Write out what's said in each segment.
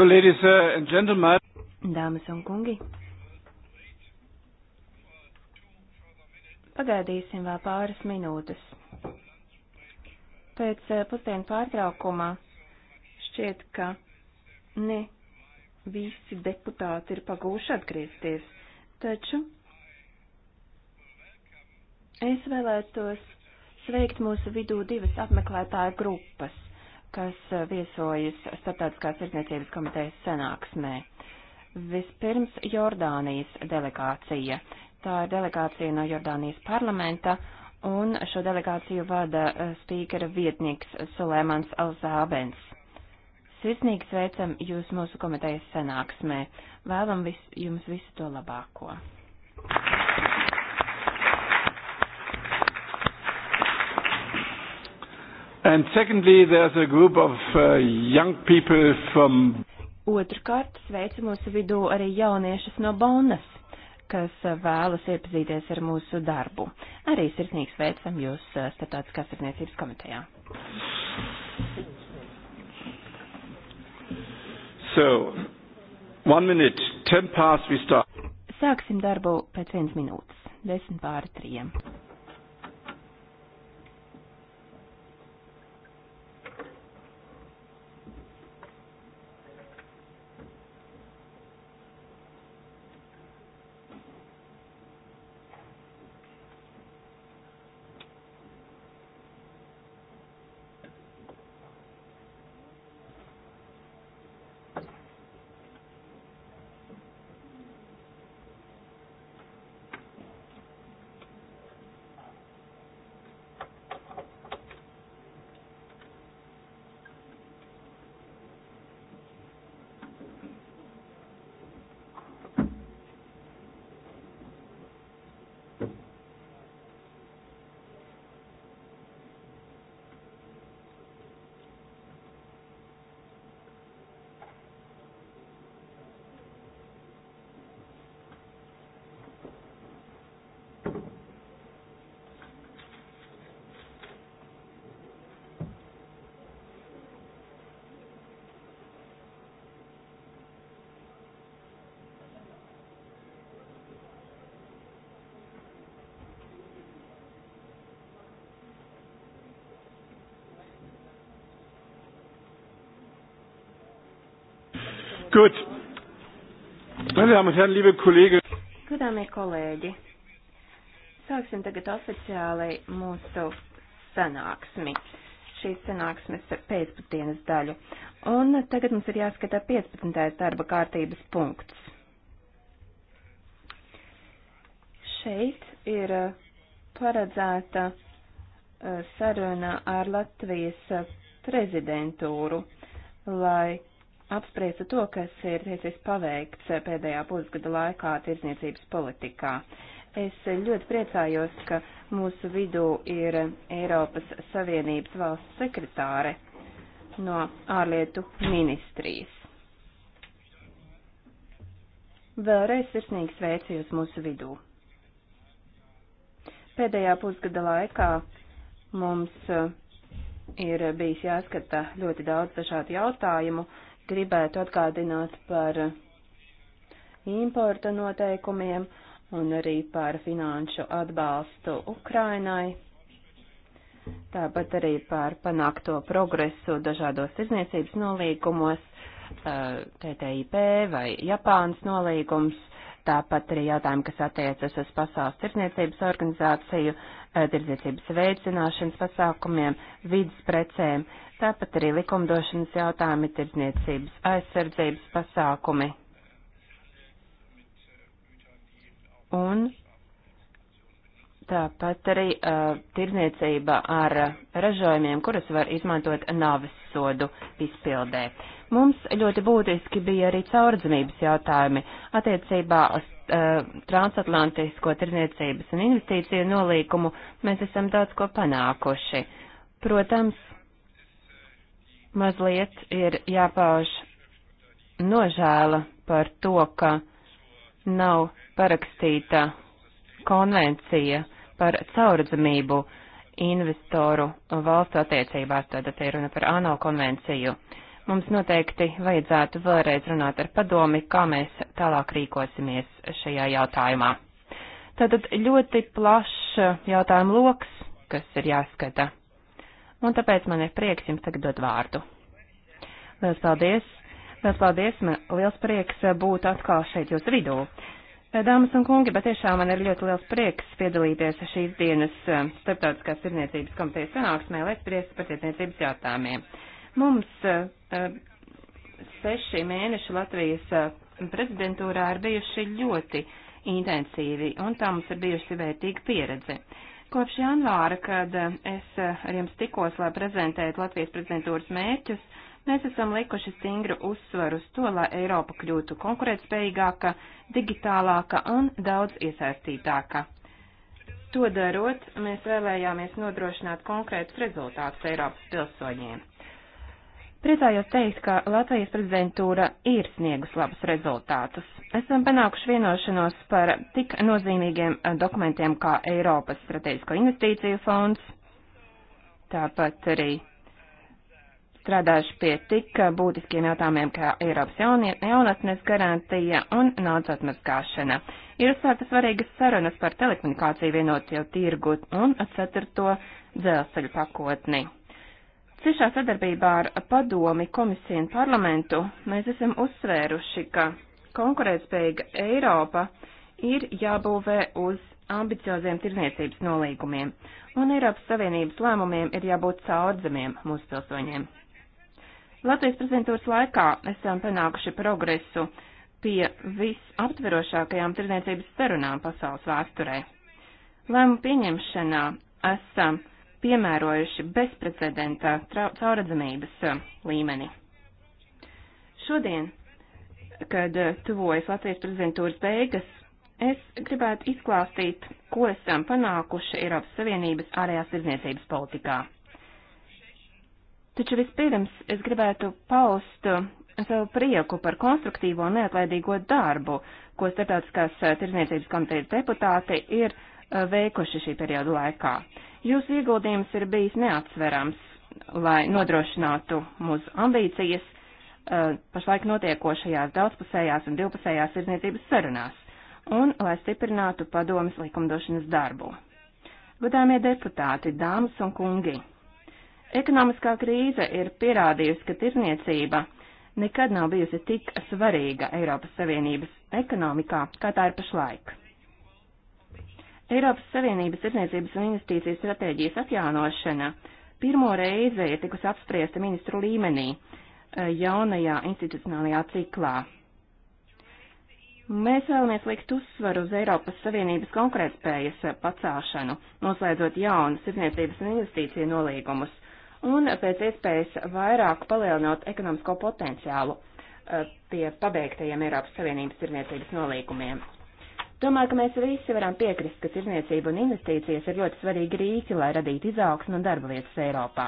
So, ladies uh, and gentlemen. Dāmas un kungi. Pagaidīsim vēl pāris minūtes. Pēc uh, pusdienu pārtraukuma šķiet, ka ne visi deputāti ir pagūši atgriezties, taču es vēlētos sveikt mūsu vidū divas apmeklētāju grupas kas eh, viesojas Startautiskās tirdzniecības komitejas sanāksmē. Vispirms Jordānijas delegācija. Tā ir delegācija no Jordānijas parlamenta, un šo delegāciju vada eh, spīkera vietnieks Sulēmans Alzābens. Sirsnīgi sveicam jūs mūsu komitejas sanāksmē. Vēlam vis, jums visu to labāko. And secondly, there's a group of uh, young people from. Otrkārt, sveicu mūsu vidū arī jauniešus no Bonas, kas uh, vēlas iepazīties ar mūsu darbu. Arī sirsnīgi sveicam jūs uh, Startautiskās starpniecības komitejā. So, one minute, ten past we start. Sāksim darbu pēc vienas minūtes, desmit pāri trijiem. Gut. Meine Damen und Herren, liebe Kollegen. Gudāmie kolēģi, sāksim tagad oficiāli mūsu sanāksmi. Šīs sanāksmes pēcpusdienas daļu. Un tagad mums ir jāskatā 15. darba kārtības punkts. Šeit ir paredzēta eh, saruna ar Latvijas eh, prezidentūru, lai apspriesta to, kas ir tiecies paveikts pēdējā pusgada laikā tirzniecības politikā. Es ļoti priecājos, ka mūsu vidū ir Eiropas Savienības valsts sekretāre no ārlietu ministrijas. Vēlreiz sirsnīgi sveicu jūs mūsu vidū. Pēdējā pusgada laikā mums ir bijis jāskata ļoti daudz dažādu jautājumu, uh, gribētu atgādināt par importa noteikumiem un arī par finanšu atbalstu Ukrainai, tāpat arī par panākto progresu dažādos izniecības nolīgumos, TTIP vai Japānas nolīgums, tāpat arī jautājumi, kas attiecas uz pasaules tirdzniecības organizāciju, tirdzniecības veicināšanas pasākumiem, vidas precēm. Tāpat arī likumdošanas jautājumi, tirdzniecības aizsardzības pasākumi. Un tāpat arī uh, tirdzniecība ar uh, ražojumiem, kurus var izmantot navas sodu izpildē. Mums ļoti būtiski bija arī caurdzamības jautājumi attiecībā uz uh, transatlantisko tirdzniecības un investīciju nolīkumu. Mēs esam daudz ko panākuši. Protams, mazliet ir jāpauž nožēla par to, ka nav parakstīta konvencija par caurdzamību investoru valstu attiecībās, tātad te ir runa par ANO konvenciju. Mums noteikti vajadzētu vēlreiz runāt ar padomi, kā mēs tālāk rīkosimies šajā jautājumā. Tātad ļoti plašs jautājumu loks, kas ir jāskata un tāpēc man ir prieks jums tagad dot vārdu. Liels paldies! Liels paldies! Man liels prieks uh, būt atkal šeit jūsu vidū. Uh, dāmas un kungi, bet tiešām man ir ļoti liels prieks piedalīties šīs dienas uh, starptautiskās tirniecības komitejas sanāksmē, lai spriest par tirniecības jautājumiem. Mums seši mēneši Latvijas prezidentūrā ir bijuši ļoti intensīvi, un tā mums ir bijusi vērtīga pieredze. Kopš janvāra, kad eh, es eh, ar jums tikos, lai prezentētu Latvijas prezidentūras mērķus, mēs esam likuši stingru uzsvaru uz to, lai Eiropa kļūtu konkurētspējīgāka, digitālāka un daudz iesaistītāka. To darot, mēs vēlējāmies nodrošināt konkrētus rezultātus Eiropas pilsoņiem. Priecājos teikt, ka Latvijas prezidentūra ir sniegus labus rezultātus. Esam panākuši vienošanos par tik nozīmīgiem eh, dokumentiem kā Eiropas Strateģisko investīciju fonds, tāpat arī strādājuši pie tik būtiskiem jautājumiem kā Eiropas jaunatnes garantija un naudas atmazgāšana. Ir uzsāktas svarīgas sarunas par telekomunikāciju vienotie tirgu un ceturto dzelzceļu pakotni. Ciešā sadarbībā ar padomi, komisiju un parlamentu mēs esam uzsvēruši, ka konkurētspējīga Eiropa ir jābūvē uz ambicioziem tirniecības nolīgumiem, un Eiropas Savienības lēmumiem ir jābūt caurdzamiem mūsu pilsoņiem. Latvijas prezidentūras laikā esam panākuši progresu pie visaptverošākajām tirniecības sarunām pasaules vēsturē. Lēmumu pieņemšanā esam piemērojuši bezprecedentā cauradzamības uh, līmeni. Šodien, kad uh, tuvojas Latvijas prezidentūras beigas, es gribētu izklāstīt, ko esam panākuši Eiropas Savienības ārējās tirdzniecības politikā. Taču vispirms es gribētu paust uh, savu prieku par konstruktīvo un neatlaidīgo darbu, ko starptautiskās tirdzniecības komitejas deputāti ir veikuši šī perioda laikā. Jūsu ieguldījums ir bijis neatsverams, lai nodrošinātu mūsu ambīcijas uh, pašlaik notiekošajās daudzpusējās un divpusējās izniecības sarunās un lai stiprinātu padomas likumdošanas darbu. Godāmie deputāti, dāmas un kungi! Ekonomiskā krīze ir pierādījusi, ka tirzniecība nekad nav bijusi tik svarīga Eiropas Savienības ekonomikā, kā tā ir pašlaik. Eiropas Savienības tirdzniecības un investīcijas stratēģijas atjaunošana pirmo reizi ir tikusi apspriesta ministru līmenī eh, jaunajā institucionālajā ciklā. Mēs vēlamies likt uzsvaru uz Eiropas Savienības konkurētspējas pacelšanu, noslēdzot jaunas tirdzniecības un investīciju nolīgumus, un pēc iespējas vairāk palielinot ekonomisko potenciālu eh, pie pabeigtajiem Eiropas Savienības tirdzniecības nolīgumiem. Domāju, ka mēs visi varam piekrist, ka tirzniecība un investīcijas ir ļoti svarīgi rīki, lai radītu izaugsmu un darba vietas Eiropā.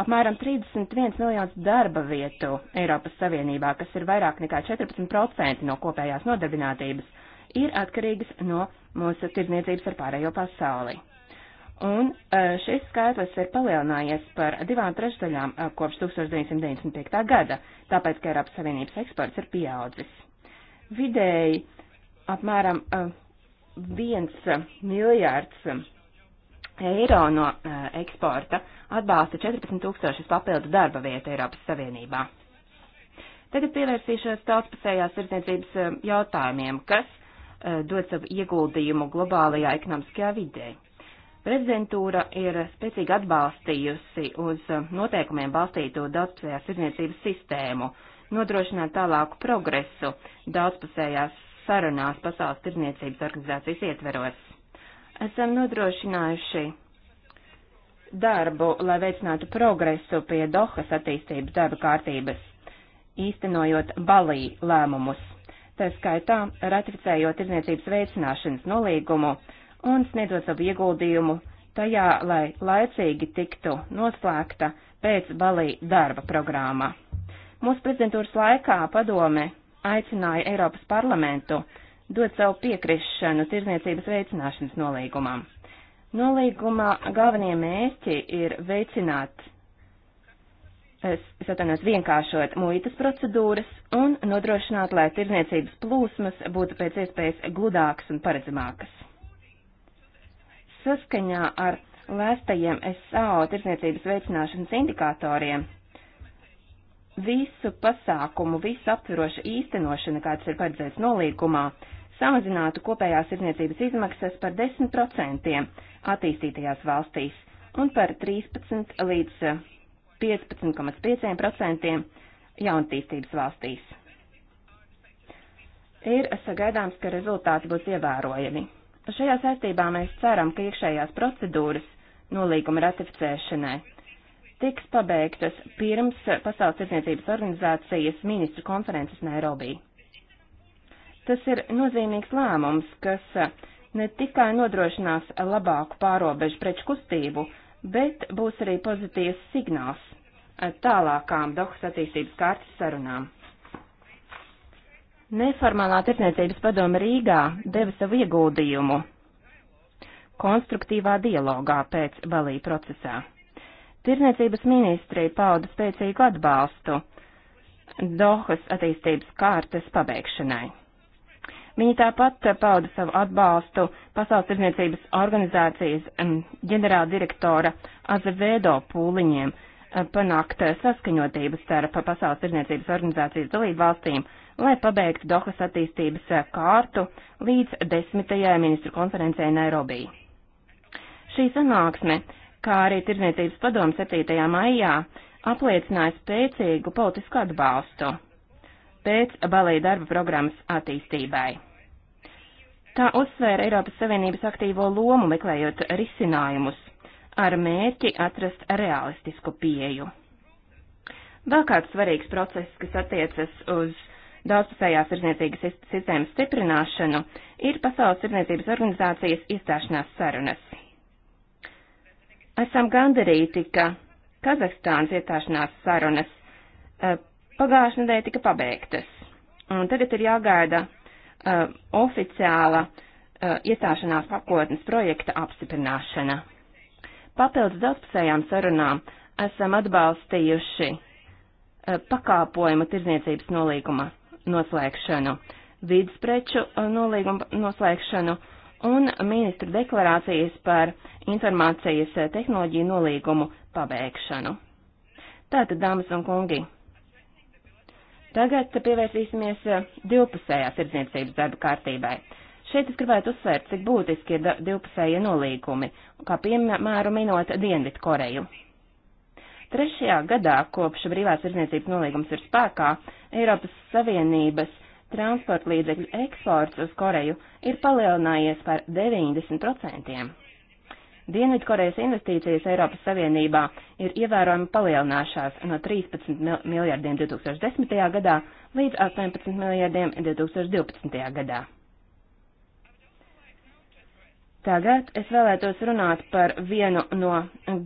Apmēram 31 miljonus darba vietu Eiropas Savienībā, kas ir vairāk nekā 14% no kopējās nodarbinātības, ir atkarīgas no mūsu tirzniecības ar pārējo pasauli. Un eh, šis skaitlis ir palielinājies par divām trešdaļām eh, kopš 1995. gada, tāpēc, ka Eiropas Savienības eksports ir pieaudzis. Vidēji apmēram eh, viens miljārds eiro no eh, eksporta atbalsta 14 tūkstošus papildu darba vietu Eiropas Savienībā. Tagad pievērsīšos tautspasējās tirdzniecības eh, jautājumiem, kas dod savu ieguldījumu globālajā ekonomiskajā vidē. Prezidentūra ir spēcīgi atbalstījusi uz noteikumiem balstīto daudzpusējās tirdzniecības sistēmu, nodrošināt tālāku progresu daudzpusējās sarunās Pasaules tirdzniecības organizācijas ietveros. Esam nodrošinājuši darbu, lai veicinātu progresu pie Dohas attīstības darba kārtības, īstenojot Balī lēmumus, tā skaitā ratificējot tirdzniecības veicināšanas nolīgumu un sniedzot savu ieguldījumu tajā, lai laicīgi tiktu noslēgta pēc Balī darba programma. Mūsu prezidentūras laikā padome aicināja Eiropas parlamentu dot savu piekrišanu tirzniecības veicināšanas nolīgumam. Nolīguma galvenie mērķi ir veicināt, satanās vienkāršot muitas procedūras un nodrošināt, lai tirzniecības plūsmas būtu pēc iespējas gludākas un paredzamākas. Saskaņā ar lēstajiem SAO tirzniecības veicināšanas indikatoriem visu pasākumu, visu aptveroša īstenošana, kāds ir paredzēts nolīgumā, samazinātu kopējās izniecības izmaksas par 10% attīstītajās valstīs un par 13 līdz 15,5% eh, jaunatīstības valstīs. Ir sagaidāms, ka rezultāti būs ievērojami. Šajā saistībā mēs ceram, ka iekšējās procedūras nolīguma ratificēšanai tiks pabeigtas pirms Pasaules tirdzniecības organizācijas ministru konferences Nairobi. Tas ir nozīmīgs lēmums, kas ne tikai nodrošinās labāku pārobežu preču kustību, bet būs arī pozitīvs signāls tālākām Dohas attīstības kārtas sarunām. Neformālā tirdzniecības padoma Rīgā deva savu ieguldījumu konstruktīvā dialogā pēc balī procesā. Tirniecības ministrija pauda spēcīgu atbalstu Dohas attīstības kārtas pabeigšanai. Viņi tāpat pauda savu atbalstu Pasaules tirniecības organizācijas mm, ģenerāldirektora Azevedo pūliņiem eh, panākt saskaņotību starp Pasaules tirniecības organizācijas dalību valstīm, lai pabeigtu Dohas attīstības eh, kārtu līdz desmitajai ministru konferencē Nairobi. Šī sanāksme kā arī Tirzniecības padomu 7. maijā, apliecināja spēcīgu politisku atbalstu pēc balīja darba programmas attīstībai. Tā uzsvēra Eiropas Savienības aktīvo lomu meklējot risinājumus ar mērķi atrast realistisku pieju. Vēl kāds svarīgs process, kas attiecas uz daudzpusējās tirzniecības sistēmas stiprināšanu, ir Pasaules tirzniecības organizācijas iestāšanās sarunas esam gandarīti, ka Kazahstānas iestāšanās sarunas eh, pagājušajā nedēļā tika pabeigtas. Un tagad ir jāgaida uh, oficiāla uh, iestāšanās pakotnes projekta apstiprināšana. Papildus daudzpusējām sarunām esam atbalstījuši uh, pakāpojumu tirzniecības nolīguma noslēgšanu, vidas preču nolīguma noslēgšanu un ministru deklarācijas par informācijas eh, tehnoloģiju nolīgumu pabeigšanu. Tātad, dāmas un kungi, tagad pievērsīsimies eh, divpusējās tirdzniecības darba kārtībai. Šeit es gribētu uzsvērt, cik būtiski ir divpusējie nolīgumi, kā piemēru minot Dienvidu Koreju. Trešajā gadā, kopš brīvās tirdzniecības nolīgums ir spēkā, Eiropas Savienības transporta līdzekļu eksports uz Koreju ir palielinājies par 90%. Dienvidkorejas investīcijas Eiropas Savienībā ir ievērojami palielinājušās no 13 mil miljardiem 2010. gadā līdz 18 miljardiem 2012. gadā. Tagad es vēlētos runāt par vienu no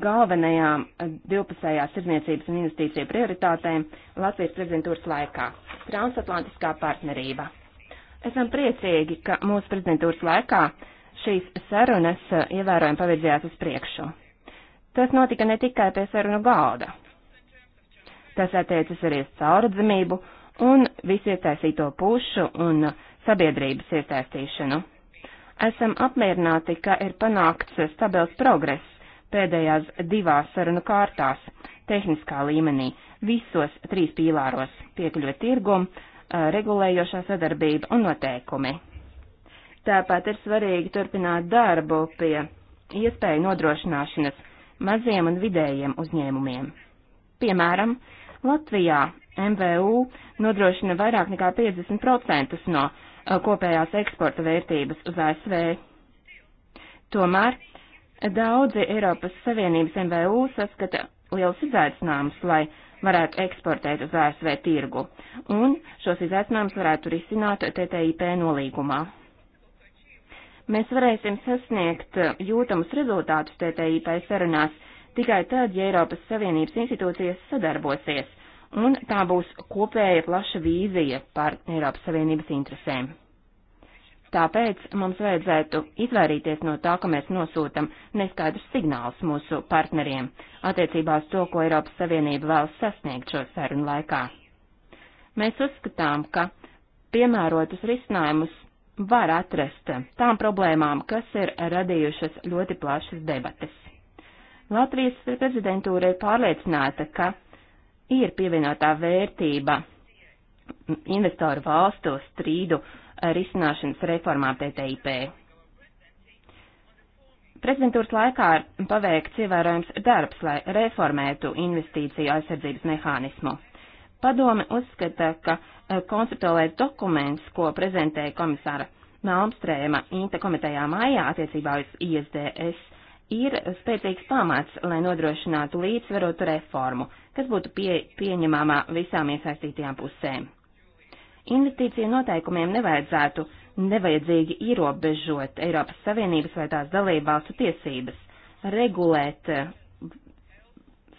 galvenajām divpusējās tirzniecības un investīciju prioritātēm Latvijas prezidentūras laikā - transatlantiskā partnerība. Esam priecīgi, ka mūsu prezidentūras laikā šīs sarunas eh, ievērojami pavirzījās uz priekšu. Tas notika ne tikai pie sarunu galda. Tas attiecas arī uz caurdzamību un visu iesaistīto pušu un sabiedrības iesaistīšanu Esam apmierināti, ka ir panākts stabils progress pēdējās divās sarunu kārtās tehniskā līmenī visos trīs pīlāros - piekļuve tirgum, regulējošā sadarbība un noteikumi. Tāpat ir svarīgi turpināt darbu pie iespēju nodrošināšanas maziem un vidējiem uzņēmumiem. Piemēram, Latvijā MVU nodrošina vairāk nekā 50% no Uh, kopējās eksporta vērtības uz ASV. Tomēr daudzi Eiropas Savienības MVU saskata liels izaicinājums, lai varētu eksportēt uz ASV tirgu, un šos izaicinājumus varētu risināt TTIP nolīgumā. Mēs varēsim sasniegt jūtamus rezultātus TTIP sarunās tikai tad, ja Eiropas Savienības institūcijas sadarbosies un tā būs kopēja plaša vīzija par Eiropas Savienības interesēm. Tāpēc mums vajadzētu izvairīties no tā, ka mēs nosūtam neskaidrus signālus mūsu partneriem attiecībā uz to, ko Eiropas Savienība vēlas sasniegt šo sarunu laikā. Mēs uzskatām, ka piemērotus risinājumus var atrast tām problēmām, kas ir radījušas ļoti plašas debates. Latvijas prezidentūra ir pārliecināta, ka ir pievienotā vērtība investoru valstu strīdu risināšanas reformām TTIP. Prezidentūras laikā ir paveikts ievērojams darbs, lai reformētu investīciju aizsardzības mehānismu. Padome uzskata, ka eh, konceptuālais dokuments, ko prezentēja komisāra Malmstrēma Inta komitejā mājā attiecībā uz ISDS, ir spēcīgs pamats, lai nodrošinātu līdzsvarotu reformu, kas būtu pie, pieņemamā visām iesaistītajām pusēm. Investīciju noteikumiem nevajadzētu nevajadzīgi ierobežot Eiropas Savienības vai tās dalībvalstu tiesības, regulēt eh,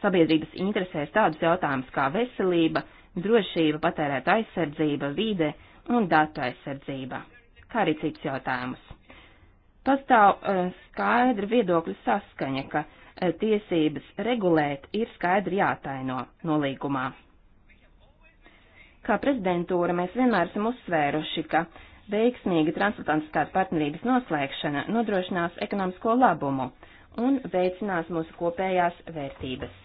sabiedrības interesēs tādus jautājumus kā veselība, drošība, patērēta aizsardzība, vide un datu aizsardzība, kā arī cits jautājumus. Pastāv uh, skaidra viedokļu saskaņa, ka Eh, tiesības regulēt ir skaidri jātaino nolīgumā. Kā prezidentūra mēs vienmēr esam uzsvēruši, ka veiksmīga transatlantiskās partnerības noslēgšana nodrošinās ekonomisko labumu un veicinās mūsu kopējās vērtības.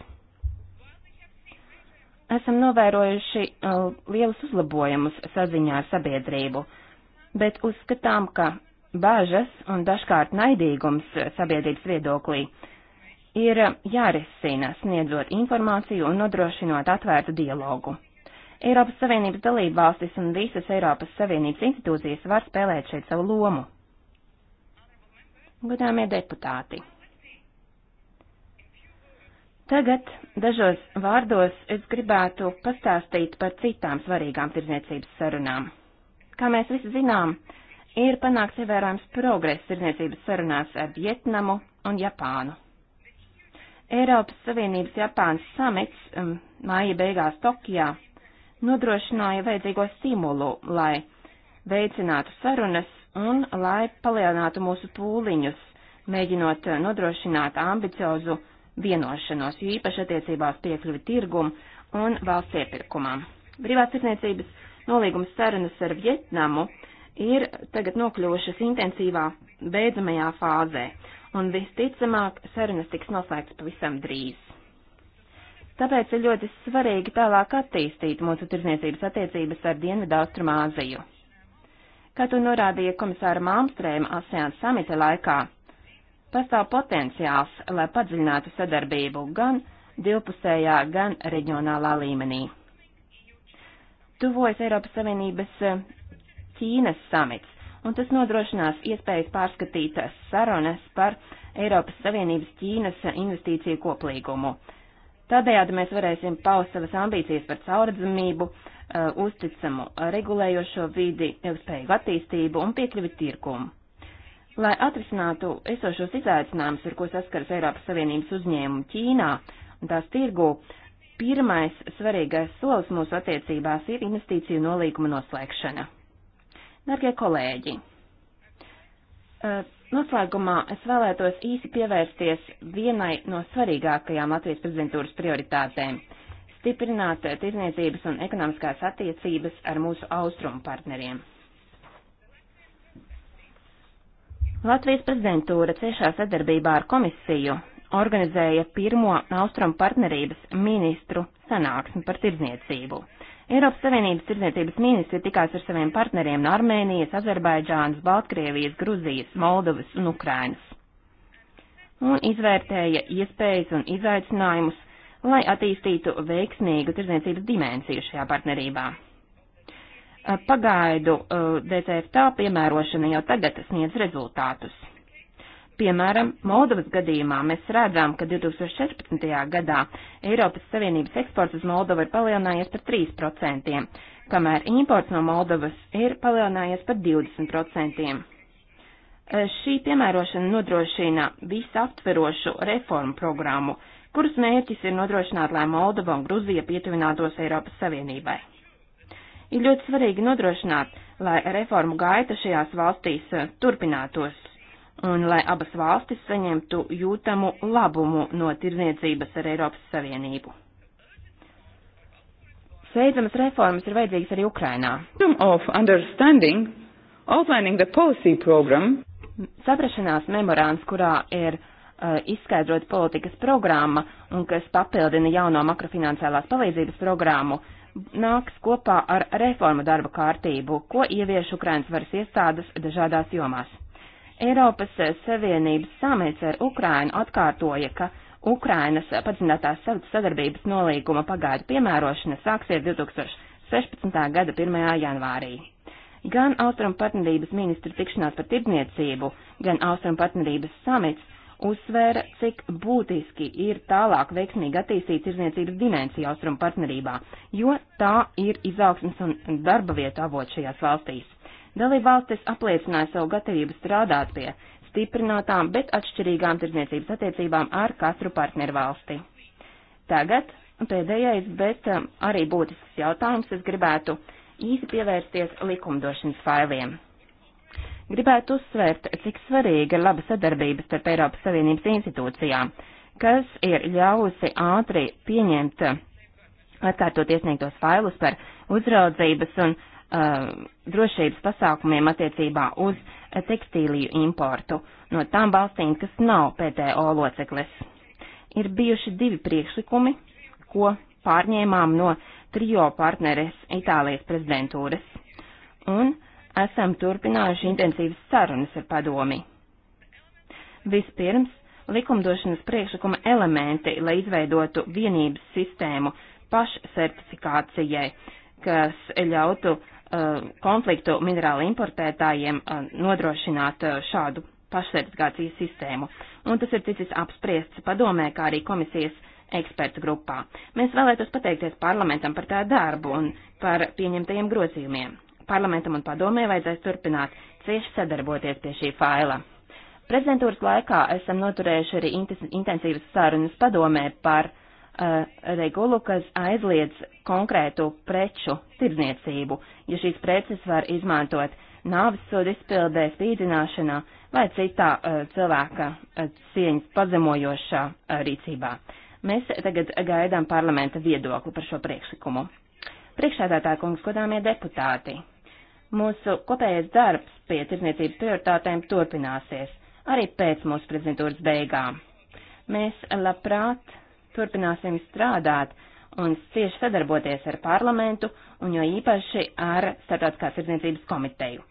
Esam novērojuši eh, lielus uzlabojumus saziņā ar sabiedrību, bet uzskatām, ka bāžas un dažkārt naidīgums sabiedrības viedoklī ir jārisina, sniedzot informāciju un nodrošinot atvērtu dialogu. Eiropas Savienības dalība valstis un visas Eiropas Savienības institūcijas var spēlēt šeit savu lomu. Godāmie deputāti! Tagad dažos vārdos es gribētu pastāstīt par citām svarīgām tirdzniecības sarunām. Kā mēs visi zinām, ir panāks ievērojams progress tirdzniecības sarunās ar Vietnamu un Japānu. Eiropas Savienības Japānas samits um, māja beigās Tokijā nodrošināja vajadzīgo stimulu, lai veicinātu sarunas un lai palielinātu mūsu pūliņus, mēģinot nodrošināt ambiciozu vienošanos, jo īpaši attiecībās piekļuvi tirgumu un valsts iepirkumam. Brīvās tirniecības nolīgums sarunas ar Vietnamu ir tagad nokļuvušas intensīvā beidzamajā fāzē, un visticamāk sarunas tiks noslēgts pavisam drīz. Tāpēc ir ļoti svarīgi tālāk attīstīt mūsu tirzniecības attiecības ar Dienvidu Austrumāziju. Kā to norādīja komisāra Malmstrēma ASEAN samita laikā, pastāv potenciāls, lai padziļinātu sadarbību gan divpusējā, gan reģionālā līmenī. Tuvojas Eiropas Savienības Ķīnas samits, un tas nodrošinās iespējas pārskatīt sarunas par Eiropas Savienības Ķīnas investīciju koplīgumu. Tādējādi mēs varēsim paust savas ambīcijas par caurredzamību, uh, uzticamu regulējošo vidi, ilgspējīgu attīstību un piekļuvi tirkumu. Lai atrisinātu esošos izaicinājumus, ar ko saskaras Eiropas Savienības uzņēmumu Ķīnā un tās tirgu, pirmais svarīgais solis mūsu attiecībās ir investīciju nolīguma noslēgšana. Dargie kolēģi, eh, noslēgumā es vēlētos īsi pievērsties vienai no svarīgākajām Latvijas prezidentūras prioritātēm - stiprināt tirzniecības un ekonomiskās attiecības ar mūsu austrumu partneriem. Latvijas prezidentūra ciešā sadarbībā ar komisiju organizēja pirmo Austrum partnerības ministru sanāksmi par tirdzniecību. Eiropas Savienības tirdzniecības ministri tikās ar saviem partneriem no Armēnijas, Azerbaidžānas, Baltkrievijas, Gruzijas, Moldovas un Ukrainas. Un izvērtēja iespējas un izaicinājumus, lai attīstītu veiksmīgu tirdzniecības dimensiju šajā partnerībā. Pagaidu uh, DCFTA piemērošana jau tagad sniedz rezultātus. Piemēram, Moldovas gadījumā mēs redzam, ka 2016. gadā Eiropas Savienības eksports uz Moldovu ir palielinājies par 3%, kamēr imports no Moldovas ir palielinājies par 20%. Eh, šī piemērošana nodrošina visaptverošu reformu programmu, kuras mērķis ir nodrošināt, lai Moldova un Gruzija pietuvinātos Eiropas Savienībai. Ir ļoti svarīgi nodrošināt, lai reformu gaita šajās valstīs eh, turpinātos un lai abas valstis saņemtu jūtamu labumu no tirdzniecības ar Eiropas Savienību. Sveidzamas reformas ir vajadzīgas arī Ukrainā. Of understanding, outlining the policy program. Saprašanās memorāns, kurā ir uh, izskaidrot politikas programma un kas papildina jauno makrofinanciālās palīdzības programmu, nāks kopā ar reformu darba kārtību, ko ievieš Ukrainas varas iestādes dažādās jomās. Eiropas Savienības samits ar Ukrainu atkārtoja, ka Ukrainas padziļinātās sadarbības nolīguma pagaidu piemērošana sāksies 2016. gada 1. janvārī. Gan Austrum partnerības ministru tikšanās par tirdzniecību, gan Austrum partnerības samits uzsvēra, cik būtiski ir tālāk veiksmīgi attīstīt tirdzniecības dimensiju Austrum partnerībā, jo tā ir izaugsmas un darba vietu avot šajās valstīs. Dalībvalstis apliecināja savu gatavību strādāt pie stiprinātām, bet atšķirīgām tirdzniecības attiecībām ar katru partnervalsti. Tagad pēdējais, bet um, arī būtisks jautājums, es gribētu īsi pievērsties likumdošanas failiem. Gribētu uzsvērt, cik svarīga ir laba sadarbība starp Eiropas Savienības institūcijām, kas ir ļāvusi ātri pieņemt uh, atkārtot iesniegtos failus par uzraudzības un Uh, drošības pasākumiem attiecībā uz uh, tekstīliju importu no tām valstīm, kas nav PTO locekles. Ir bijuši divi priekšlikumi, ko pārņēmām no trijo partneres Itālijas prezidentūras, un esam turpinājuši intensīvas sarunas ar padomi. Vispirms, likumdošanas priekšlikuma elementi, lai izveidotu vienības sistēmu pašsertifikācijai, kas ļautu uh, Uh, konfliktu minerālu importētājiem uh, nodrošināt uh, šādu pašsardzgācijas sistēmu, un tas ir ticis apspriests padomē, kā arī komisijas ekspertu grupā. Mēs vēlētos pateikties parlamentam par tā darbu un par pieņemtajiem grozījumiem. Parlamentam un padomē vajadzēs turpināt cieši sadarboties pie šī faila. Prezidentūras laikā esam noturējuši arī intensīvas sarunas padomē par Eh, regulu, kas aizliedz konkrētu preču tirdzniecību, ja šīs preces var izmantot nāvis sodu izpildē, spīdzināšanā vai citā uh, cilvēka uh, cieņas pazemojošā uh, rīcībā. Mēs tagad gaidām parlamenta viedokli par šo priekšlikumu. Priekšādātā kungs, godāmie deputāti, mūsu kopējais darbs pie tirdzniecības prioritātēm turpināsies arī pēc mūsu prezidentūras beigām. Mēs labprāt turpināsim strādāt un cieši sadarboties ar parlamentu un jo īpaši ar Startautiskās tirdzniecības komiteju.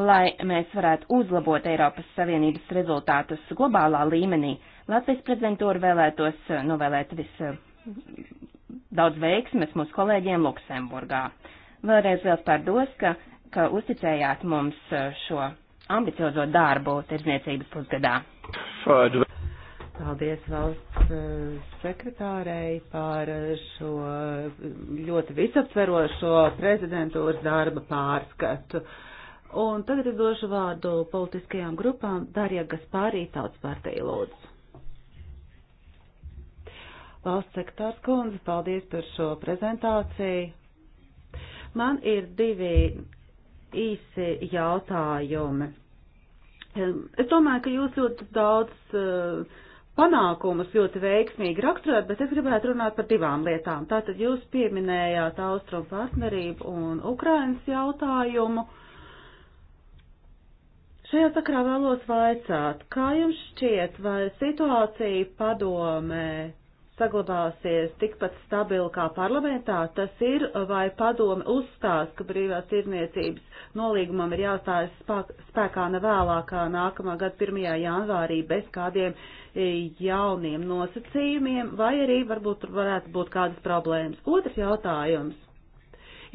Lai mēs varētu uzlabot Eiropas Savienības rezultātus globālā līmenī, Latvijas prezidentūra vēlētos novēlēt vis daudz veiksmes mūsu kolēģiem Luksemburgā. Vēlreiz liels pārdos, ka, ka uzticējāt mums šo ambiciozo darbu tirdzniecības pusgadā. Paldies valsts eh, sekretārei par šo ļoti visaptverošo prezidentūras darba pārskatu. Un tagad es došu vārdu politiskajām grupām. Darija Gaspārī, Tautas partija lūdzu. Valsts sektārs kundze, paldies par šo prezentāciju. Man ir divi īsi jautājumi. Es domāju, ka jūs ļoti daudz uh, panākumus ļoti veiksmīgi raksturot, bet es gribētu runāt par divām lietām. Tātad jūs pieminējāt Austrum partnerību un Ukrainas jautājumu. Šajā sakrā vēlos vaicāt, kā jums šķiet, vai situācija padomē saglabāsies tikpat stabili kā parlamentā, tas ir, vai padome uzstās, ka brīvās tirniecības nolīgumam ir jāstājas spēkā nevēlākā nākamā gada 1. janvārī bez kādiem e, jauniem nosacījumiem, vai arī varbūt tur varētu būt kādas problēmas. Otrs jautājums.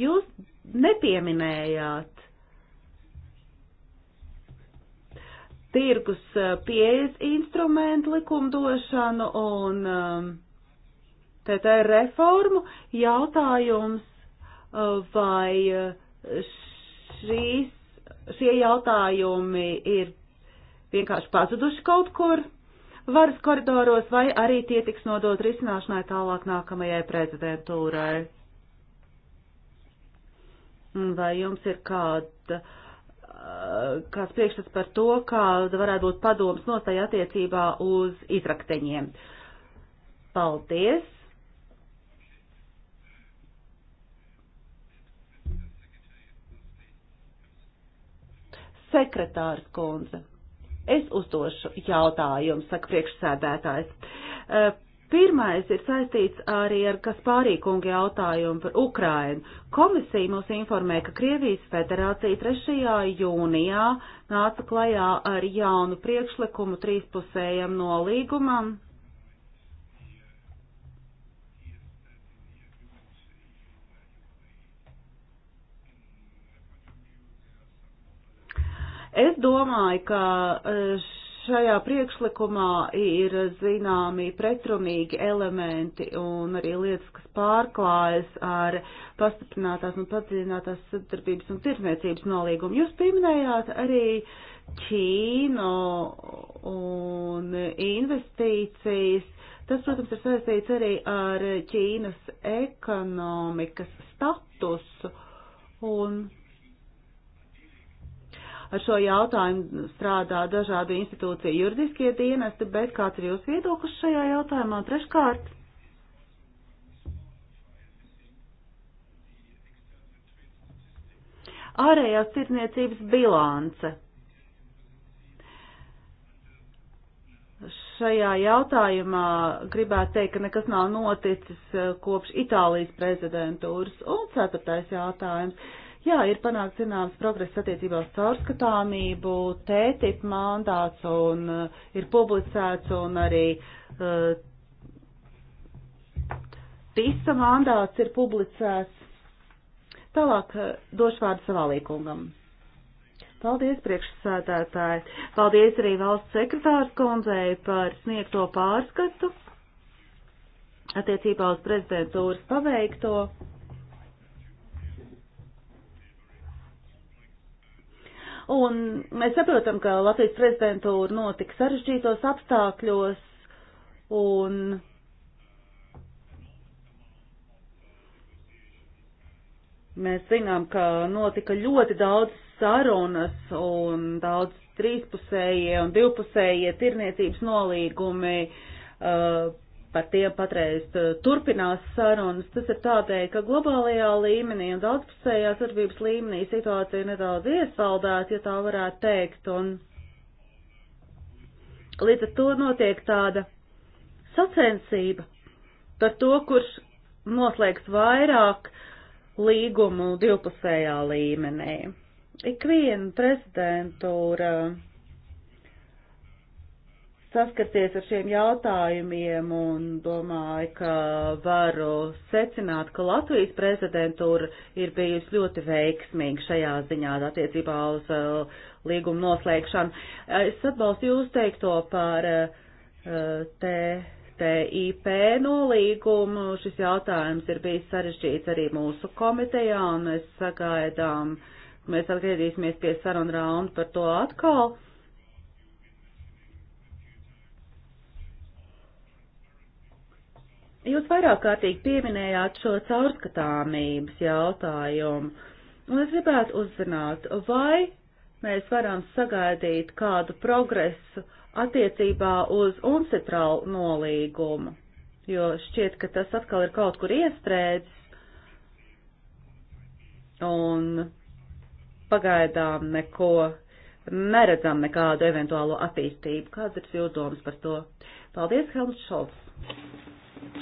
Jūs nepieminējāt tirgus e, pieejas instrumentu likumdošanu un um, TT reformu. Jautājums, uh, vai uh, šīs, šie jautājumi ir vienkārši pazuduši kaut kur varas koridoros, vai arī tie tiks nodot risināšanai tālāk nākamajai prezidentūrai? Vai jums ir kāda, uh, kāds priekšstats par to, kāda varētu būt padomas nostāja attiecībā uz izrakteņiem? Paldies! sekretārs kundze. Es uzdošu jautājumu, saka priekšsēdētājs. E, pirmais ir saistīts arī ar Kaspārī kunga jautājumu par Ukrainu. Komisija mūs informē, ka Krievijas federācija 3. jūnijā nāca klajā ar jaunu priekšlikumu trīspusējam nolīgumam Es domāju, ka eh, šajā priekšlikumā ir zināmi pretrunīgi elementi un arī lietas, kas pārklājas ar pastiprinātās un padziļinātās sadarbības un tirsniecības nolīgumu. Jūs pieminējāt arī Ķīnu un investīcijas. Tas, protams, ir saistīts arī ar Ķīnas ekonomikas statusu un ar šo jautājumu strādā dažādu institūciju juridiskie dienesti, bet kāds ir jūsu viedoklis šajā jautājumā? Treškārt. Ārējās tirdzniecības bilance. šajā jautājumā gribētu teikt, ka nekas nav noticis eh, kopš Itālijas prezidentūras. Un ceturtais jautājums. Jā, ir panākts zināms progress attiecībā uz caurskatāmību, tētip mandāts un uh, ir publicēts un arī uh, tisa mandāts ir publicēts. Tālāk uh, došu vārdu savalīkungam. Paldies, priekšsēdētāji. Paldies arī valsts sekretārs kundzei par sniegto pārskatu attiecībā uz prezidentūras paveikto. Un mēs saprotam, ka Latvijas prezidentūra notika sarežģītos apstākļos un mēs zinām, ka notika ļoti daudz sarunas un daudz trīspusējie un divpusējie tirniecības nolīgumi. Uh, par tiem patreiz eh, turpinās sarunas. Tas ir tādēļ, ka globālajā līmenī un daudzpusējā sadarbības līmenī situācija nedaudz iesaldēta, ja tā varētu teikt, un līdz ar to notiek tāda sacensība par to, kurš noslēgs vairāk līgumu divpusējā līmenī. Ikviena prezidentūra uh, saskarties ar šiem jautājumiem un domāju, ka varu secināt, ka Latvijas prezidentūra ir bijusi ļoti veiksmīga šajā ziņā attiecībā uz uh, līgumu noslēgšanu. Es atbalstu jūs teikto par uh, TIP nolīgumu. Šis jautājums ir bijis sarežģīts arī mūsu komitejā un mēs sagaidām, mēs atgriezīsimies pie sarunu raundu par to atkal. Jūs vairāk kārtīgi pieminējāt šo caurskatāmības jautājumu, un es gribētu uzzināt, vai mēs varam sagaidīt kādu progresu attiecībā uz UNCITRAL nolīgumu, jo šķiet, ka tas atkal ir kaut kur iestrēdzis, un pagaidām neko neredzam nekādu eventuālo attīstību. Kāds ir jūsu domas par to? Paldies, Helms Šolts!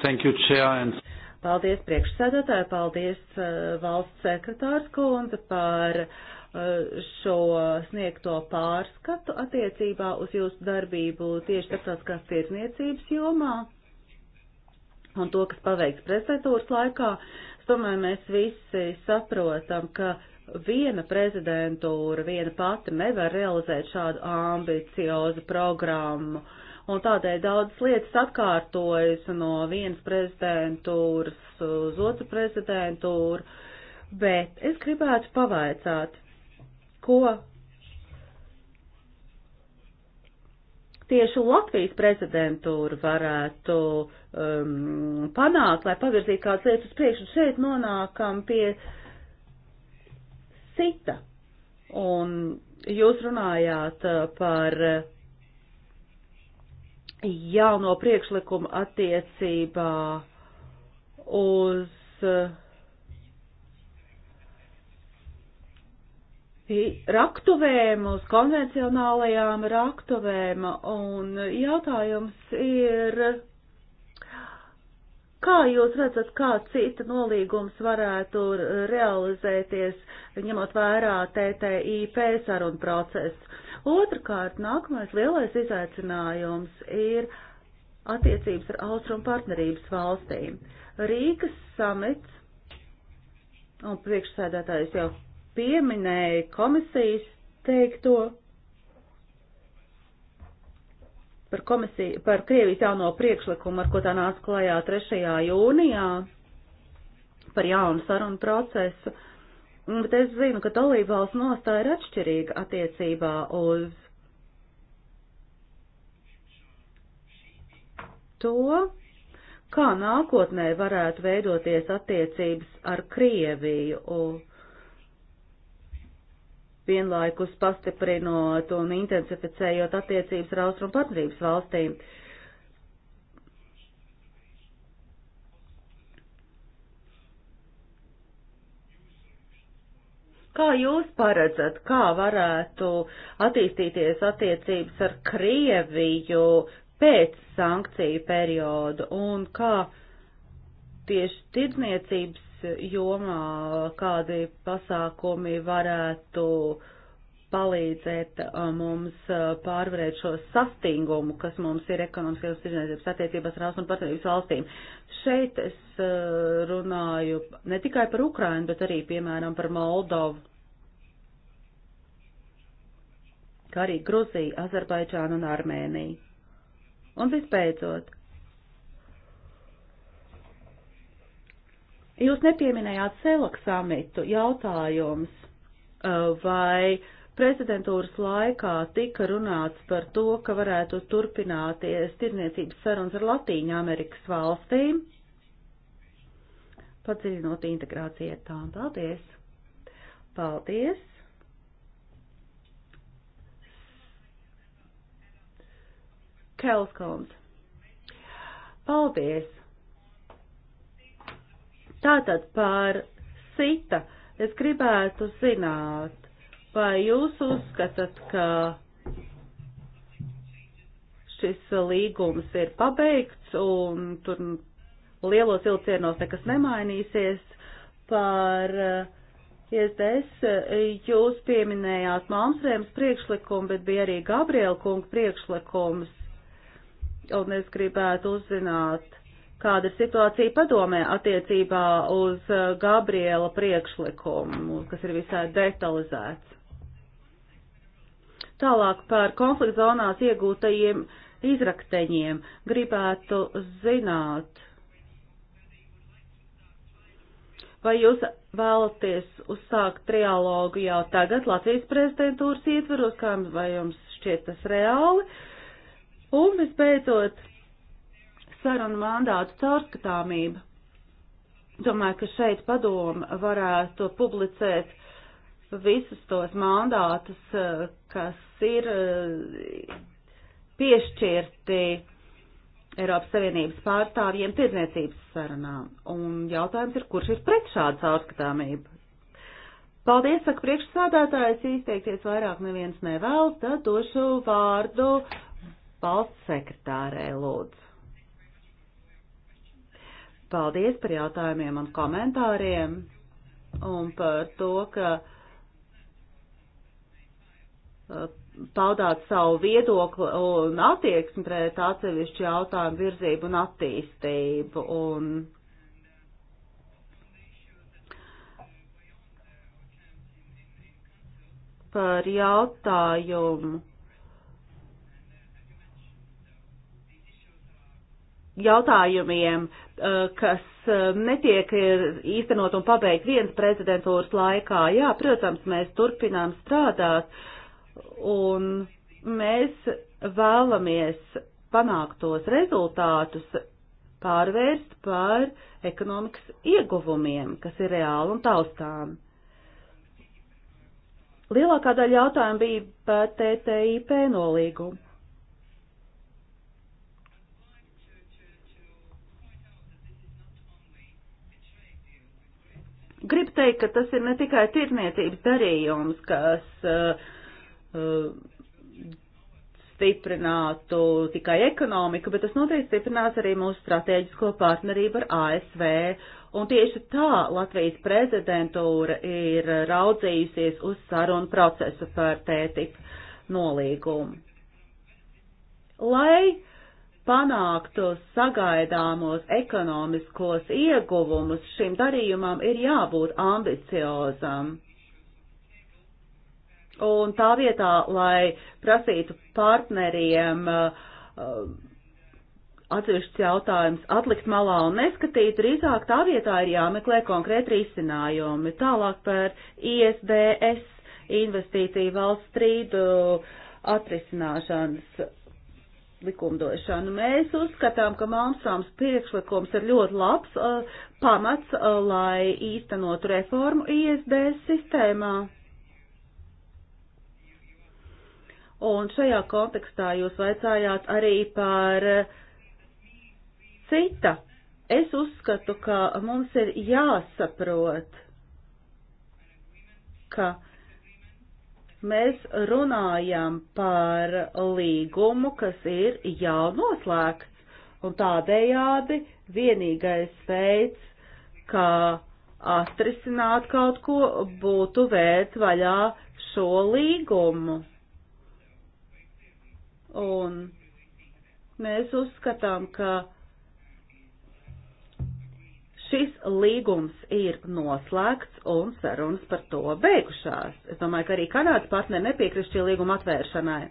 Thank you, Chair. And... Paldies priekšsēdētāji, paldies uh, valsts sekretārs kundze par uh, šo sniegto pārskatu attiecībā uz jūsu darbību tieši starptautiskās tiesniecības jomā un to, kas paveikts prezidentūras laikā. Es domāju, mēs visi saprotam, ka viena prezidentūra, viena pati nevar realizēt šādu ambiciozu programmu. Uh, un tādēļ daudzas lietas atkārtojas no vienas prezidentūras uz otru prezidentūru, bet es gribētu pavaicāt, ko tieši Latvijas prezidentūra varētu um, panākt, lai pavirzītu kādas lietas uz priekšu, un šeit nonākam pie sita. Un jūs runājāt uh, par uh, jauno priekšlikumu attiecībā uz eh, raktuvēm, uz konvencionālajām raktuvēm, un jautājums ir, kā jūs redzat, kā cita nolīgums varētu realizēties, ņemot vērā TTIP sarunu procesu? Otrakārt, nākamais lielais izaicinājums ir attiecības ar austrumu partnerības valstīm. Rīgas samets, un priekšsēdētājs jau pieminēja komisijas teikto par, komisiju, par Krievijas jauno priekšlikumu, ar ko tā nāca klajā 3. jūnijā, par jaunu sarunu procesu. Uh, Mm, bet es zinu, ka dalībvalsts nostāja ir atšķirīga attiecībā uz to, kā nākotnē varētu veidoties attiecības ar Krieviju, vienlaikus pastiprinot un intensificējot attiecības ar Austrum partnerības valstīm. Uh, Kā jūs paredzat, kā varētu attīstīties attiecības ar Krieviju pēc sankciju perioda un kā tieši tirdzniecības jomā kādi pasākumi varētu uh, palīdzēt uh, mums uh, pārvarēt šo sastingumu, kas mums ir ekonomiskajās tirzniecības attiecībās ar ārstu un partnerības valstīm. Šeit es uh, runāju ne tikai par Ukrainu, bet arī, piemēram, par Moldovu, kā arī Gruziju, Azerbaidžānu un Armēniju. Un visbeidzot, jūs nepieminējāt Selak samitu jautājums, vai uh, Prezidentūras laikā tika runāts par to, ka varētu turpināties tirniecības sarunas ar Latīņu Amerikas valstīm, padziļinot integrāciju ar tām. Paldies! Paldies! Kelskons. Paldies! Tātad par sita es gribētu zināt, Vai jūs uzskatāt, ka šis līgums ir pabeigts un tur lielos ilcienos nekas nemainīsies par eh, ISDS? Eh, jūs pieminējāt Malmstrēmas priekšlikumu, bet bija arī Gabriela kunga priekšlikums. Un es gribētu uzzināt, kāda ir situācija padomē attiecībā uz eh, Gabriela priekšlikumu, kas ir visai detalizēts. Tālāk par konflikt zonās iegūtajiem izrakteņiem gribētu zināt, vai jūs vēlaties uzsākt trialogu jau tagad Latvijas prezidentūras ietveros, kā vai jums šķiet tas reāli? Un visbeidzot, sarunu mandātu caurskatāmība. Domāju, ka šeit padoma varētu publicēt visus tos mandātus, eh, kas ir eh, piešķirti Eiropas Savienības pārstāvjiem tirdzniecības sarunām. Un jautājums ir, kurš ir pret šādu caurskatāmību? Paldies, saka priekšsādātājs, izteikties vairāk neviens nevēlas, tad došu vārdu valsts sekretārē, lūdzu. Paldies par jautājumiem un komentāriem un par to, ka uh, paudāt savu viedokli un attieksmi pret atsevišķu jautājumu virzību un attīstību. Un par jautājumu. Jautājumiem, eh, kas eh, netiek īstenot un pabeigt viens prezidentūras laikā. Jā, protams, mēs turpinām strādāt uh, Un mēs vēlamies panākt tos rezultātus pārvērst par ekonomikas ieguvumiem, kas ir reāli un taustām. Lielākā daļa jautājumu bija par TTIP nolīgumu. Gribu teikt, ka tas ir ne tikai tirniecības darījums, kas uh, stiprinātu tikai ekonomiku, bet tas noteikti stiprinās arī mūsu strateģisko partnerību ar ASV. Un tieši tā Latvijas prezidentūra ir raudzījusies uz sarunu procesu par tētipu nolīgumu. Lai panāktu sagaidāmos ekonomiskos ieguvumus, šim darījumam ir jābūt ambiciozam. Un tā vietā, lai prasītu partneriem uh, atsevišķus jautājumus atlikt malā un neskatīt, drīzāk tā vietā ir jāmeklē konkrēti risinājumi. Tālāk par ISDS investīciju valsts strīdu atrisināšanas likumdošanu. Mēs uzskatām, ka Malmstrāms priekšlikums ir ļoti labs uh, pamats, uh, lai īstenotu reformu ISDS sistēmā. Un šajā kontekstā jūs vaicājāt arī par cita. Es uzskatu, ka mums ir jāsaprot, ka mēs runājam par līgumu, kas ir jau noslēgts, un tādējādi vienīgais veids, kā atrisināt kaut ko, būtu vērt vaļā šo līgumu. Un mēs uzskatām, ka šis līgums ir noslēgts un sarunas par to beigušās. Es domāju, ka arī Kanādas partneri nepiekrist šī līguma atvēršanai.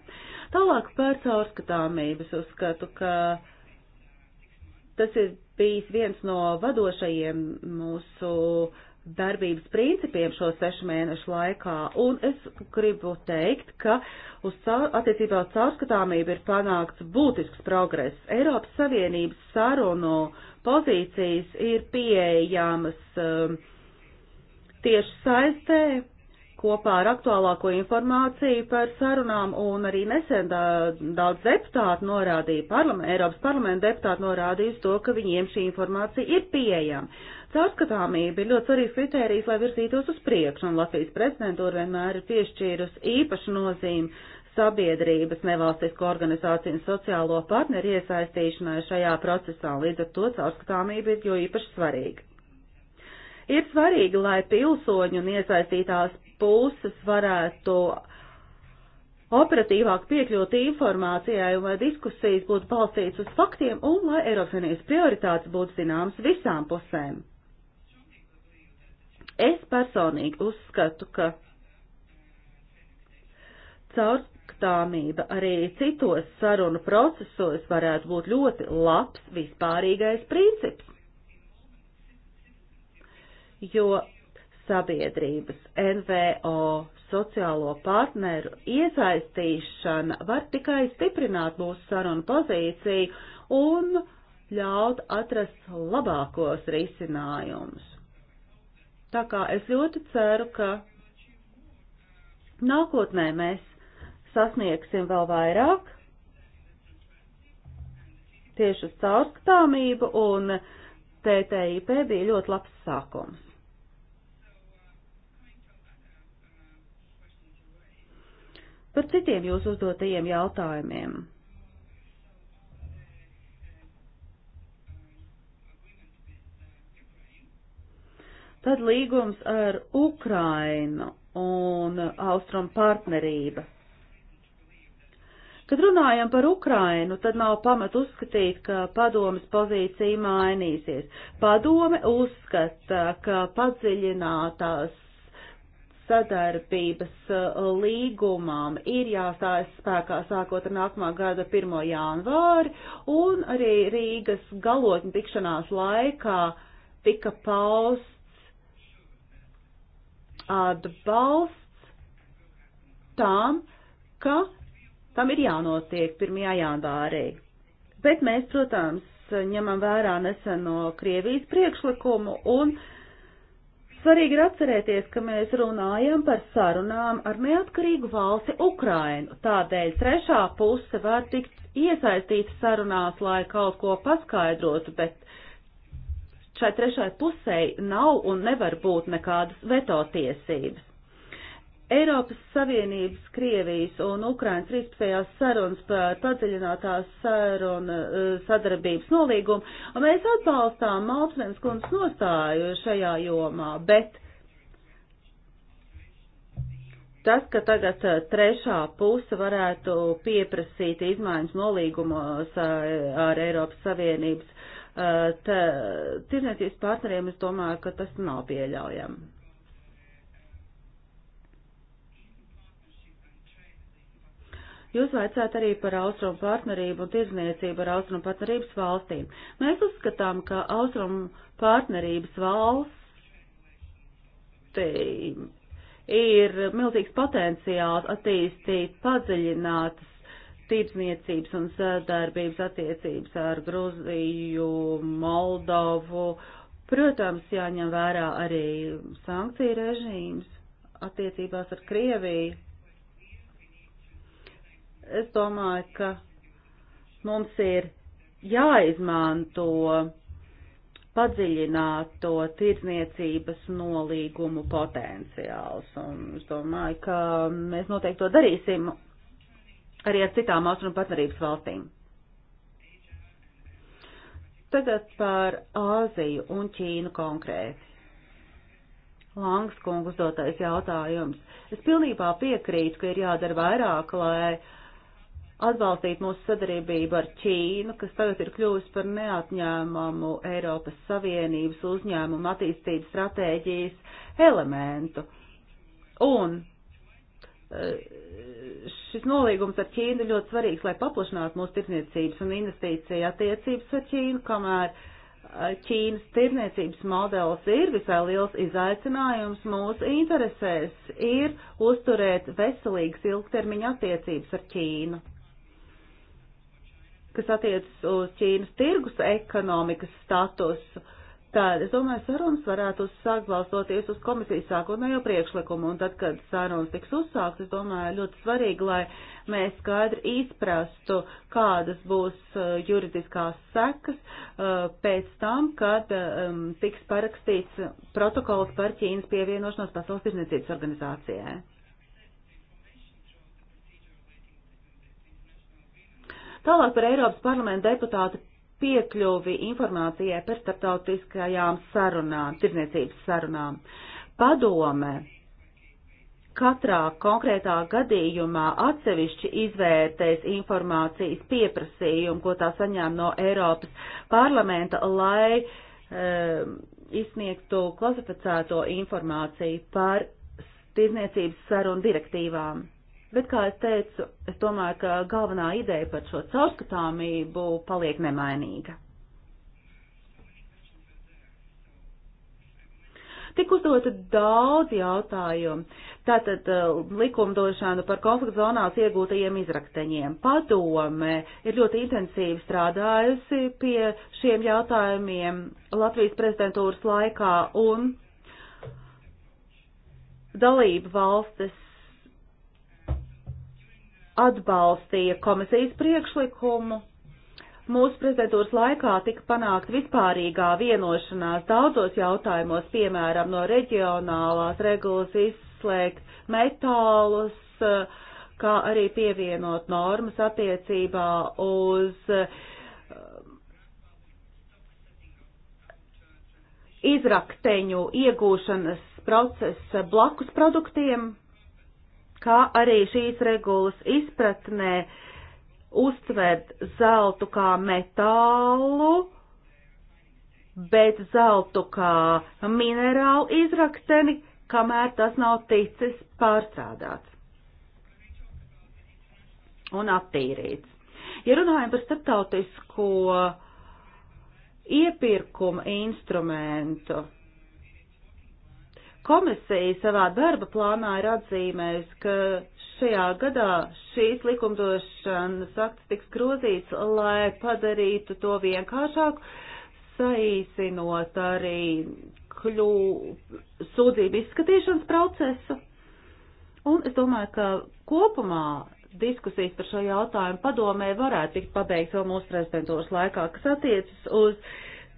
Tālāk par caurskatāmības uzskatu, ka tas ir bijis viens no vadošajiem mūsu uh, darbības principiem šo sešu mēnešu laikā, un es gribu teikt, ka uz attiecībā uz caurskatāmību ir panākts būtisks progress. Eiropas Savienības sarunu pozīcijas ir pieejamas um, tieši saistē kopā ar aktuālāko informāciju par sarunām, un arī nesen daudz deputātu norādīja, parlament, Eiropas parlamenta deputāti norādīja to, ka viņiem šī informācija ir pieejama. Caurskatāmība ir ļoti svarīgs kritērijs, lai virzītos uz priekšu, un Latvijas prezidentūra vienmēr ir piešķīrusi īpašu nozīmi sabiedrības, nevalstisko organizāciju un sociālo partneru iesaistīšanai šajā procesā, līdz ar to caurskatāmība ir jo īpaši svarīga. Ir svarīgi, lai pilsoņu un iesaistītās puses varētu operatīvāk piekļūt informācijai un lai diskusijas būtu balstītas uz faktiem un lai Eiropas Savienības prioritātes būtu zināmas visām pusēm. Es personīgi uzskatu, ka caurskatāmība arī citos sarunu procesos varētu būt ļoti labs vispārīgais princips, jo sabiedrības, NVO, sociālo partneru iesaistīšana var tikai stiprināt mūsu sarunu pozīciju un ļaut atrast labākos risinājumus. Tā kā es ļoti ceru, ka nākotnē mēs sasniegsim vēl vairāk tieši uz caurskatāmību un TTIP bija ļoti labs sākums. Par citiem jūsu uzdotajiem jautājumiem. Tad līgums ar Ukrainu un Austrum partnerība. Kad runājam par Ukrainu, tad nav pamat uzskatīt, ka padomas pozīcija mainīsies. Padome uzskata, ka padziļinātās sadarbības uh, līgumam ir jāstājas spēkā sākot ar nākamā gada 1. janvāri, un arī Rīgas galotņu tikšanās laikā tika paust atbalsts tām, ka tam ir jānotiek 1. janvārī. Bet mēs, protams, ņemam vērā neseno Krievijas priekšlikumu un svarīgi ir atcerēties, ka mēs runājam par sarunām ar neatkarīgu valsti Ukrainu. Tādēļ trešā puse var tikt iesaistīta sarunās, lai kaut ko paskaidrotu, bet šai trešai pusei nav un nevar būt nekādas veto tiesības. Eiropas Savienības, Krievijas un Ukrainas 13. sarunas par padziļinātās saruna eh, sadarbības nolīgumu, un mēs atbalstām Maltrens kundas nostāju šajā jomā, bet tas, ka tagad eh, trešā puse varētu pieprasīt izmaiņas nolīgumos eh, ar Eiropas Savienības tirniecības partneriem, es domāju, ka tas nav pieļaujami. Jūs vaicāt arī par austrumu partnerību un tirzniecību ar austrumu partnerības valstīm. Mēs uzskatām, ka austrumu partnerības valstīm ir milzīgs potenciāls attīstīt padziļinātas tirdzniecības un sadarbības attiecības ar Gruziju, Moldovu. Protams, jāņem vērā arī sankciju režīms attiecībās ar Krieviju. Es domāju, ka mums ir jāizmanto padziļināto tirdzniecības nolīgumu potenciāls. Un es domāju, ka mēs noteikti to darīsim arī ar citām austrumu partnerības valstīm. Tagad par Āziju un Ķīnu konkrēti. Langs kungu uzdotais jautājums. Es pilnībā piekrītu, ka ir jādara vairāk, lai atbalstītu mūsu sadarbību ar Ķīnu, kas tagad ir kļuvusi par neatņēmumu Eiropas Savienības uzņēmumu attīstības stratēģijas elementu. Un Eh, šis nolīgums ar Ķīnu ir ļoti svarīgs, lai paplašinātu mūsu tirniecības un investīcija attiecības ar Ķīnu, kamēr eh, Ķīnas tirniecības modelis ir visai liels izaicinājums mūsu interesēs, ir uzturēt veselīgas ilgtermiņa attiecības ar Ķīnu. Kas attiecas uz Ķīnas tirgus ekonomikas statusu, Tad, es domāju, sarunas varētu uzsākt balstoties uz komisijas sākotnējo priekšlikumu, un tad, kad sarunas tiks uzsākts, es domāju, ļoti svarīgi, lai mēs skaidri izprastu, kādas būs uh, juridiskās sekas uh, pēc tam, kad um, tiks parakstīts protokols par Ķīnas pievienošanos Pasaules tirzniecības organizācijai. Tālāk par Eiropas parlamenta deputātu piekļuvi informācijai par starptautiskajām sarunām, tirniecības sarunām. Padome katrā konkrētā gadījumā atsevišķi izvērtēs informācijas pieprasījumu, ko tā saņēma no Eiropas parlamenta, lai um, izsniegtu klasificēto informāciju par tirniecības sarunu direktīvām. Bet, kā es teicu, es domāju, ka galvenā ideja par šo caurskatāmību paliek nemainīga. Tik uzdota daudz jautājumu. Tātad uh, likumdošana par konflikta zonās iegūtajiem izrakteņiem. Padome ir ļoti intensīvi strādājusi pie šiem jautājumiem Latvijas prezidentūras laikā un dalība valstis atbalstīja komisijas priekšlikumu. Mūsu prezidentūras laikā tika panākt vispārīgā vienošanās daudzos jautājumos, piemēram, no reģionālās regulas izslēgt metālus, kā arī pievienot normas attiecībā uz eh, izrakteņu iegūšanas procesa blakus produktiem kā arī šīs regulas izpratnē uztvert zeltu kā metālu, bet zeltu kā minerālu izrakteni, kamēr tas nav ticis pārstrādāts un attīrīts. Ja runājam par starptautisko iepirkuma instrumentu, Komisija savā darba plānā ir atzīmējusi, ka šajā gadā šīs likumdošanas akts tiks grozīts, lai padarītu to vienkāršāku, saīsinot arī kļū, sūdzību izskatīšanas procesu. Un es domāju, ka kopumā diskusijas par šo jautājumu padomē varētu tikt pabeigts vēl mūsu prezidentūras laikā, kas attiecas uz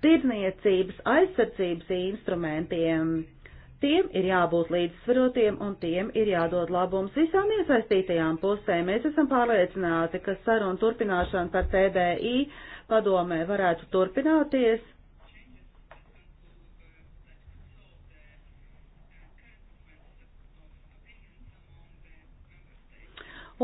tirniecības aizsardzības instrumentiem. Tiem ir jābūt līdzsvarotiem un tiem ir jādod labums visām iesaistītajām pusēm. Mēs esam pārliecināti, ka saruna turpināšana par TDI padomē varētu turpināties.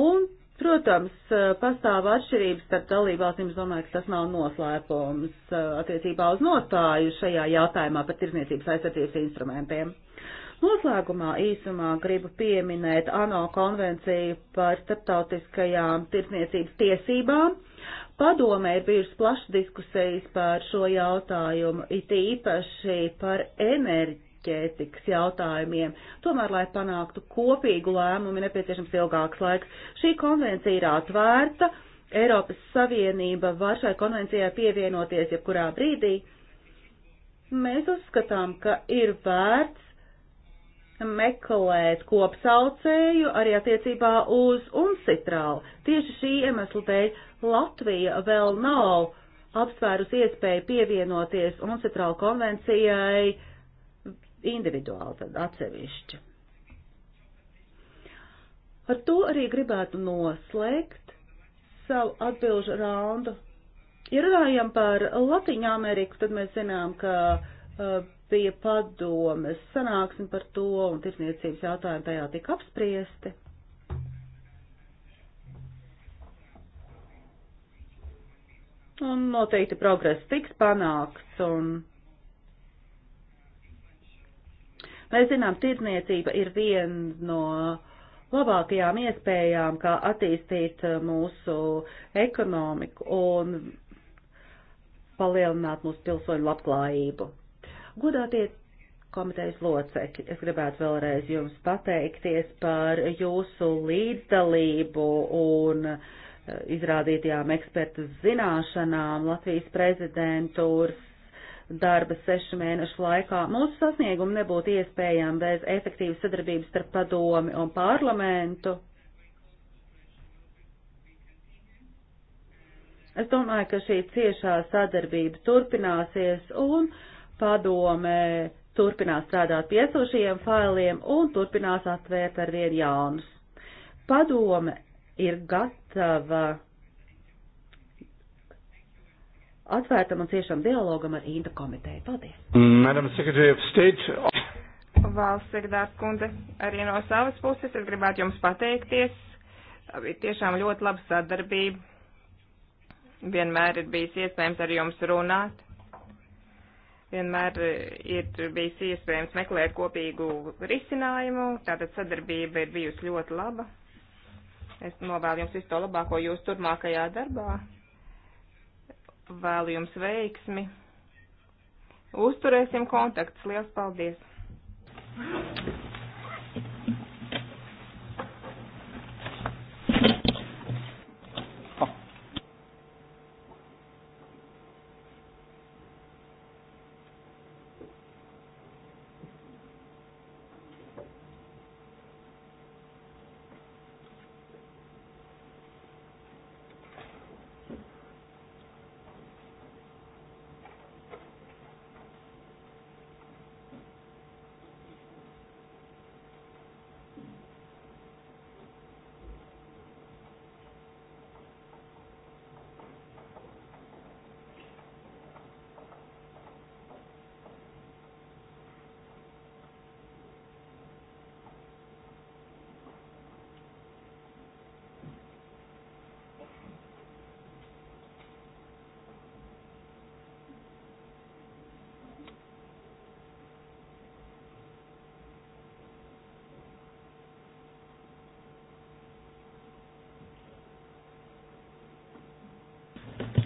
Un, protams, pastāv atšķirības starp dalībvalstīm. Es domāju, ka tas nav noslēpums uh, attiecībā uz nostāju šajā jautājumā par tirzniecības aizsardzības instrumentiem. Noslēgumā īsumā gribu pieminēt ANO konvenciju par starptautiskajām tirsniecības tiesībām. Padomē ir bijušas plašas diskusijas par šo jautājumu, it īpaši par enerģētikas jautājumiem. Tomēr, lai panāktu kopīgu lēmumu, ir nepieciešams ilgāks laiks. Šī konvencija ir atvērta. Eiropas Savienība var šai konvencijai pievienoties jebkurā brīdī. Mēs uzskatām, ka ir vērts meklēt kopsaucēju arī attiecībā uz uncitrālu. Tieši šī iemesla dēļ Latvija vēl nav apsvērus iespēju pievienoties uncitrālu konvencijai individuāli, tad atsevišķi. Ar to arī gribētu noslēgt savu atbilžu raundu. Ja runājam par Latviju Ameriku, tad mēs zinām, ka uh, bija padomes sanāksme par to, un tirsniecības jautājumi tajā tika apspriesti. Un noteikti progress tiks panākts, un mēs zinām, tirsniecība ir viena no labākajām iespējām, kā attīstīt mūsu ekonomiku un palielināt mūsu pilsoņu labklājību. Godātie komitejas locekļi, es gribētu vēlreiz jums pateikties par jūsu līdzdalību un eh, izrādītajām ekspertu zināšanām Latvijas prezidentūras darba sešu mēnešu laikā. Mūsu sasniegumi nebūtu iespējami bez efektīvas sadarbības starp padomi un parlamentu. Es domāju, ka šī ciešā sadarbība turpināsies un uh, padome turpinās strādāt pie esošajiem failiem un turpinās atvērt ar vien jaunus. Padome ir gatava atvērtam un ciešam dialogam ar Inta komiteju. Paldies! Madam Secretary of State. Valsts sekretārs kundze, arī no savas puses es gribētu jums pateikties. Bija tiešām ļoti laba sadarbība. Vienmēr ir bijis iespējams ar jums runāt vienmēr e, ir bijis iespējams meklēt kopīgu risinājumu, tātad sadarbība ir bijusi ļoti laba. Es novēlu jums visu to labāko jūsu turpmākajā darbā. Vēlu jums veiksmi. Uzturēsim kontaktus. Lielas paldies!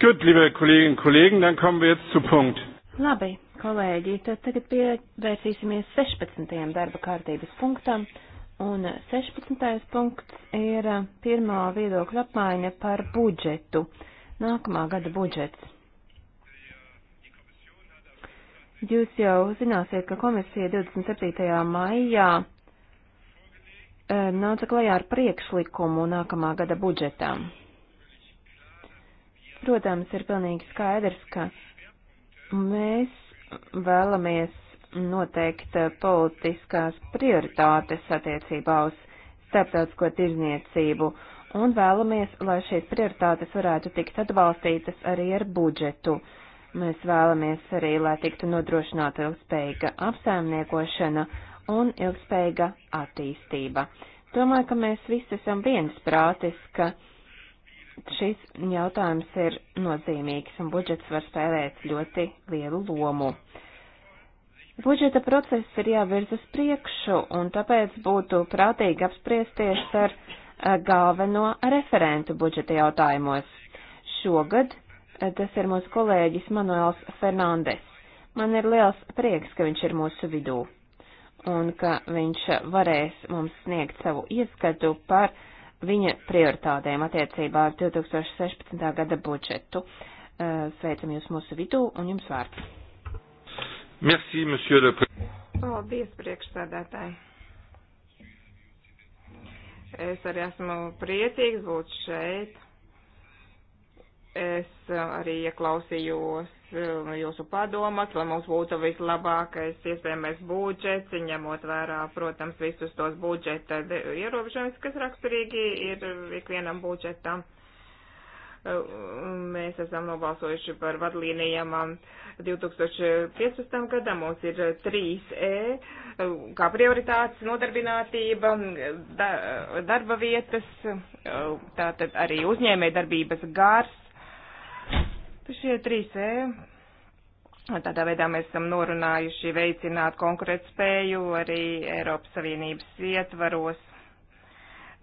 Gut, liebe Kolleginnen und Kollegen, dann kommen wir jetzt zu Punkt. Labi, kolēģi, tad tagad pievērsīsimies 16. darba kārtības punktam. Un 16. punkts ir uh, pirmā viedokļa apmaiņa par budžetu, nākamā gada budžets. Jūs jau zināsiet, ka komisija 27. maijā uh, nāca klajā ar priekšlikumu nākamā gada budžetām. Protams, ir pilnīgi skaidrs, ka mēs vēlamies noteikt eh, politiskās prioritātes attiecībā uz starptautisko tirzniecību un vēlamies, lai šīs prioritātes varētu tikt atbalstītas arī ar budžetu. Mēs vēlamies arī, lai tiktu nodrošināta ilgspējīga apsaimniekošana un ilgspējīga attīstība. Domāju, ka mēs visi esam viens prātis, ka Šis jautājums ir nozīmīgs un budžets var spēlēt ļoti lielu lomu. Budžeta process ir jāvirz uz priekšu un tāpēc būtu prātīgi apspriesties ar eh, galveno referentu budžeta jautājumos. Šogad eh, tas ir mūsu kolēģis Manuels Fernandes. Man ir liels prieks, ka viņš ir mūsu vidū un ka viņš varēs mums sniegt savu ieskatu par uh, viņa prioritātēm attiecībā ar 2016. gada budžetu. Eh, sveicam jūs mūsu vidū un jums vārds. Merci, monsieur le président. Paldies, priekšsēdētāji. Es arī esmu priecīgs būt šeit. Es eh, arī ieklausījos Um, jūsu padomas, lai mums būtu vislabākais iespējamais budžets, ņemot vērā, protams, visus tos budžeta ierobežojumus, kas raksturīgi ir ikvienam budžetam. Uh, mēs esam nobalsojuši par vadlīnijām 2015. Um, gadam. Mums ir 3E, uh, kā prioritātes nodarbinātība, darba vietas, uh, tātad arī uzņēmē darbības gars Šie trīs E. Tādā veidā mēs esam norunājuši veicināt konkurētspēju arī Eiropas Savienības ietvaros.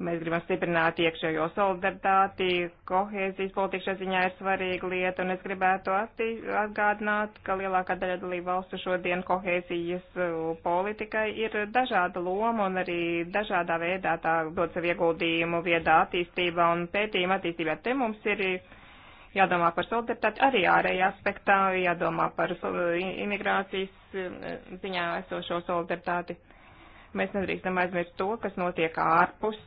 Mēs gribam stiprināt iekšējo solidaritāti, kohēzijas politika šajā ziņā ir svarīga lieta, un es gribētu atgādināt, ka lielākā daļa dalību valstu šodien kohēzijas politikai ir dažāda loma un arī dažādā veidā tā dod savu ieguldījumu viedā attīstībā un pētījuma attīstībā. Te mums ir jādomā par solidaritāti arī ārējā aspektā, jādomā par imigrācijas e, ziņā esošo solidaritāti. Mēs nedrīkstam aizmirst to, kas notiek ārpus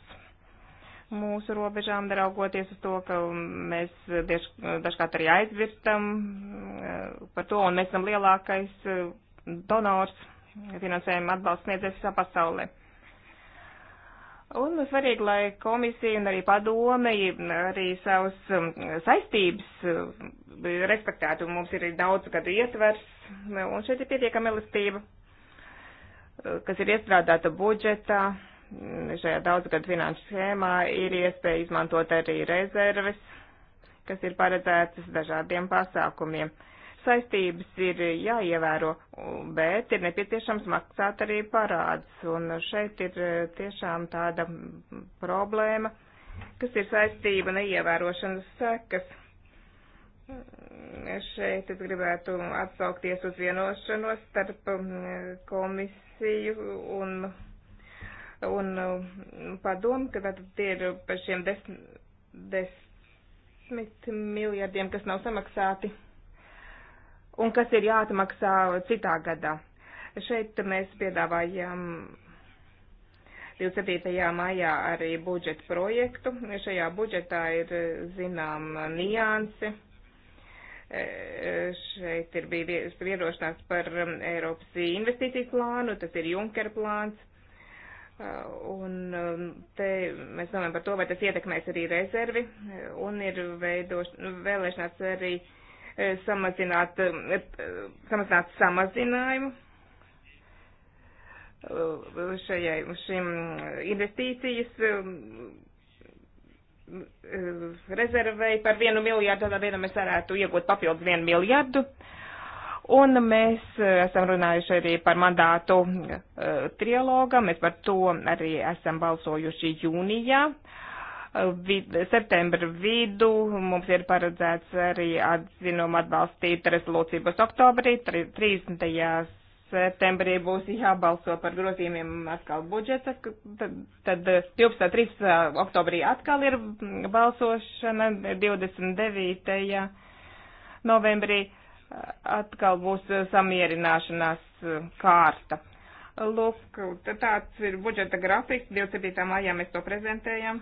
mūsu robežām, daraugoties uz to, ka mēs biež, dažkārt arī aizvirstam e, par to, un mēs esam lielākais e, donors finansējuma atbalsts sniedzējs visā pasaulē. Un svarīgi, lai komisija un arī padome arī savus um, saistības um, respektētu. Mums ir daudz gadu ietvers, un šeit ir pietiekama elastība, uh, kas ir iestrādāta budžetā. Šajā daudzgadu finanšu schēmā ir iespēja izmantot arī rezerves, kas ir paredzētas dažādiem pasākumiem. Uh, saistības ir jāievēro, bet ir nepieciešams maksāt arī parāds. Un šeit ir eh, tiešām tāda problēma, kas ir saistība neievērošanas sekas. Mm, šeit es gribētu atsaukties uz vienošanos starp mm, komisiju un, un mm, padomu, ka tad ir par šiem desmit, desmit miljardiem, kas nav samaksāti un kas ir jāatmaksā citā gadā. Šeit mēs piedāvājam 27. maijā arī budžeta projektu. Šajā budžetā ir zinām niansi. E, šeit ir bija viedrošanās par um, Eiropas investīciju plānu, tas ir Junker plāns. E, un um, te mēs domājam par to, vai tas ietekmēs arī rezervi e, un ir veidoš, vēlēšanās arī uh, Eh, samazināt, eh, samazināt samazinājumu eh, šajai, šim investīcijas rezervei par vienu miljārdu, tādā veidā mēs varētu iegūt papildus vienu miljārdu. Un mēs esam runājuši arī par mandātu uh, trilogam, mēs par to arī esam balsojuši jūnijā. Uh, vid, septembra vidu mums ir paredzēts arī atzinuma atbalstīt rezolūciju būs oktobrī, 30. septembrī būs jābalso par grozījumiem atkal budžeta, tad, tad 12. 13. oktobrī atkal ir balsošana, 29. novembrī atkal būs samierināšanās kārta. Lūk, tāds ir budžeta grafiks. 27. maijā mēs to prezentējam.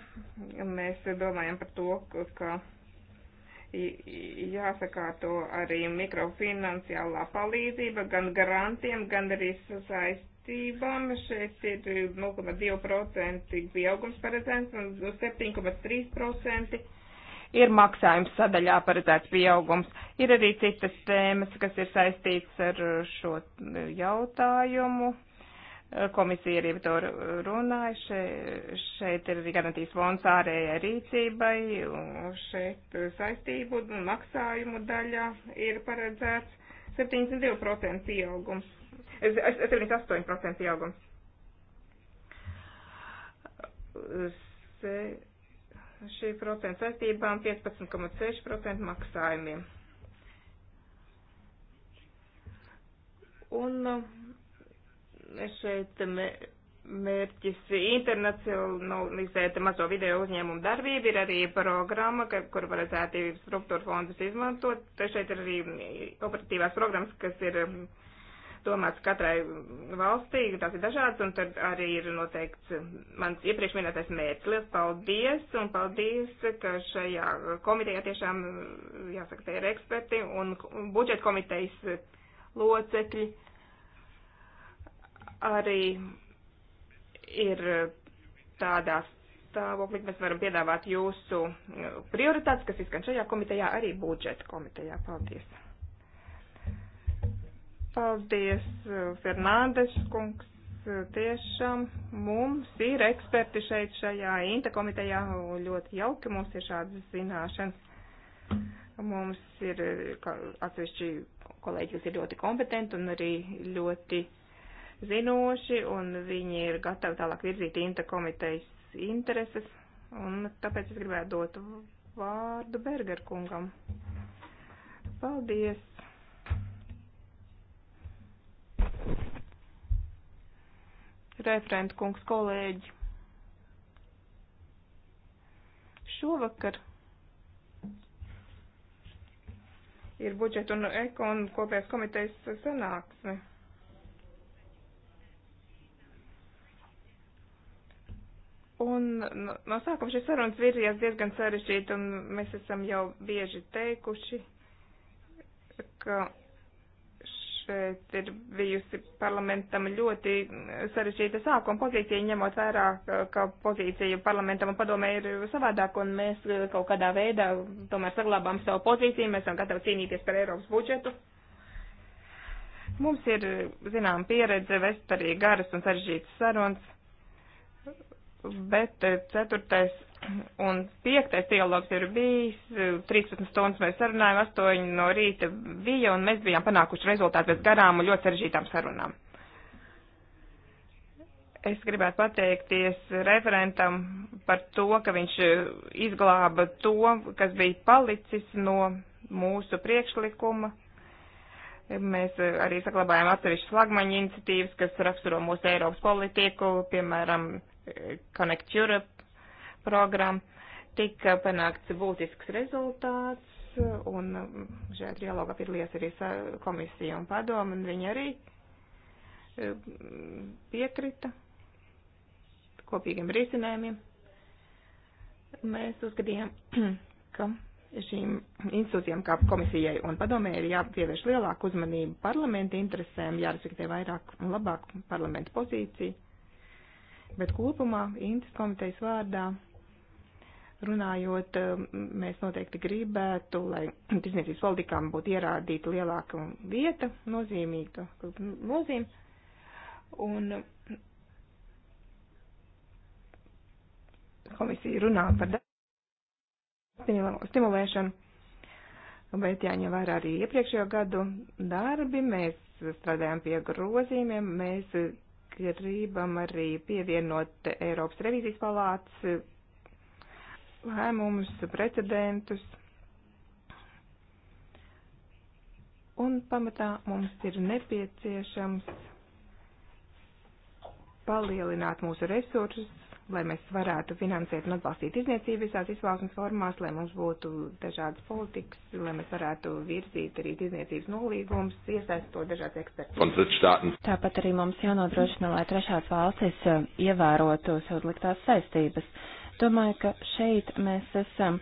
Mēs domājam par to, ka jāsakārto arī mikrofinanciālā palīdzība gan garantiem, gan arī saistībām. Šeit ir 0,2% pieaugums paredzēts un 7,3% ir maksājums sadaļā paredzēts pieaugums. Ir arī citas tēmas, kas ir saistītas ar šo jautājumu. Komisija arī par to runāja. Še, šeit ir garantijas fonds ārējai rīcībai, un šeit saistību un maksājumu daļā ir paredzēts 72% pieaugums. 78% pieaugums. Se, šī procenta saistībām 15,6% maksājumiem. Un uh, šeit mērķis internacionalizēt mazo video uzņēmumu darbību ir arī programma, kur varētu struktūra fondus izmantot. Šeit ir arī operatīvās programmas, kas ir domāts katrai valstī, tās ir dažādas, un tad arī ir noteikts mans iepriekš minētais mērķis. Liels paldies, un paldies, ka šajā komitejā tiešām, jāsaka, te ir eksperti un budžeta komitejas locekļi arī ir tādā stāvoklī, mēs varam piedāvāt jūsu eh, prioritātes, kas izskan šajā komitejā, arī budžeta komitejā. Paldies. Paldies, eh, Fernandes kungs. Eh, tiešām mums ir eksperti šeit šajā Inta komitejā, ļoti jauki mums ir šādas zināšanas. Mums ir atsevišķi kolēģi, kas ir ļoti kompetenti un arī ļoti zinoši un viņi ir gatavi tālāk virzīt Inta komitejas intereses. Un tāpēc es gribētu dot vārdu Bergerkungam. Paldies! Referenta kungs kolēģi. Šovakar ir budžeta un ekonu kopējās komitejas sanāksme. Un no sākuma šīs sarunas virzījās diezgan sarežģīti, un mēs esam jau bieži teikuši, ka šeit ir bijusi parlamentam ļoti sarežģīta sākuma pozīcija, ņemot vērā, ka pozīcija parlamentam un padomē ir savādāk, un mēs kaut kādā veidā tomēr saglabām savu pozīciju, mēs esam gatavi cīnīties par Eiropas budžetu. Mums ir, zinām, pieredze vest arī garas un sarežģītas sarunas bet eh, ceturtais un piektais dialogs ir bijis, 13 eh, stundas mēs sarunājām, 8 no rīta bija, un mēs bijām panākuši rezultātu pēc garām un ļoti sarežģītām sarunām. Es gribētu pateikties referentam par to, ka viņš eh, izglāba to, kas bija palicis no mūsu priekšlikuma. Mēs arī saglabājām atsevišķu slagmaņu iniciatīvas, kas raksturo mūsu Eiropas politiku, piemēram, Connect Europe programma, tika panākts būtisks rezultāts, un šajā trialogā piedalījās arī komisija un padoma, un viņi arī e, piekrita kopīgiem risinājumiem. Mēs uzskatījām, ka šīm institūcijām kā komisijai un padomē ir jāpievērš lielāku uzmanību parlamenta interesēm, jārespektē vairāk un labāk parlamenta pozīciju Bet kopumā Intas komitejas vārdā runājot, mēs noteikti gribētu, lai tirsniecības politikām būtu ierādīta lielāka vieta, nozīmīga nozīme. Un komisija runā par stimulēšanu, bet jāņem vērā arī iepriekšējo gadu darbi. Mēs strādājām pie grozījumiem, mēs gribam arī pievienot Eiropas revīzijas palāts eh, lēmumus, precedentus. Un pamatā mums ir nepieciešams palielināt mūsu resursus, lai mēs varētu finansēt un atbalstīt izniecību visās izpausmes formās, lai mums būtu dažādas politikas, lai mēs varētu virzīt arī izniecības nolīgumus, iesaistot dažādas ekspertus. Tāpat arī mums jānodrošina, lai trešās valstis eh, ievērotu sev liktās saistības. Domāju, ka šeit mēs esam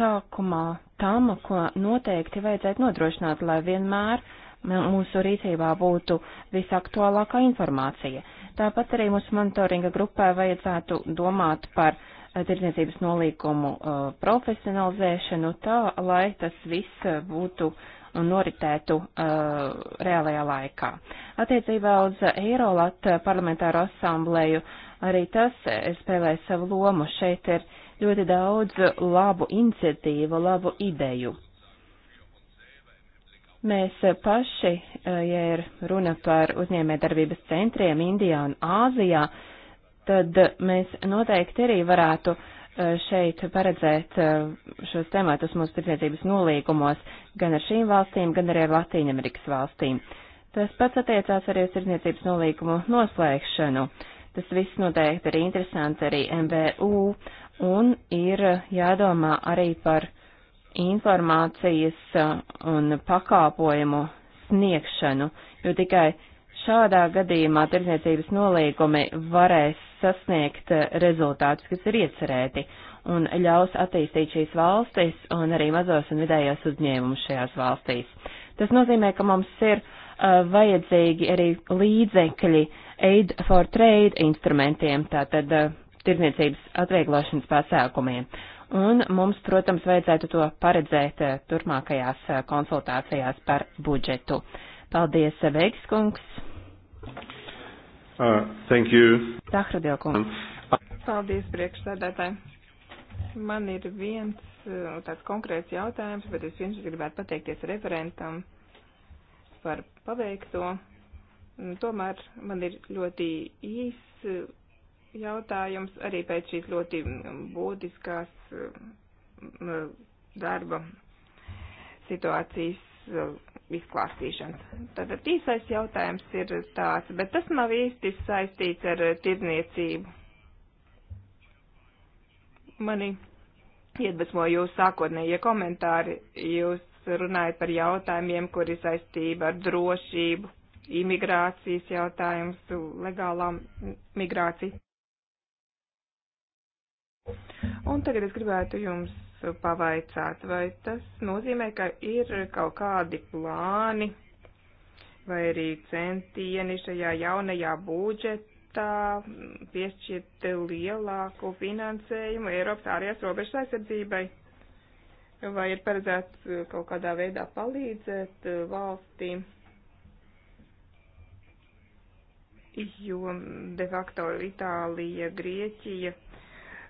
sākumā tam, ko noteikti vajadzētu nodrošināt, lai vienmēr mūsu rīcībā būtu visaktuālākā informācija. Tāpat arī mūsu monitoringa grupai vajadzētu domāt par eh, tirdzniecības nolīkumu eh, profesionalizēšanu tā, lai tas viss eh, būtu un noritētu uh, reālajā laikā. Attiecībā uz Eirolat parlamentāro asamblēju arī tas spēlē savu lomu. Šeit ir ļoti daudz labu iniciatīvu, labu ideju. Mēs paši, eh, ja ir runa par uzņēmējdarbības centriem Indijā un Āzijā, tad mēs noteikti arī varētu eh, šeit paredzēt eh, šos tematus mūsu tirdzniecības nolīgumos gan ar šīm valstīm, gan arī ar Latīņamerikas valstīm. Tas pats attiecās arī uz tirdzniecības nolīgumu noslēgšanu. Tas viss noteikti ir interesanti arī MBU un ir jādomā arī par informācijas un pakāpojumu sniegšanu, jo tikai šādā gadījumā tirdzniecības nolīgumi varēs sasniegt rezultātus, kas ir iecerēti, un ļaus attīstīt šīs valstis un arī mazos un vidējos uzņēmumus šajās valstīs. Tas nozīmē, ka mums ir uh, vajadzīgi arī līdzekļi aid for trade instrumentiem, tātad uh, tirdzniecības atvieglošanas pasākumiem. Uh, un mums, protams, vajadzētu to paredzēt eh, turpmākajās eh, konsultācijās par budžetu. Paldies, eh, Veigs kungs! Uh, thank you. Tahradil kungs. Um, Paldies, priekšsēdētāji. Man ir viens uh, tāds konkrēts jautājums, bet es viens gribētu pateikties referentam par paveikto. Mm, tomēr man ir ļoti īsts jautājums arī pēc šīs ļoti būtiskās mm, mm, darba situācijas mm, izklāstīšanas. Tātad īsais jautājums ir tāds, bet tas nav īsti saistīts ar tirdzniecību. Mani iedvesmo jūs sākotnējie komentāri, jūs runājat par jautājumiem, kuri saistība ar drošību, imigrācijas jautājums, legālā migrācija. Un tagad es gribētu jums pavaicāt, vai tas nozīmē, ka ir kaut kādi plāni vai arī centieni šajā jaunajā budžetā piešķirt lielāku finansējumu Eiropas ārējās robežas aizsardzībai? Vai ir paredzēts kaut kādā veidā palīdzēt valstīm? Jo de facto Itālija, Grieķija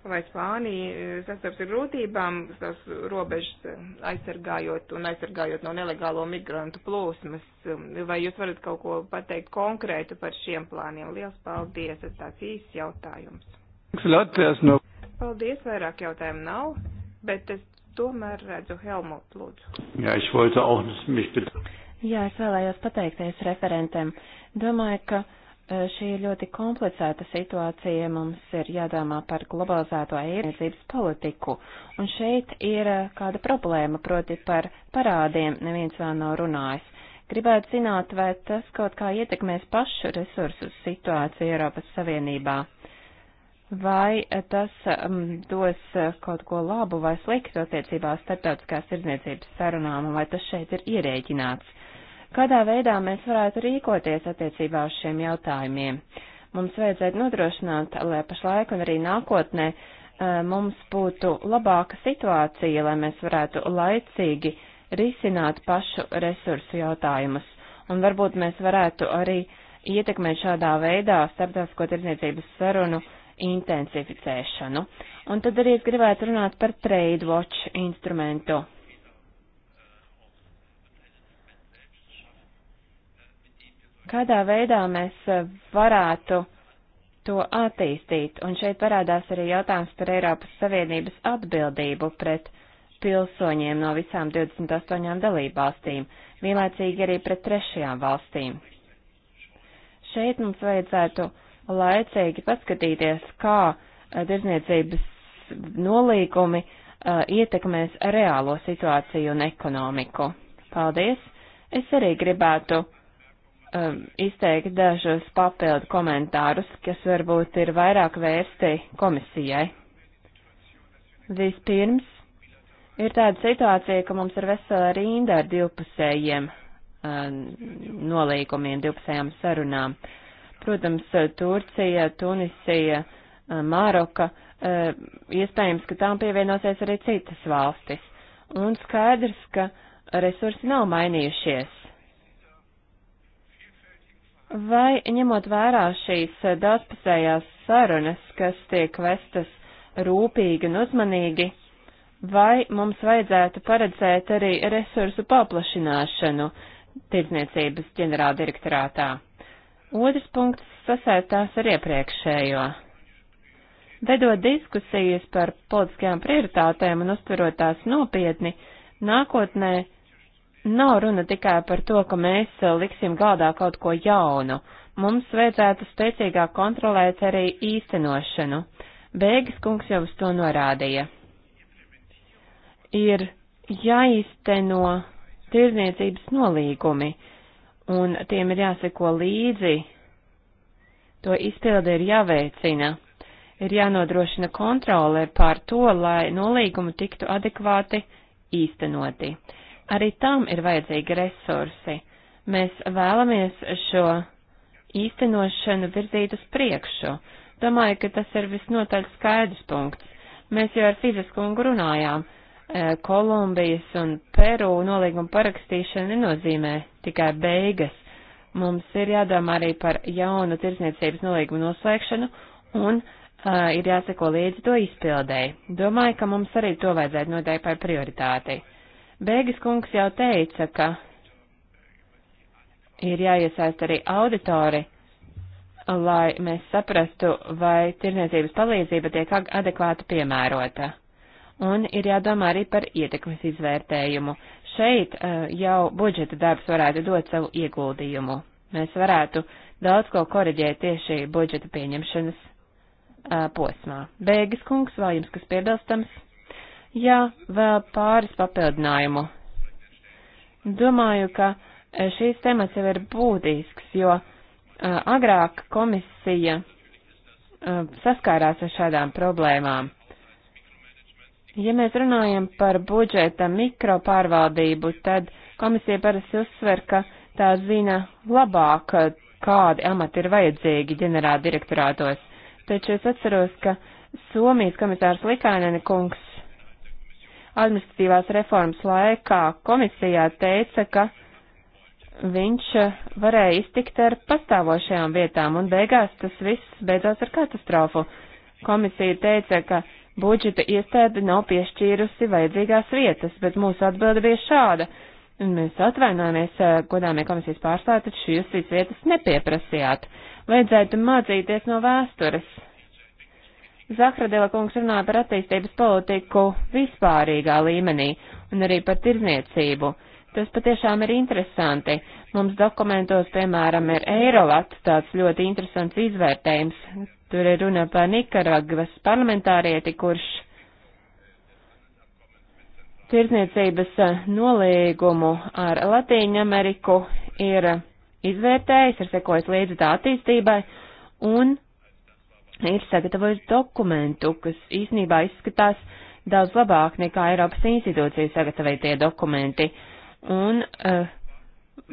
vai Spānija eh, sastopas ar grūtībām, tās robežas eh, aizsargājot un aizsargājot no nelegālo migrantu plūsmas. Um, vai jūs varat kaut ko pateikt konkrētu par šiem plāniem? Liels paldies, tas tāds īsts jautājums. Paldies, vairāk jautājumu nav, bet es tomēr redzu Helmut, lūdzu. Jā, es, auch, Jā, es vēlējos pateikties referentiem. Domāju, ka Eh, šī ir ļoti komplicēta situācija, mums ir jādomā par globalizēto aizniecības politiku, un šeit ir eh, kāda problēma, proti par parādiem neviens vēl nav runājis. Gribētu zināt, vai tas kaut kā ietekmēs pašu resursu situāciju Eiropas Savienībā, vai eh, tas um, dos kaut ko labu vai sliktu attiecībā starptautiskās tirdzniecības sarunām, un vai tas šeit ir ierēķināts. Kādā veidā mēs varētu rīkoties attiecībā uz šiem jautājumiem? Mums vajadzētu nodrošināt, lai pašlaik un arī nākotnē eh, mums būtu labāka situācija, lai mēs varētu laicīgi risināt pašu resursu jautājumus. Un varbūt mēs varētu arī ietekmēt šādā veidā starptautisko tirdzniecības sarunu intensificēšanu. Un tad arī es gribētu runāt par Trade Watch instrumentu. kādā veidā mēs eh, varētu to attīstīt, un šeit parādās arī jautājums par Eiropas Savienības atbildību pret pilsoņiem no visām 28 dalībvalstīm, vienlaicīgi arī pret trešajām valstīm. Šeit mums vajadzētu laicīgi paskatīties, kā eh, tirzniecības nolīgumi uh, ietekmēs reālo situāciju un ekonomiku. Paldies! Es arī gribētu um, izteikt dažus papildu komentārus, kas varbūt ir vairāk vērsti komisijai. Vispirms ir tāda situācija, ka mums ir vesela rinda ar divpusējiem um, nolīgumiem, divpusējām sarunām. Protams, Turcija, Tunisija, um, Maroka, um, iespējams, ka tām pievienosies arī citas valstis. Un skaidrs, ka resursi nav mainījušies Vai ņemot vērā šīs daudzpusējās sarunas, kas tiek vestas rūpīgi un uzmanīgi, vai mums vajadzētu paredzēt arī resursu paplašināšanu tirdzniecības ģenerāldirektorātā? Otrs punkts sasaistās ar iepriekšējo. Vedot diskusijas par politiskajām prioritātēm un uztverot tās nopietni, nākotnē Nav runa tikai par to, ka mēs eh, liksim galdā kaut ko jaunu. Mums vajadzētu spēcīgāk kontrolēt arī īstenošanu. Bēgas kungs jau uz to norādīja. Ir jāīsteno tirzniecības nolīgumi, un tiem ir jāseko līdzi. To izpilde ir jāveicina. Ir jānodrošina kontrole pār to, lai nolīgumi tiktu adekvāti īstenoti. Arī tam ir vajadzīgi resursi. Mēs vēlamies šo īstenošanu virzīt uz priekšu. Domāju, ka tas ir visnotaļ skaidrs punkts. Mēs jau ar fiziskungu runājām. E, Kolumbijas un Peru nolīguma parakstīšana nenozīmē tikai beigas. Mums ir jādomā arī par jaunu tirsniecības nolīgumu noslēgšanu un uh, ir jāseko līdzi to izpildēji. Domāju, ka mums arī to vajadzētu noteikt par prioritāti. Bēgas kungs jau teica, ka ir jāiesaist arī auditori, lai mēs saprastu, vai tirniecības palīdzība tiek adekvāti piemērota. Un ir jādomā arī par ietekmes izvērtējumu. Šeit uh, jau budžeta darbs varētu dot savu ieguldījumu. Mēs varētu daudz ko koreģēt tieši budžeta pieņemšanas uh, posmā. Bēgas kungs, vēl jums kas piebilstams? Jā, vēl pāris papildinājumu. Domāju, ka e, šīs temats jau ir būtisks, jo e, agrāk komisija e, saskārās ar šādām problēmām. Ja mēs runājam par budžeta mikropārvaldību, tad komisija parasti uzsver, ka tā zina labāk, kādi amati ir vajadzīgi ģenerāldirektorātos. Taču es atceros, ka Somijas komisārs Likainene kungs administratīvās reformas laikā komisijā teica, ka viņš eh, varēja iztikt ar pastāvošajām vietām, un beigās tas viss beidzās ar katastrofu. Komisija teica, ka budžeta iestāde nav piešķīrusi vajadzīgās vietas, bet mūsu atbilde bija šāda. Un mēs atvainojamies, eh, godāmie komisijas pārstāvji, taču jūs šīs vietas nepieprasījāt. Vajadzētu mācīties no vēstures. Zahradela kungs runāja par attīstības politiku vispārīgā līmenī un arī par tirzniecību. Tas patiešām ir interesanti. Mums dokumentos, piemēram, ir Eirolat, tāds ļoti interesants izvērtējums. Tur ir runa par Nikaragvas parlamentārieti, kurš tirzniecības eh, nolīgumu ar Latīņu Ameriku ir izvērtējis, ir sekojis līdzi tā attīstībai, un ir sagatavojis dokumentu, kas īsnībā izskatās daudz labāk nekā Eiropas institūcija sagatavotie dokumenti. Un uh,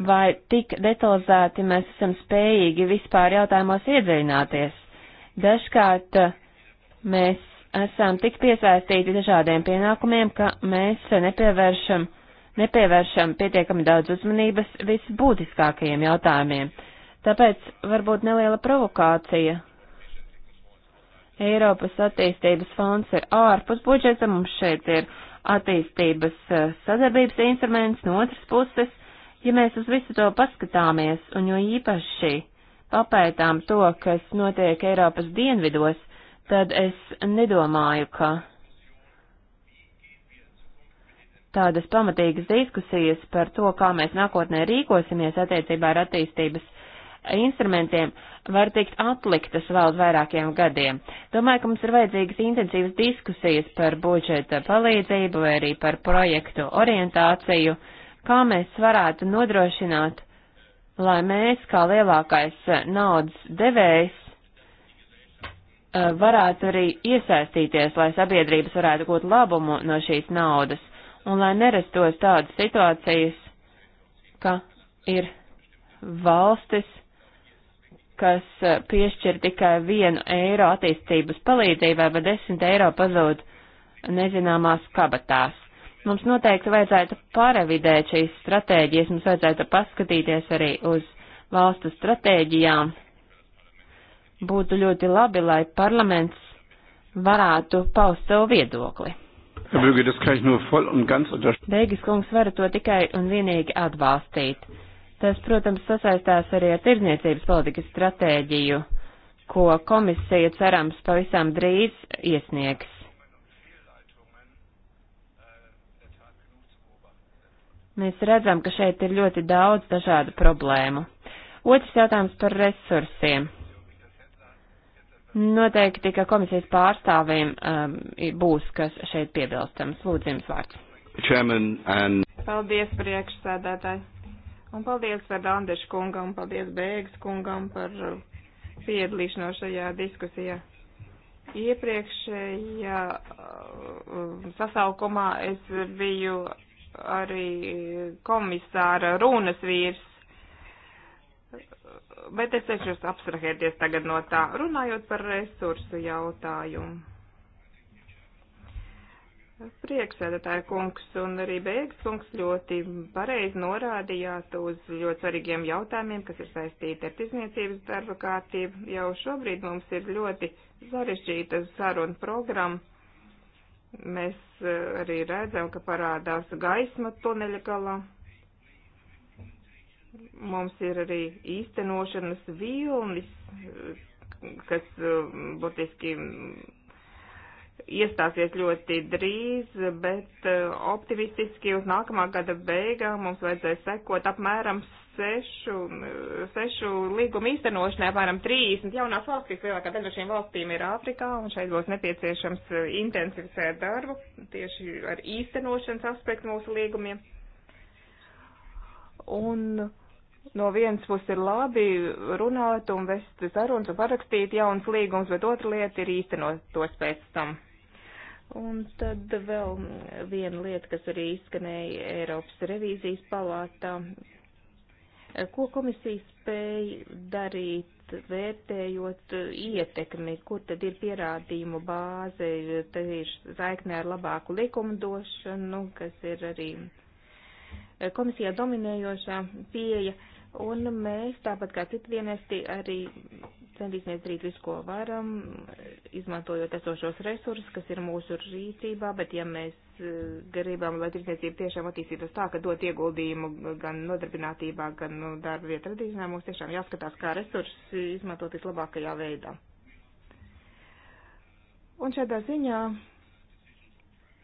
vai tik detalizēti mēs esam spējīgi vispār jautājumos iedziļināties? Dažkārt uh, mēs esam tik piesaistīti dažādiem pienākumiem, ka mēs nepievēršam, nepievēršam pietiekami daudz uzmanības visbūtiskākajiem jautājumiem. Tāpēc varbūt neliela provokācija Eiropas attīstības fonds ir ārpus budžeta, mums šeit ir attīstības eh, sadarbības instruments no otras puses. Ja mēs uz visu to paskatāmies, un jo īpaši papētām to, kas notiek Eiropas dienvidos, tad es nedomāju, ka tādas pamatīgas diskusijas par to, kā mēs nākotnē rīkosimies attiecībā ar attīstības instrumentiem var tikt atliktas vēl vairākiem gadiem. Domāju, ka mums ir vajadzīgas intensīvas diskusijas par budžeta palīdzību vai arī par projektu orientāciju, kā mēs varētu nodrošināt, lai mēs, kā lielākais naudas devējs, eh, varētu arī iesaistīties, lai sabiedrības varētu gūt labumu no šīs naudas, un lai nerastos tādas situācijas, ka ir valstis, kas eh, piešķir tikai vienu eiro attīstības palīdzībai, bet desmit eiro pazūd nezināmās kabatās. Mums noteikti vajadzētu pārevidēt šīs stratēģijas, mums vajadzētu paskatīties arī uz valstu stratēģijām. Būtu ļoti labi, lai parlaments varētu paust savu viedokli. Beigas kungs var to tikai un vienīgi atbalstīt. Tas, protams, sasaistās arī ar tirdzniecības politikas stratēģiju, ko komisija cerams pavisam drīz iesniegs. Mēs redzam, ka šeit ir ļoti daudz dažādu problēmu. Otrs jautājums par resursiem. Noteikti, ka komisijas pārstāvim um, būs, kas šeit piebilstams. Lūdzu, jums vārds. Chairman and... Paldies, priekšsēdētāji. Un paldies Fernandeša kungam, paldies Bēgas kungam par piedalīšanos šajā diskusijā. Iepriekšējā uh, sasaukumā es biju arī komisāra runas vīrs, bet es cenšos abstrahēties tagad no tā, runājot par resursu jautājumu Prieksēdētāja kungs un arī beigas kungs ļoti pareizi norādījāt uz ļoti svarīgiem jautājumiem, kas ir saistīti ar tirzniecības darba kārtību. Jau šobrīd mums ir ļoti sarežģīta saruna programma. Mēs eh, arī redzam, ka parādās gaisma tuneļa galā. Mums ir arī īstenošanas vilnis, eh, kas eh, būtiski iestāsies ļoti drīz, bet eh, optimistiski uz nākamā gada beigām mums vajadzēs sekot apmēram sešu, sešu līgumu īstenošanai, apmēram 30 jaunās valstīs, lielākā daļa no šīm valstīm ir Āfrikā, un šeit būs nepieciešams eh, intensificēt darbu tieši ar īstenošanas aspektu mūsu līgumiem. Un no vienas puses ir labi runāt un vest sarunas un parakstīt jaunas līgumas, bet otra lieta ir īstenot tos pēc tam. Un tad vēl viena lieta, kas arī izskanēja Eiropas revīzijas palātā. Ko komisija spēja darīt, vērtējot ietekmi, kur tad ir pierādījumu bāze, tad ir saiknē ar labāku likumdošanu, kas ir arī komisijā dominējošā pieeja. Uh, Un mēs, tāpat kā citi dienesti, arī centīsimies darīt visu, ko varam, izmantojot esošos resursus, kas ir mūsu rīcībā, bet ja mēs eh, gribam, lai tirdzniecība tiešām attīstītos tā, ka dot ieguldījumu gan nodarbinātībā, gan nu, darba vietu radīšanā, mums tiešām jāskatās, kā resursus izmantot vislabākajā veidā. Un šādā ziņā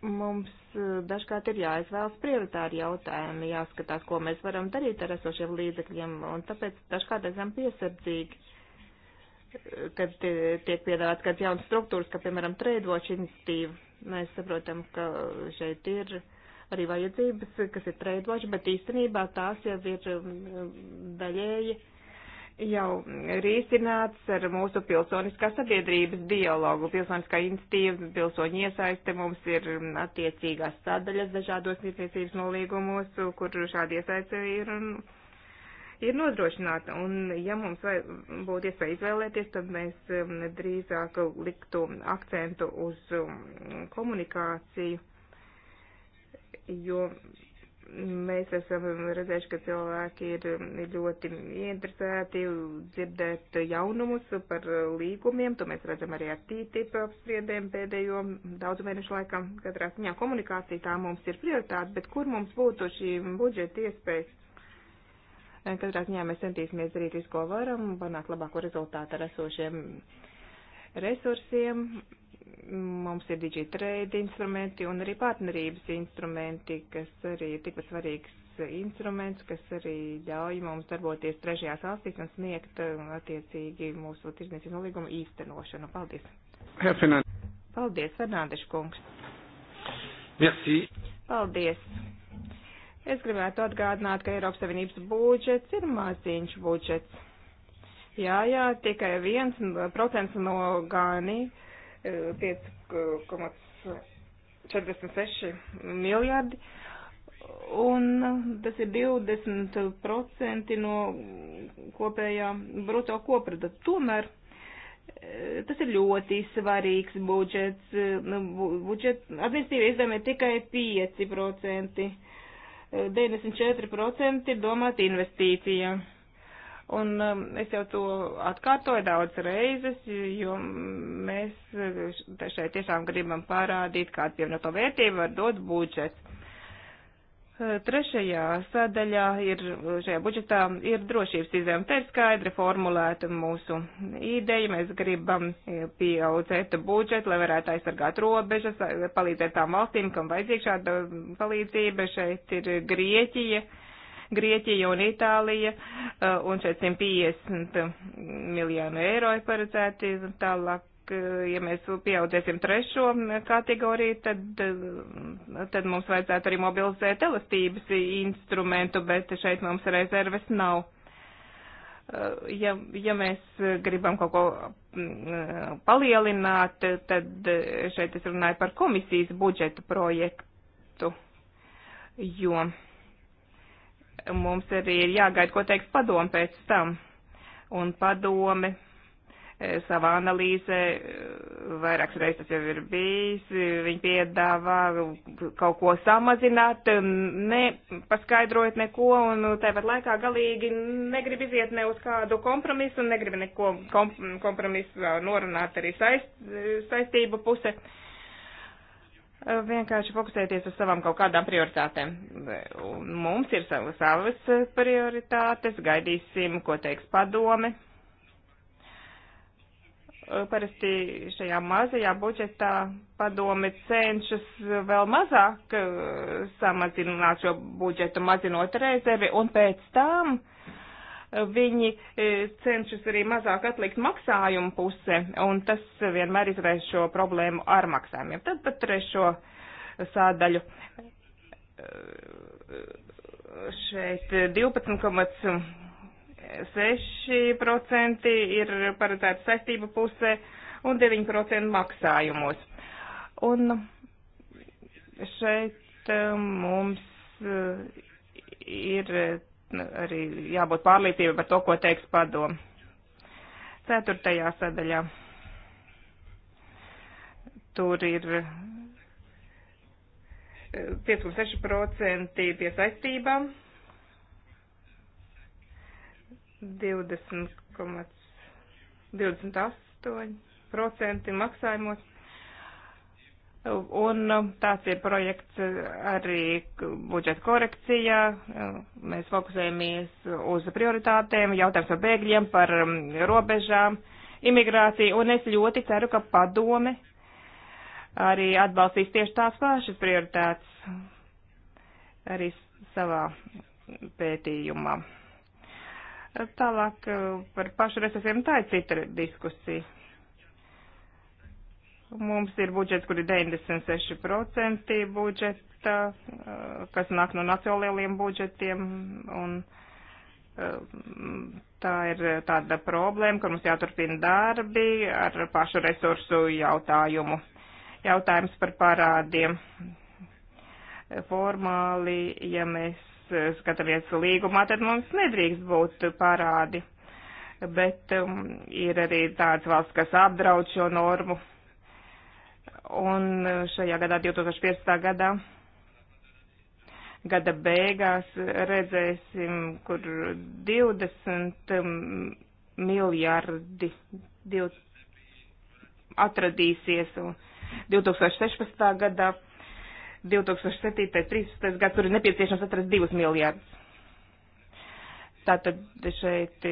mums e, dažkārt ir jāizvēlas prioritāri jautājumi, jāskatās, ko mēs varam darīt ar esošiem līdzekļiem, un tāpēc dažkārt esam piesardzīgi, e, kad tiek piedāvāts kāds jauns struktūras, kā piemēram trēdoša iniciatīva. Mēs saprotam, ka šeit ir arī vajadzības, kas ir trēdoša, bet īstenībā tās jau ir e, daļēji jau risināts ar mūsu pilsoniskā sabiedrības dialogu. Pilsoniskā institīva, pilsoņu iesaiste mums ir attiecīgās sadaļas dažādos tiesniecības nolīgumos, kur šādi iesaiste ir, ir nodrošināta. Un ja mums vai, būtu iespēja izvēlēties, tad mēs um, drīzāk liktu akcentu uz um, komunikāciju, jo Mēs esam redzējuši, ka cilvēki ir, ir ļoti interesēti dzirdēt jaunumus par līgumiem. To mēs redzam arī ar TTIP apspriedēm pēdējo daudzu mēnešu laikā. Katrā ziņā komunikācija tā mums ir prioritāte, bet kur mums būtu šī budžeta iespējas? Katrā ziņā mēs centīsimies darīt visu, ko varam, panākt labāko rezultātu ar esošiem resursiem. Mums ir digitrade instrumenti un arī partnerības instrumenti, kas arī ir tikpat svarīgs instruments, kas arī ļauj mums darboties trešajās valstīs un sniegt uh, attiecīgi mūsu tirdzniecības nolīgumu īstenošanu. Paldies! Paldies, Fernandeša kungs! Merci. Paldies! Es gribētu atgādināt, ka Eiropas Savienības budžets ir maziņš budžets. Jā, jā, tikai viens procents no gani 5,46 miljardi. Un tas ir 20% no kopējā bruto koprodukta. Tomēr eh, tas ir ļoti svarīgs budžets. Nu, budžet, administīvi izdevumi ir tikai 5%. 94% ir domāti investīcijām. Un um, es jau to atkārtoju daudz reizes, jo mēs eh, šeit tiešām gribam parādīt, kāds pievienoto vērtību var dot budžets. Eh, trešajā sadaļā ir, šajā budžetā ir drošības izdevumi. Te ir skaidri formulēta mūsu ideja. Mēs gribam eh, pieaudzēt budžetu, lai varētu aizsargāt robežas, palīdzēt tām valstīm, kam vajadzīga šāda palīdzība. Šeit ir Grieķija Grieķija un Itālija, uh, un šeit 150 miljonu eiro ir paredzēti tālāk. Uh, ja mēs pieaudzēsim trešo kategoriju, tad, uh, tad mums vajadzētu arī mobilizēt elastības instrumentu, bet šeit mums rezerves nav ja, ja mēs gribam kaut ko mm, palielināt, tad šeit es runāju par komisijas budžeta projektu, jo mums arī ir jāgaida, ko teiks padome pēc tam. Un padome e, savā analīzē, e, vairākas reizes tas jau ir bijis, e, viņi piedāvā kaut ko samazināt, nepaskaidrojot neko, un tāpat laikā galīgi negrib iziet ne uz kādu kompromisu, un negrib neko kompromisu norunāt arī saist, saistību puse. Uh, vienkārši fokusēties uz savām kaut kādām prioritātēm. Mums ir savas, savas prioritātes, gaidīsim, ko teiks padome. Parasti šajā mazajā budžetā padome cenšas vēl mazāk samazināt šo budžetu, mazinot rezervi, un pēc tam uh, Viņi e, cenšas arī mazāk atlikt maksājumu puse, un tas vienmēr izraisa šo problēmu ar maksājumiem. Tad pat trešo sādaļu e, šeit 12,6% ir paredzēta saistība puse un 9% maksājumos. Un šeit e, mums ir arī jābūt pārliecībai par to, ko teiks padomu. Ceturtajā sadaļā tur ir 5,6% pie saistībām, 20,28% maksājumos Un um, tāds ir projekts uh, arī budžeta korekcijā. Uh, mēs fokusējamies uz prioritātēm, jautājums par bēgļiem, par um, robežām, imigrāciju. Un es ļoti ceru, ka padome arī atbalstīs tieši tās pašas prioritātes arī savā pētījumā. Tālāk uh, par pašu resursiem tā ir cita diskusija Mums ir budžets, kur ir 96% budžeta, eh, kas nāk no nacionālajiem budžetiem, un eh, tā ir tāda problēma, kur mums jāturpina darbi ar pašu resursu jautājumu. Jautājums par parādiem. Formāli, ja mēs skatāmies līgumā, tad mums nedrīkst būt parādi, bet um, ir arī tāds valsts, kas apdraud šo normu Un e, šajā gadā, 2015. gadā, gada beigās redzēsim, kur 20 miljardi div, atradīsies. Un 2016. gadā, 2007. 13. gadā tur ir nepieciešams atrast 2 miljardus. Tātad šeit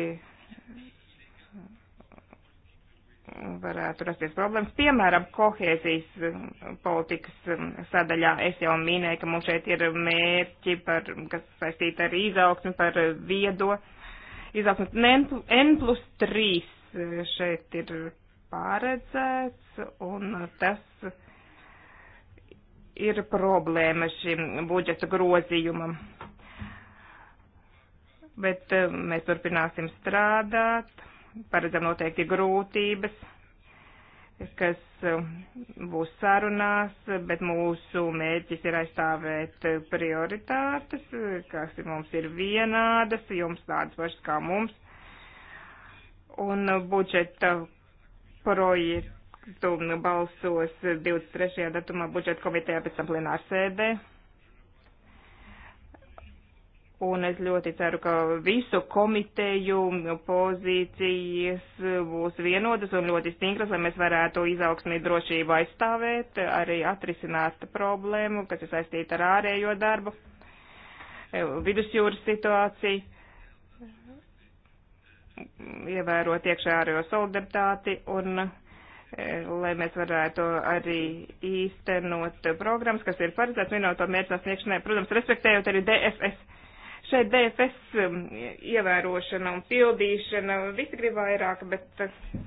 varētu rasties problēmas. Piemēram, kohēzijas um, politikas um, sadaļā es jau minēju, ka mums šeit ir mērķi, par, kas saistīti ar izaugsmi, par viedo izaugsmi. N plus 3 uh, šeit ir paredzēts, un tas ir problēma šim budžeta grozījumam. Bet uh, mēs turpināsim strādāt paredzam noteikti grūtības, kas um, būs sarunās, bet mūsu mērķis ir aizstāvēt prioritātes, kas mums ir vienādas, jums tādas pašas kā mums. Un budžeta projektu balsos 23. datumā budžeta komitejā pēc tam plenārsēdē. sēdē Un es ļoti ceru, ka visu komiteju pozīcijas būs vienotas un ļoti stingras, lai mēs varētu izaugsmī drošību aizstāvēt, arī atrisināt problēmu, kas ir saistīta ar ārējo darbu, e, vidusjūras situāciju, ievērot iekšā ārējo solidaritāti un e, lai mēs varētu arī īstenot programmas, kas ir paredzēts vienoto mērķu sasniegšanai, protams, respektējot arī DFS šeit DFS um, ievērošana un pildīšana, visi grib vairāk, bet uh,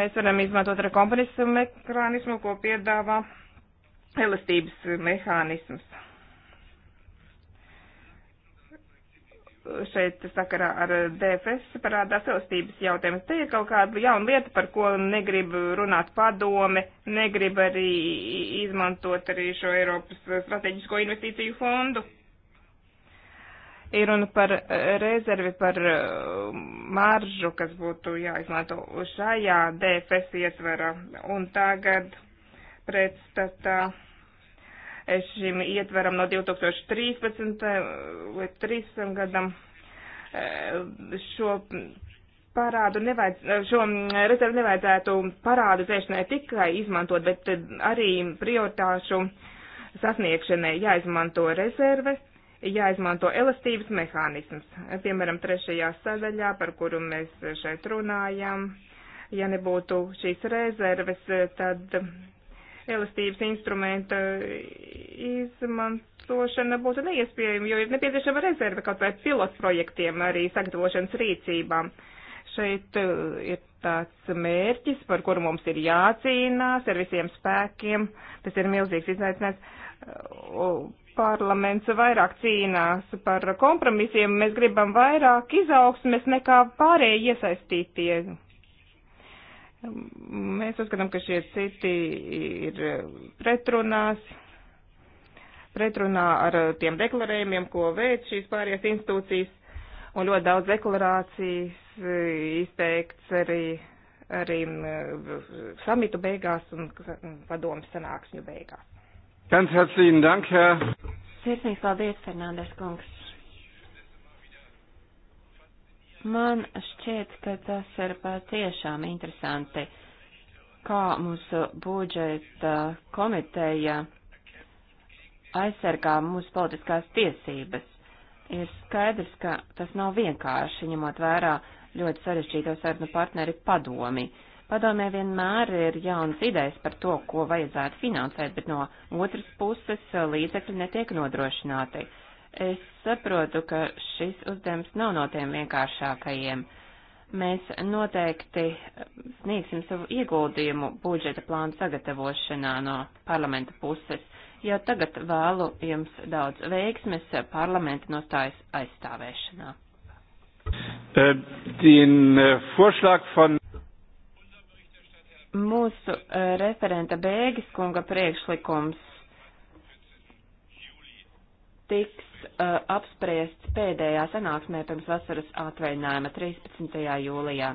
mēs varam izmantot ar kompromisu mehānismu, ko piedāvā elastības mehānisms. šeit sakarā ar DFS parādās elastības jautājums. Te ir kaut kāda jauna lieta, par ko negrib runāt padome, negrib arī izmantot arī šo Eiropas strateģisko investīciju fondu. Ir runa par rezervi, par uh, maržu, kas būtu jāizmanto šajā DFS ietverā. Un tagad pretstatā. Uh, šim ietveram no 2013. Eh, līdz 30. gadam. Eh, šo parādu nevajadz, eh, šo mm, rezervu nevajadzētu parādu dzēšanai tikai izmantot, bet arī prioritāšu sasniegšanai jāizmanto rezerve, jāizmanto elastības mehānisms. Piemēram, trešajā sadaļā, par kuru mēs šeit runājam, ja nebūtu šīs rezerves, tad elastības instrumenta izmantošana būtu neiespējama, jo ir nepieciešama rezerve kaut vai pilotprojektiem, arī sagatavošanas rīcībām. Šeit eh, ir tāds mērķis, par kuru mums ir jācīnās ar visiem spēkiem. Tas ir milzīgs izaicinājums. Parlaments vairāk cīnās par kompromisiem. Mēs gribam vairāk izaugsmes nekā pārējie iesaistīties Mēs uzskatām, ka šie citi ir pretrunās, pretrunā ar tiem deklarējumiem, ko veic šīs pārējās institūcijas, un ļoti daudz deklarācijas izteikts arī, arī mm, samitu beigās un padomu sanāksmju beigās. Ganz herzlichen Dank, Herr. Sirsnīgs paldies, Fernandes kungs. Man šķiet, ka tas ir patiešām interesanti, kā mūsu budžeta komiteja aizsargā mūsu politiskās tiesības. Ir skaidrs, ka tas nav vienkārši, ņemot vērā ļoti sarežģīto sarunu partneri padomi. Padomē vienmēr ir jauns idejas par to, ko vajadzētu finansēt, bet no otras puses līdzekļi netiek nodrošināti. Es saprotu, ka šis uzdevums nav no tiem vienkāršākajiem. Mēs noteikti sniegsim savu ieguldījumu budžeta plānu sagatavošanā no parlamenta puses. Jau tagad vēlu jums daudz veiksmes parlamenta nostājas aizstāvēšanā. Äh, den äh, Vorschlag von mūsu äh, referenta Bēgis kunga priekšlikums tiks uh, apspriests pēdējā sanāksmē pirms vasaras atvaļinājuma 13. jūlijā.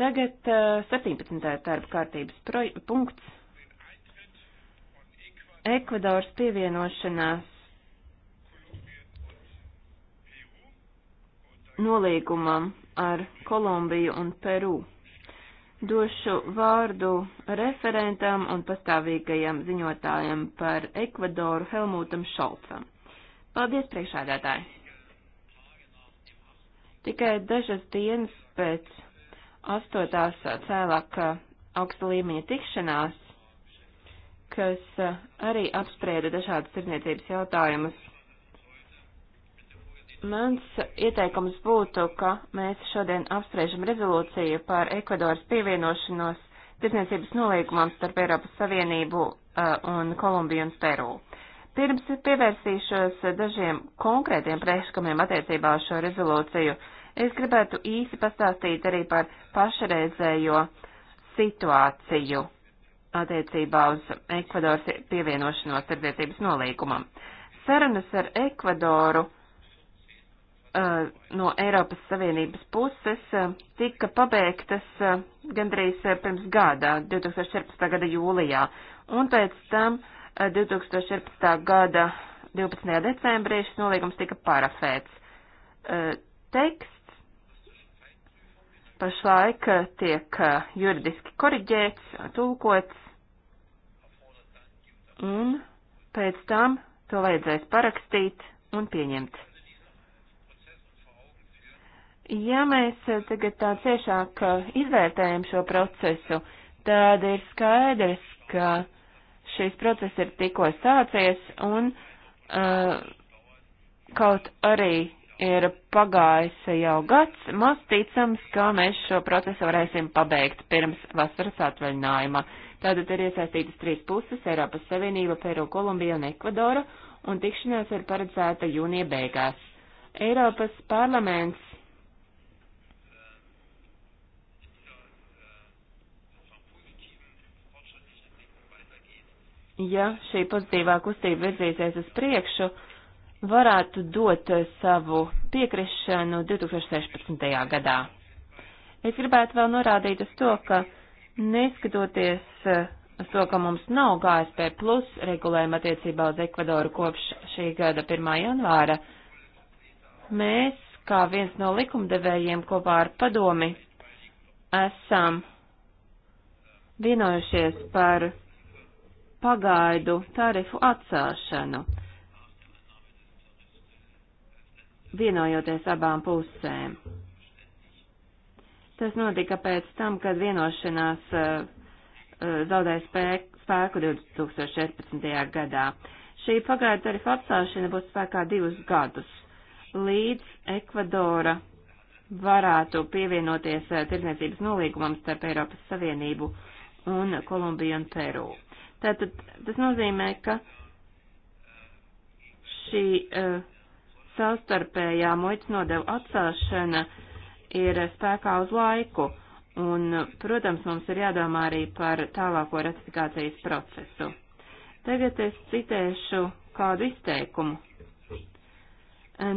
Tagad uh, 17. darba kārtības punkts. Ekvadors pievienošanās nolīgumam ar Kolumbiju un Peru. Došu vārdu referentam un pastāvīgajam ziņotājam par Ekvadoru Helmūtam Šolcam. Paldies, priekšādātāji! Tikai dažas dienas pēc astotās cēlāka augsta līmeņa tikšanās, kas arī apsprieda dažādas tirdzniecības jautājumus. Mans ieteikums būtu, ka mēs šodien apspriežam rezolūciju par Ekvadoras pievienošanos tirdzniecības nolīgumam starp Eiropas Savienību uh, un Kolumbiju un Peru. Uh, Pirms pievērsīšos dažiem konkrētiem priekšlikumiem attiecībā uz šo rezolūciju, es gribētu īsi pastāstīt arī par pašreizējo situāciju attiecībā uz Ekvadoras pievienošanos tirdzniecības nolīgumam. Sarunas ar Ekvadoru uh, no Eiropas Savienības puses uh, tika pabeigtas uh, gandrīz pirms gada, 2014. gada jūlijā, un pēc tam 2014. gada 12. decembrī šis nolīgums tika parafēts. Teksts pašlaik tiek juridiski koriģēts, tulkots, un pēc tam to vajadzēs parakstīt un pieņemt. Ja mēs tagad tā ciešāk izvērtējam šo procesu, tad ir skaidrs, ka Šīs process ir tikko sācies un uh, kaut arī ir pagājis jau gads, maz ticams, ka mēs šo procesu varēsim pabeigt pirms vasaras atvaļinājuma. Tātad ir iesaistītas trīs puses - Eiropas Savienība, Peru, Kolumbija un Ekvadora, un tikšanās ir paredzēta jūnija beigās. Eiropas parlaments ja šī pozitīvā kustība virzīsies uz priekšu, varētu dot savu piekrišanu 2016. gadā. Es gribētu vēl norādīt uz to, ka neskatoties eh, uz to, ka mums nav GSP plus regulējuma attiecībā uz Ekvadoru kopš šī gada 1. janvāra, mēs, kā viens no likumdevējiem kopā ar padomi, esam vienojušies par pagaidu tarifu atcelšanu, vienojoties abām pusēm. Tas notika pēc tam, kad vienošanās uh, zaudēja spēku, spēku 2014. gadā. Šī pagaidu tarifa atcelšana būs spēkā divus gadus, līdz Ekvadora varētu pievienoties uh, tirdzniecības nolīgumam starp Eiropas Savienību un Kolumbiju un Peru. Tātad tas nozīmē, ka šī uh, savstarpējā muitas nodeva atcelšana ir spēkā uz laiku, un, protams, mums ir jādomā arī par tālāko ratifikācijas procesu. Tagad es citēšu kādu izteikumu.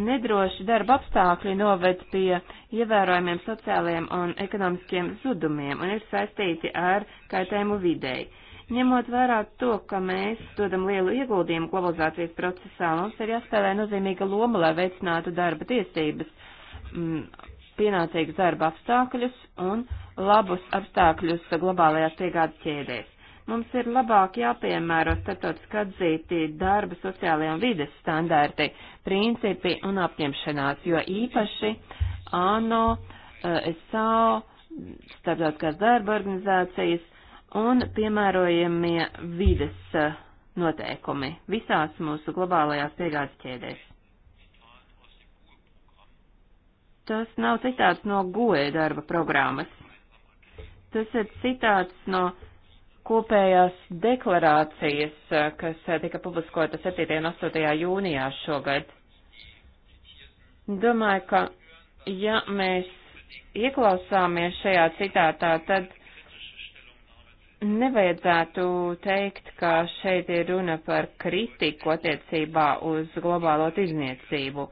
Nedroši darba apstākļi noved pie ievērojumiem sociālajiem un ekonomiskiem zudumiem un ir saistīti ar kaitējumu videi. Uh, Ņemot vērā to, ka mēs dodam lielu ieguldījumu globalizācijas procesā, mums ir jāspēlē nozīmīga loma, lai veicinātu darba tiesības, mm, pienācīgus darba apstākļus un labus apstākļus globālajās piegādes ķēdēs. Mums ir labāk jāpiemēro starptautiski atzīti darba, sociālajie un vides standarti, principi un apņemšanās, jo īpaši ANO, eh, SAO, starptautiskās darba organizācijas un piemērojamie vides eh, noteikumi visās mūsu globālajās piegādes ķēdēs. Tas nav citāts no goja darba programmas. Tas ir citāts no kopējās deklarācijas, eh, kas eh, tika publiskota 7. un 8. jūnijā šogad. Domāju, ka ja mēs ieklausāmies šajā citātā, tad nevajadzētu teikt, ka šeit ir runa par kritiku attiecībā uz globālo tirzniecību.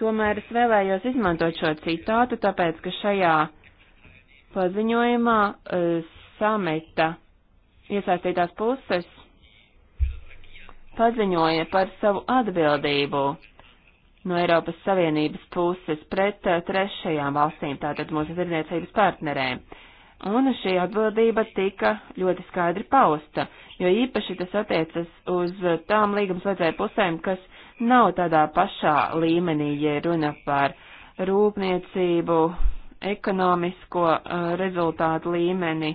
Tomēr es vēlējos izmantot šo citātu, tāpēc, ka šajā paziņojumā uh, sameta iesaistītās puses paziņoja par savu atbildību no Eiropas Savienības puses pret uh, trešajām valstīm, tātad mūsu tirdzniecības partnerēm. Uh, Un šī atbildība tika ļoti skaidri pausta, jo īpaši tas attiecas uz tām līgumslēdzēju pusēm, kas nav tādā pašā līmenī, ja runa par rūpniecību, ekonomisko uh, rezultātu līmeni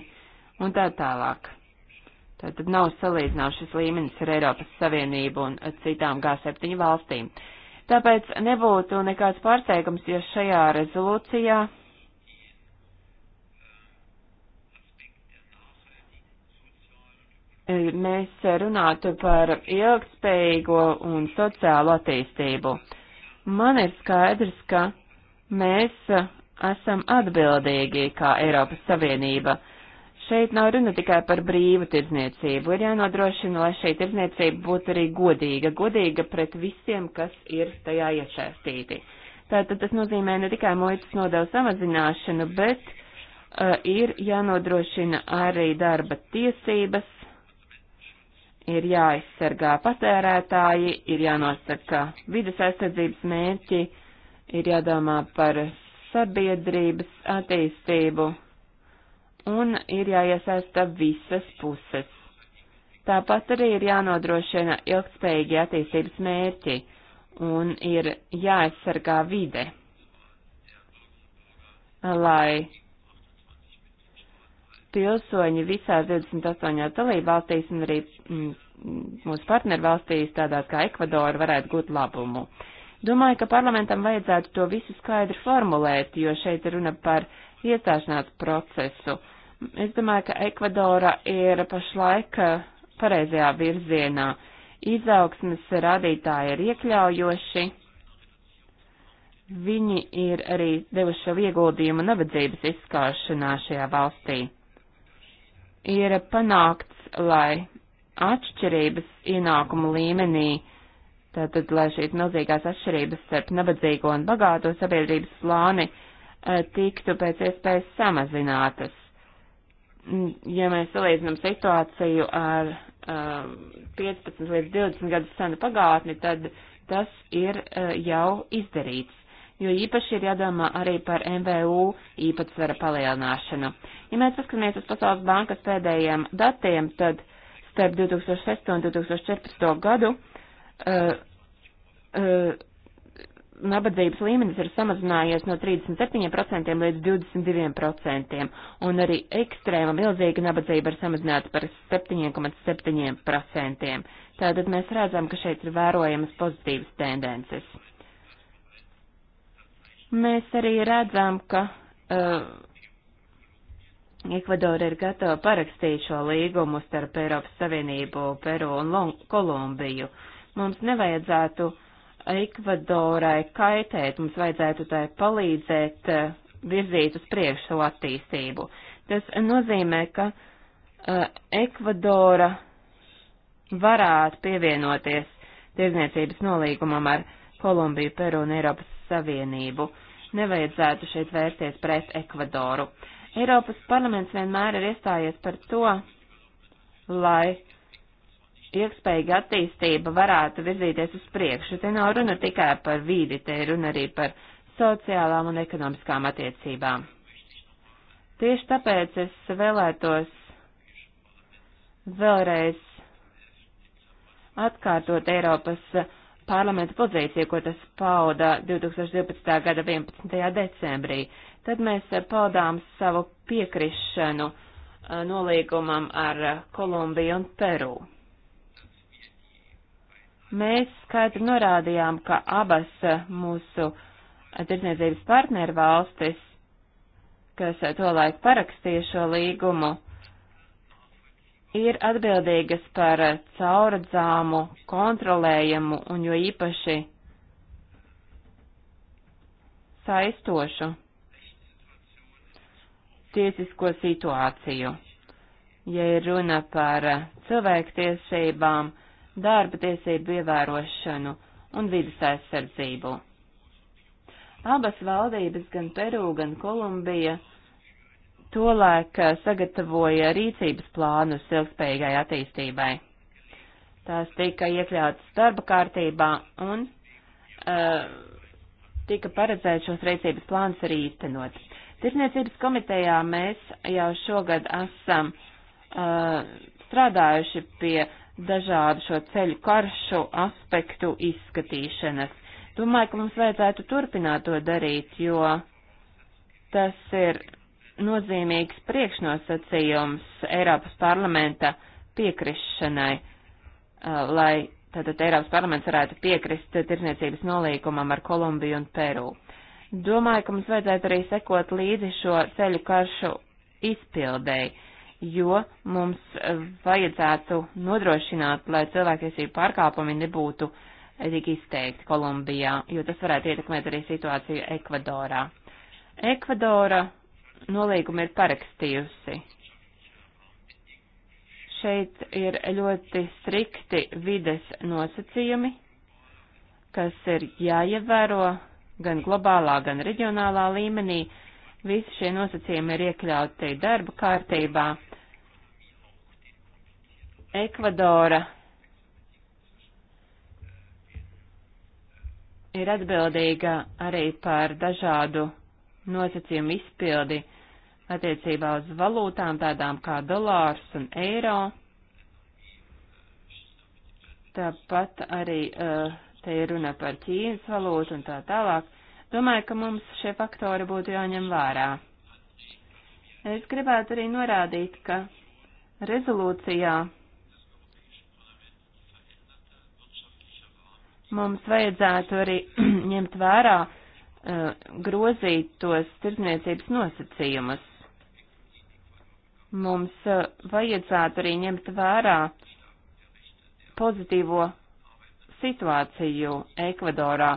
un tā tālāk. Tātad nav salīdzināts šis līmenis ar Eiropas Savienību un uh, citām G7 valstīm. Tāpēc nebūtu nekāds pārsteigums, ja šajā rezolūcijā mēs runātu par ilgspējīgo un sociālo attīstību. Man ir skaidrs, ka mēs esam atbildīgi kā Eiropas Savienība. Šeit nav runa tikai par brīvu tirzniecību, ir jānodrošina, lai šī tirzniecība būtu arī godīga, godīga pret visiem, kas ir tajā iešēstīti. Tātad tas nozīmē ne tikai muitas nodevu samazināšanu, bet uh, ir jānodrošina arī darba tiesības, ir jāaizsargā patērētāji, ir jānosaka vidas aizsardzības mērķi, ir jādomā par sabiedrības attīstību un ir jāiesaista visas puses. Tāpat arī ir jānodrošina ilgspējīgi attīstības mērķi un ir jāaizsargā vide, lai pilsoņi visās 28 dalībvalstīs un arī mm, mūsu partnervalstīs, tādās kā Ekvadora, varētu gūt labumu. Domāju, ka parlamentam vajadzētu to visu skaidri formulēt, jo šeit runa par iestāšanās procesu. Es domāju, ka Ekvadora ir pašlaik eh, pareizajā virzienā. Izaugsmes rādītāji ir iekļaujoši, viņi ir arī devuši savu ieguldījumu nabadzības izskaušanā šajā valstī ir panākts, lai atšķirības ienākumu līmenī, tātad, lai šīs milzīgās atšķirības starp nabadzīgo un bagāto sabiedrības slāni eh, tiktu pēc iespējas samazinātas. Mm, ja mēs salīdzinām situāciju ar um, eh, 15 līdz 20 gadu senu pagātni, tad tas ir uh, jau izdarīts jo īpaši ir jādomā arī par MVU īpatsvara palielināšanu. Ja mēs paskatāmies uz Pasaules bankas pēdējiem datiem, tad starp 2006 un 2014 gadu uh, uh, nabadzības līmenis ir samazinājies no 37% līdz 22%, un arī ekstrēma milzīga nabadzība ir samazināta par 7,7%. Tātad mēs redzam, ka šeit ir vērojamas pozitīvas tendences. Mēs arī redzam, ka uh, Ekvadora ir gatava parakstīt šo līgumu starp Eiropas Savienību, Peru un Lon Kolumbiju. Mums nevajadzētu Ekvadorai kaitēt, mums vajadzētu tai palīdzēt uh, virzīt uz priekšu savu attīstību. Tas nozīmē, ka uh, Ekvadora varētu pievienoties tirzniecības nolīgumam ar Kolumbiju, Peru un Eiropas Savienību. Nevajadzētu šeit vērsties pret Ekvadoru. Eiropas parlaments vienmēr ir iestājies par to, lai ilgspējīga attīstība varētu virzīties uz priekšu. Te nav runa tikai par vīdi, te ir runa arī par sociālām un ekonomiskām attiecībām. Tieši tāpēc es vēlētos vēlreiz atkārtot Eiropas parlamenta pozīciju, ko tas pauda 2012. gada 11. decembrī. Tad mēs eh, paudām savu piekrišanu eh, nolīgumam ar eh, Kolumbiju un Peru. Mēs skaidri norādījām, ka abas mūsu tirdzniecības partneru valstis, kas tolaik parakstīja šo līgumu, ir atbildīgas par cauradzāmu, kontrolējumu un jo īpaši saistošu tiesisko situāciju. Ja ir runa par cilvēktiesībām, darba tiesību ievērošanu un vidas aizsardzību. Abas valdības, gan Peru, gan Kolumbija, tolaik eh, sagatavoja rīcības plānus ilgspējīgai attīstībai. Tās tika iekļautas darba kārtībā un uh, tika paredzēts šos rīcības plānus arī īstenot. Tirzniecības komitejā mēs jau šogad esam uh, strādājuši pie dažādu šo ceļu karšu aspektu izskatīšanas. Domāju, ka mums vajadzētu turpināt to darīt, jo tas ir nozīmīgs priekšnosacījums Eiropas parlamenta piekrišanai, uh, lai tātad Eiropas parlaments varētu piekrist tirzniecības nolīkumam ar Kolumbiju un Peru. Domāju, ka mums vajadzētu arī sekot līdzi šo ceļu karšu izpildēji, jo mums vajadzētu nodrošināt, lai cilvēktiesību pārkāpumi nebūtu tik izteikti Kolumbijā, jo tas varētu ietekmēt arī situāciju Ekvadorā. Ekvadora nolīgumu ir parakstījusi. Šeit ir ļoti strikti vides nosacījumi, kas ir jāievēro gan globālā, gan reģionālā līmenī. Visi šie nosacījumi ir iekļauti darba kārtībā. Ekvadora ir atbildīga arī par dažādu nosacījumu izpildi attiecībā uz valūtām tādām kā dolārs un eiro. Tāpat arī uh, te ir runa par Ķīnas valūtu un tā tālāk. Domāju, ka mums šie faktori būtu jāņem vērā. Es gribētu arī norādīt, ka rezolūcijā mums vajadzētu arī ņemt vērā Uh, grozīt tos tirdzniecības nosacījumus. Mums uh, vajadzētu arī ņemt vērā pozitīvo situāciju Ekvadorā,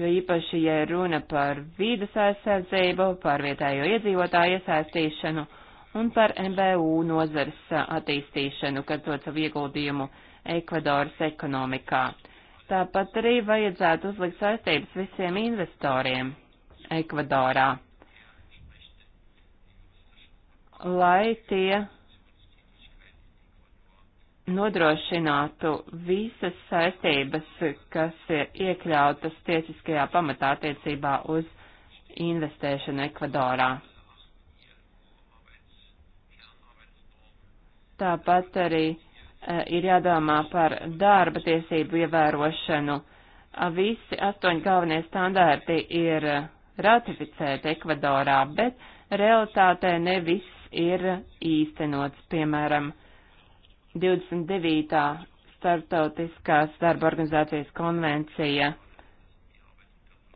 jo īpaši, ja runa par vīdas aizsardzību, par vietējo iedzīvotāju iesaistīšanu un par MBU nozares uh, attīstīšanu, kad dod savu ieguldījumu Ekvadoras ekonomikā. Tāpat arī vajadzētu uzlikt saistības visiem investoriem Ekvadorā, lai tie nodrošinātu visas saistības, kas ir iekļautas tiesiskajā pamatā attiecībā uz investēšanu Ekvadorā. Tāpat arī Eh, ir jādomā par darba tiesību ievērošanu. Eh, visi astoņi galvenie standārti ir eh, ratificēti Ekvadorā, bet realitātē ne viss ir īstenots. Piemēram, 29. starptautiskās darba organizācijas konvencija.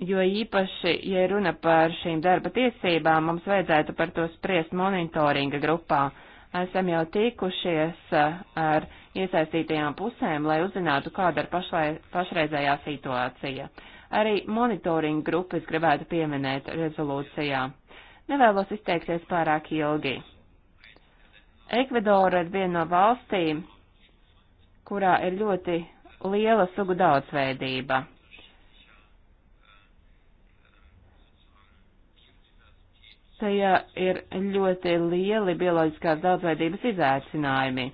Jo īpaši, ja runa par šīm darba tiesībām, mums vajadzētu par to spriest monitoringa grupā esam jau tikušies eh, ar iesaistītajām pusēm, lai uzzinātu, kāda ir pašlai, pašreizējā situācija. Arī monitoringa grupas gribētu pieminēt rezolūcijā. Nevēlos izteikties pārāk ilgi. Ekvadora ir viena no valstīm, kurā ir ļoti liela sugu daudzveidība. Tajā ir ļoti lieli bioloģiskās daudzveidības izaicinājumi,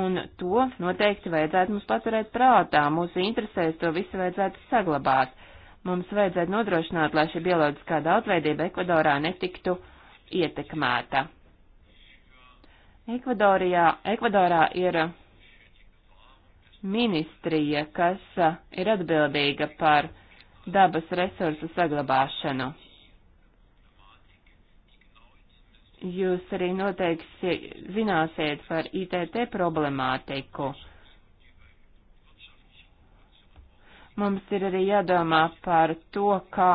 un to noteikti vajadzētu mums paturēt prātā, mūsu interesēs to visu vajadzētu saglabāt. Mums vajadzētu nodrošināt, lai šī bioloģiskā daudzveidība Ekvadorā netiktu ietekmēta. Ekvadorijā, Ekvadorā ir ministrija, kas ir atbildīga par dabas resursu saglabāšanu. jūs arī noteikti zināsiet par ITT problemātiku. Mums ir arī jādomā par to, kā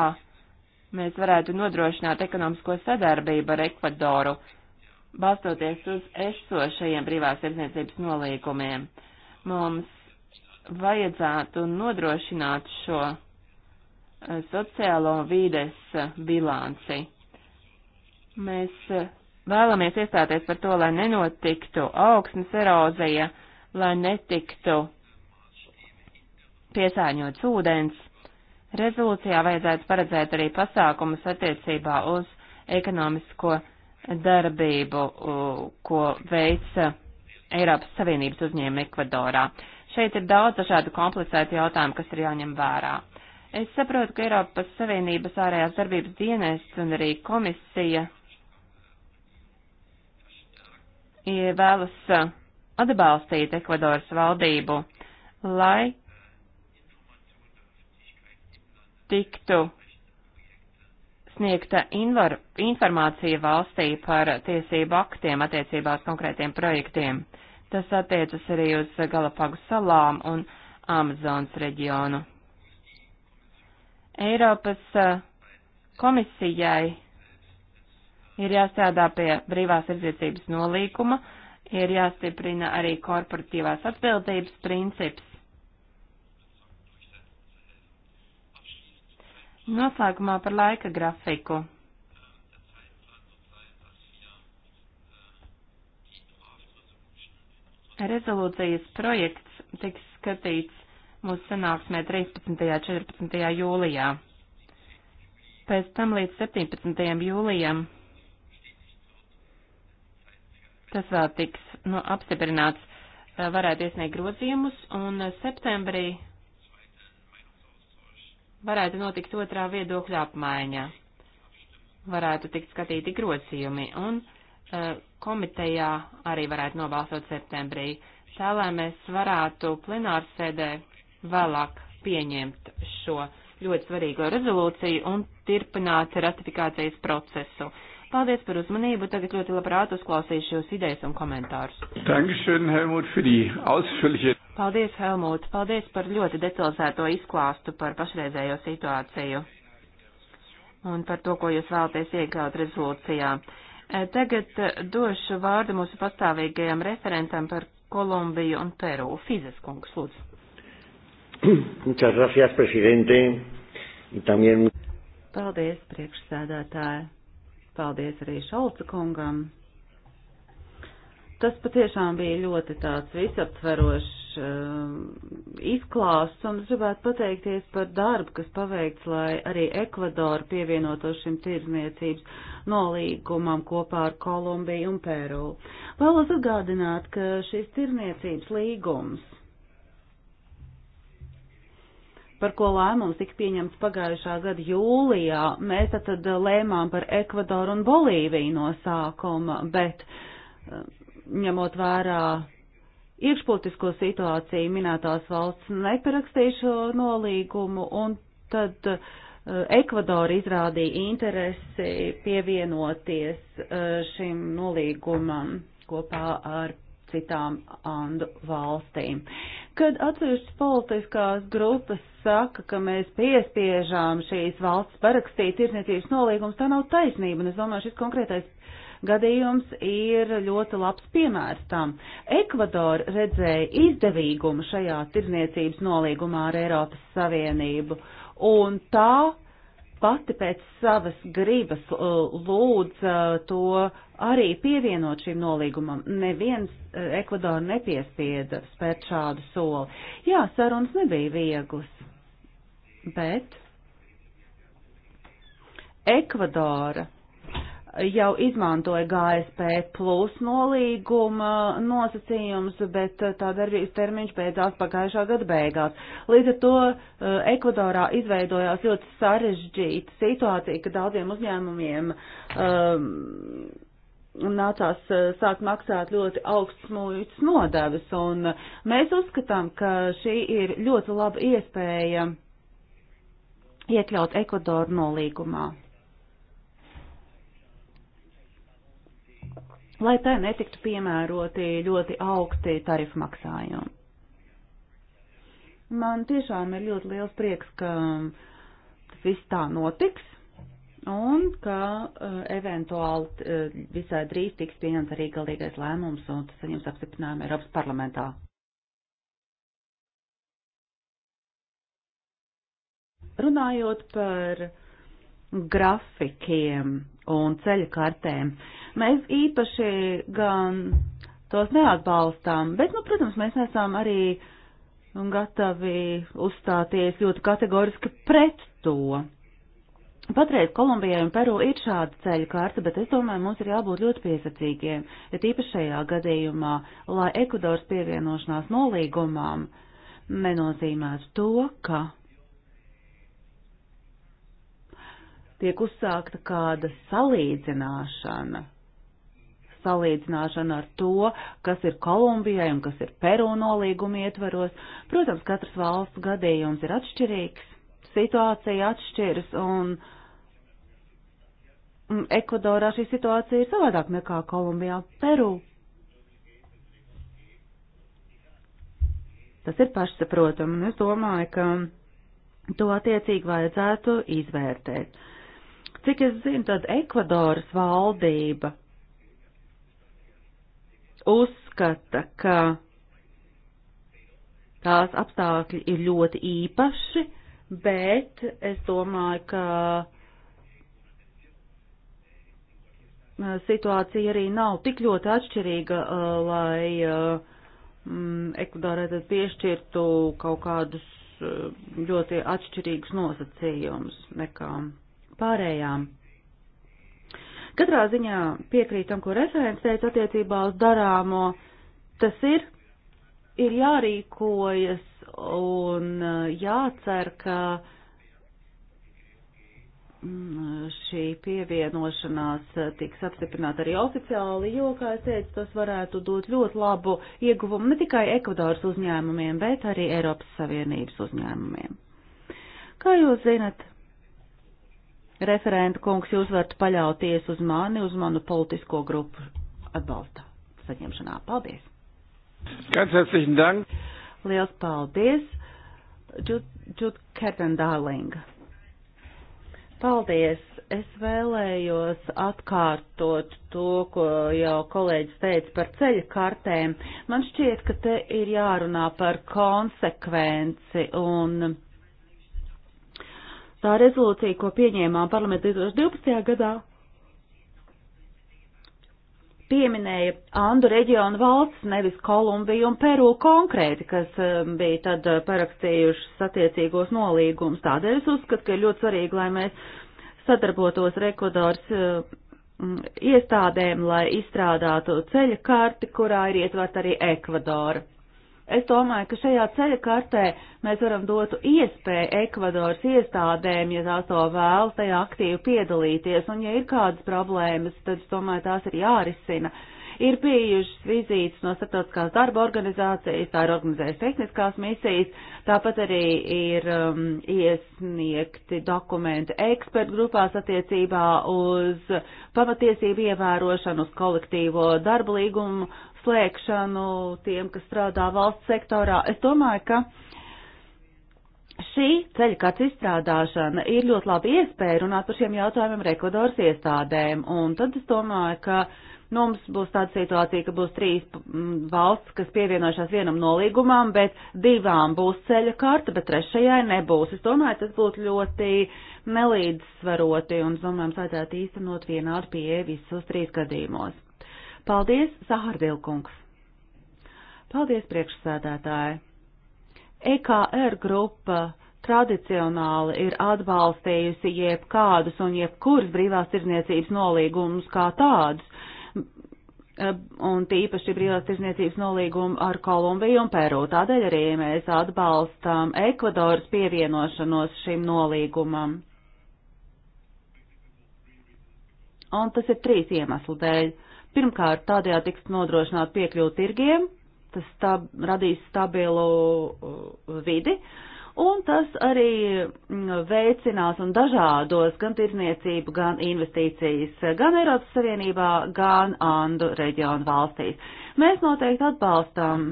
mēs varētu nodrošināt ekonomisko sadarbību ar Ekvadoru, balstoties uz esošajiem brīvās tirdzniecības nolīgumiem. Mums vajadzētu nodrošināt šo eh, sociālo un vīdes bilanci. Mēs eh, vēlamies iestāties par to, lai nenotiktu augsnes erozija, lai netiktu piesāņots ūdens. Rezolūcijā vajadzētu paredzēt arī pasākumus attiecībā uz ekonomisko darbību, eh, ko veica eh, Eiropas Savienības uzņēma Ekvadorā. Šeit ir daudz dažādu komplicētu jautājumu, kas ir jāņem vērā. Es saprotu, ka Eiropas Savienības ārējās darbības dienests un arī komisija vēlas uh, atbalstīt Ekvadoras valdību, lai tiktu sniegta invar, informācija valstī par tiesību aktiem attiecībā uz konkrētiem projektiem. Tas attiecas arī uz Galapagu salām un Amazonas reģionu. Eiropas uh, komisijai Ir jāstrādā pie brīvās tirdzniecības nolīkuma, ir jāstiprina arī korporatīvās atbildības princips. Noslēgumā par laika grafiku. Rezolūcijas projekts tiks skatīts mūsu sanāksmē 13. un 14. jūlijā. Pēc tam līdz 17. jūlijam tas vēl tiks nu, apstiprināts, varētu iesniegt grozījumus, un eh, septembrī varētu notikt otrā viedokļa apmaiņa. Varētu tikt skatīti grozījumi, un uh, komitejā arī varētu nobalsot septembrī, tā lai mēs varētu plenārsēdē vēlāk pieņemt šo ļoti svarīgo rezolūciju un turpināt ratifikācijas procesu. Uh, Paldies par uzmanību. Tagad ļoti labprāt uzklausīšu jūs idejas un komentārus. Dankeschön, Helmut, für die ausführliche. Paldies, Helmut. Paldies par ļoti detalizēto izklāstu par pašreizējo situāciju un par to, ko jūs vēlaties iekļaut rezolūcijā. E, tagad e, došu vārdu mūsu pastāvīgajam referentam par Kolumbiju un Peru. Fizes kungs, lūdzu. Muchas gracias, presidente. También... Paldies, priekšsēdētāji. Paldies arī Šalca kungam. Tas patiešām bija ļoti tāds visaptverošs um, izklāsts, un es gribētu pateikties par darbu, kas paveikts, lai arī Ekvadoru pievienoto šim tirzniecības nolīgumam kopā ar Kolumbiju un Peru. Vēlos atgādināt, ka šis tirzniecības līgums par ko lēmums tika pieņemts pagājušā gada jūlijā. Mēs tad, tad lēmām par Ekvadoru un Bolīviju no sākuma, bet eh, ņemot vērā iekšpolitisko situāciju, minētās valsts neparakstīja šo nolīgumu, un tad eh, Ekvadora izrādīja interesi pievienoties eh, šim nolīgumam kopā ar citām Andu valstīm. Kad atsevišķas politiskās grupas saka, ka mēs piespiežām šīs valsts parakstīt tirsniecības nolīgumus, tā nav taisnība, un es domāju, šis konkrētais gadījums ir ļoti labs piemērs tam. Ekvadora redzēja izdevīgumu šajā tirsniecības nolīgumā ar Eiropas Savienību, un tā pati pēc savas gribas uh, lūdza uh, to arī pievienot šim nolīgumam. Neviens uh, Ekvadoru nepiespieda spērt šādu soli. Jā, sarunas nebija vieglas bet Ekvadora jau izmantoja GSP plus nolīguma nosacījums, bet tā darbības termiņš beidzās pagājušā gada beigās. Līdz ar to eh, Ekvadorā izveidojās ļoti sarežģīta situācija, ka daudziem uzņēmumiem um, nācās eh, sākt maksāt ļoti augsts muitas nodevas, un mēs uzskatām, ka šī ir ļoti laba iespēja iekļaut Ekvadoru nolīgumā. Lai tai netiktu piemēroti ļoti augsti tarifu maksājumi. Man tiešām ir ļoti liels prieks, ka tas viss tā notiks un ka uh, eventuāli uh, visai drīz tiks pieņemts arī galīgais lēmums un tas saņems apstiprinājumu Eiropas parlamentā. Runājot par grafikiem un ceļa kartēm, mēs īpaši gan tos neatbalstām, bet, nu, protams, mēs esam arī gatavi uzstāties ļoti kategoriski pret to. Patreiz Kolumbijai un Peru ir šāda ceļa karta, bet es domāju, mums ir jābūt ļoti piesacīgiem, jo tīpaši šajā gadījumā, lai Ekvadoras pievienošanās nolīgumām nenozīmētu to, ka tiek uzsākta kāda salīdzināšana. Salīdzināšana ar to, kas ir Kolumbijai un kas ir Peru nolīguma ietvaros. Protams, katras valsts gadījums ir atšķirīgs, situācija atšķiras un mm, Ekvadorā šī situācija ir savādāk nekā Kolumbijā un Peru. Tas ir pašsaprotami, un es domāju, ka to attiecīgi vajadzētu izvērtēt. Cik es zinu, tad Ekvadoras valdība uzskata, ka tās apstākļi ir ļoti īpaši, bet es domāju, ka uh, situācija arī nav tik ļoti atšķirīga, uh, lai uh, mm, Ekvadorai tad piešķirtu kaut kādus ļoti atšķirīgus nosacījumus nekā pārējām. Katrā ziņā piekrīt tam, ko referents teica attiecībā uz darāmo. Tas ir, ir jārīkojas un uh, jācer, ka mm, šī pievienošanās uh, tiks apstiprināta arī oficiāli, jo, kā es teicu, tas varētu dot ļoti labu ieguvumu ne tikai Ekvadoras uzņēmumiem, bet arī Eiropas Savienības uzņēmumiem. Kā jūs zinat, referenta kungs, jūs varat paļauties uz mani, uz manu politisko grupu atbalsta saņemšanā. Paldies! Ganz herzlichen Dank! Liels paldies! Džud Kerten Dārlinga. Paldies! Es vēlējos atkārtot to, ko jau kolēģis teica par ceļa kartēm. Man šķiet, ka te ir jārunā par konsekvenci un Tā rezolūcija, ko pieņēmām parlamentā 2012. gadā, pieminēja Andu reģionu valsts, nevis Kolumbiju un Peru konkrēti, kas um, bija tad uh, parakstījušas attiecīgos nolīgumus. Tādēļ es uzskatu, ka ir ļoti svarīgi, lai mēs sadarbotos ar Ekvadors uh, mm, iestādēm, lai izstrādātu ceļa karti, kurā ir ietvert arī Ekvadora. Es domāju, ka šajā ceļa kartē mēs varam dot iespēju Ekvadoras iestādēm, ja tās to vēlas, tajā aktīvi piedalīties, un ja ir kādas problēmas, tad es domāju, tās ir jārisina. Ir bijušas vizītes no starptautiskās darba organizācijas, tā ir organizējusi tehniskās misijas, tāpat arī ir um, iesniegti dokumenti ekspertu grupās attiecībā uz pamatiesību ievērošanu, uz kolektīvo darba līgumu slēgšanu tiem, kas strādā valsts sektorā. Es domāju, ka šī ceļkats izstrādāšana ir ļoti laba iespēja runāt par šiem jautājumiem Rekodoras iestādēm. Un tad es domāju, ka nu, mums būs tāda situācija, ka būs trīs mm, valsts, kas pievienojušās vienam nolīgumam, bet divām būs ceļa karta, bet trešajai nebūs. Es domāju, tas būtu ļoti nelīdzsvaroti un, domājams, vajadzētu īstenot vienādu pieeju visos trīs gadījumos. Paldies, Sahardilkungs! Paldies, priekšsēdētāji! EKR grupa tradicionāli ir atbalstījusi jebkādus un jebkurus brīvās tirzniecības nolīgumus kā tādus, un tīpaši brīvās tirzniecības nolīgumu ar Kolumbiju un Peru. Tādēļ arī mēs atbalstam Ekvadoras pievienošanos šim nolīgumam. Un tas ir trīs iemeslu dēļ. Pirmkārt, tādējā tiks nodrošināt piekļuvu tirgiem, tas stab, radīs stabilu uh, vidi, un tas arī mm, veicinās un dažādos gan tirzniecību, gan investīcijas, gan Eiropas Savienībā, gan Andu reģionu valstīs. Mēs noteikti atbalstam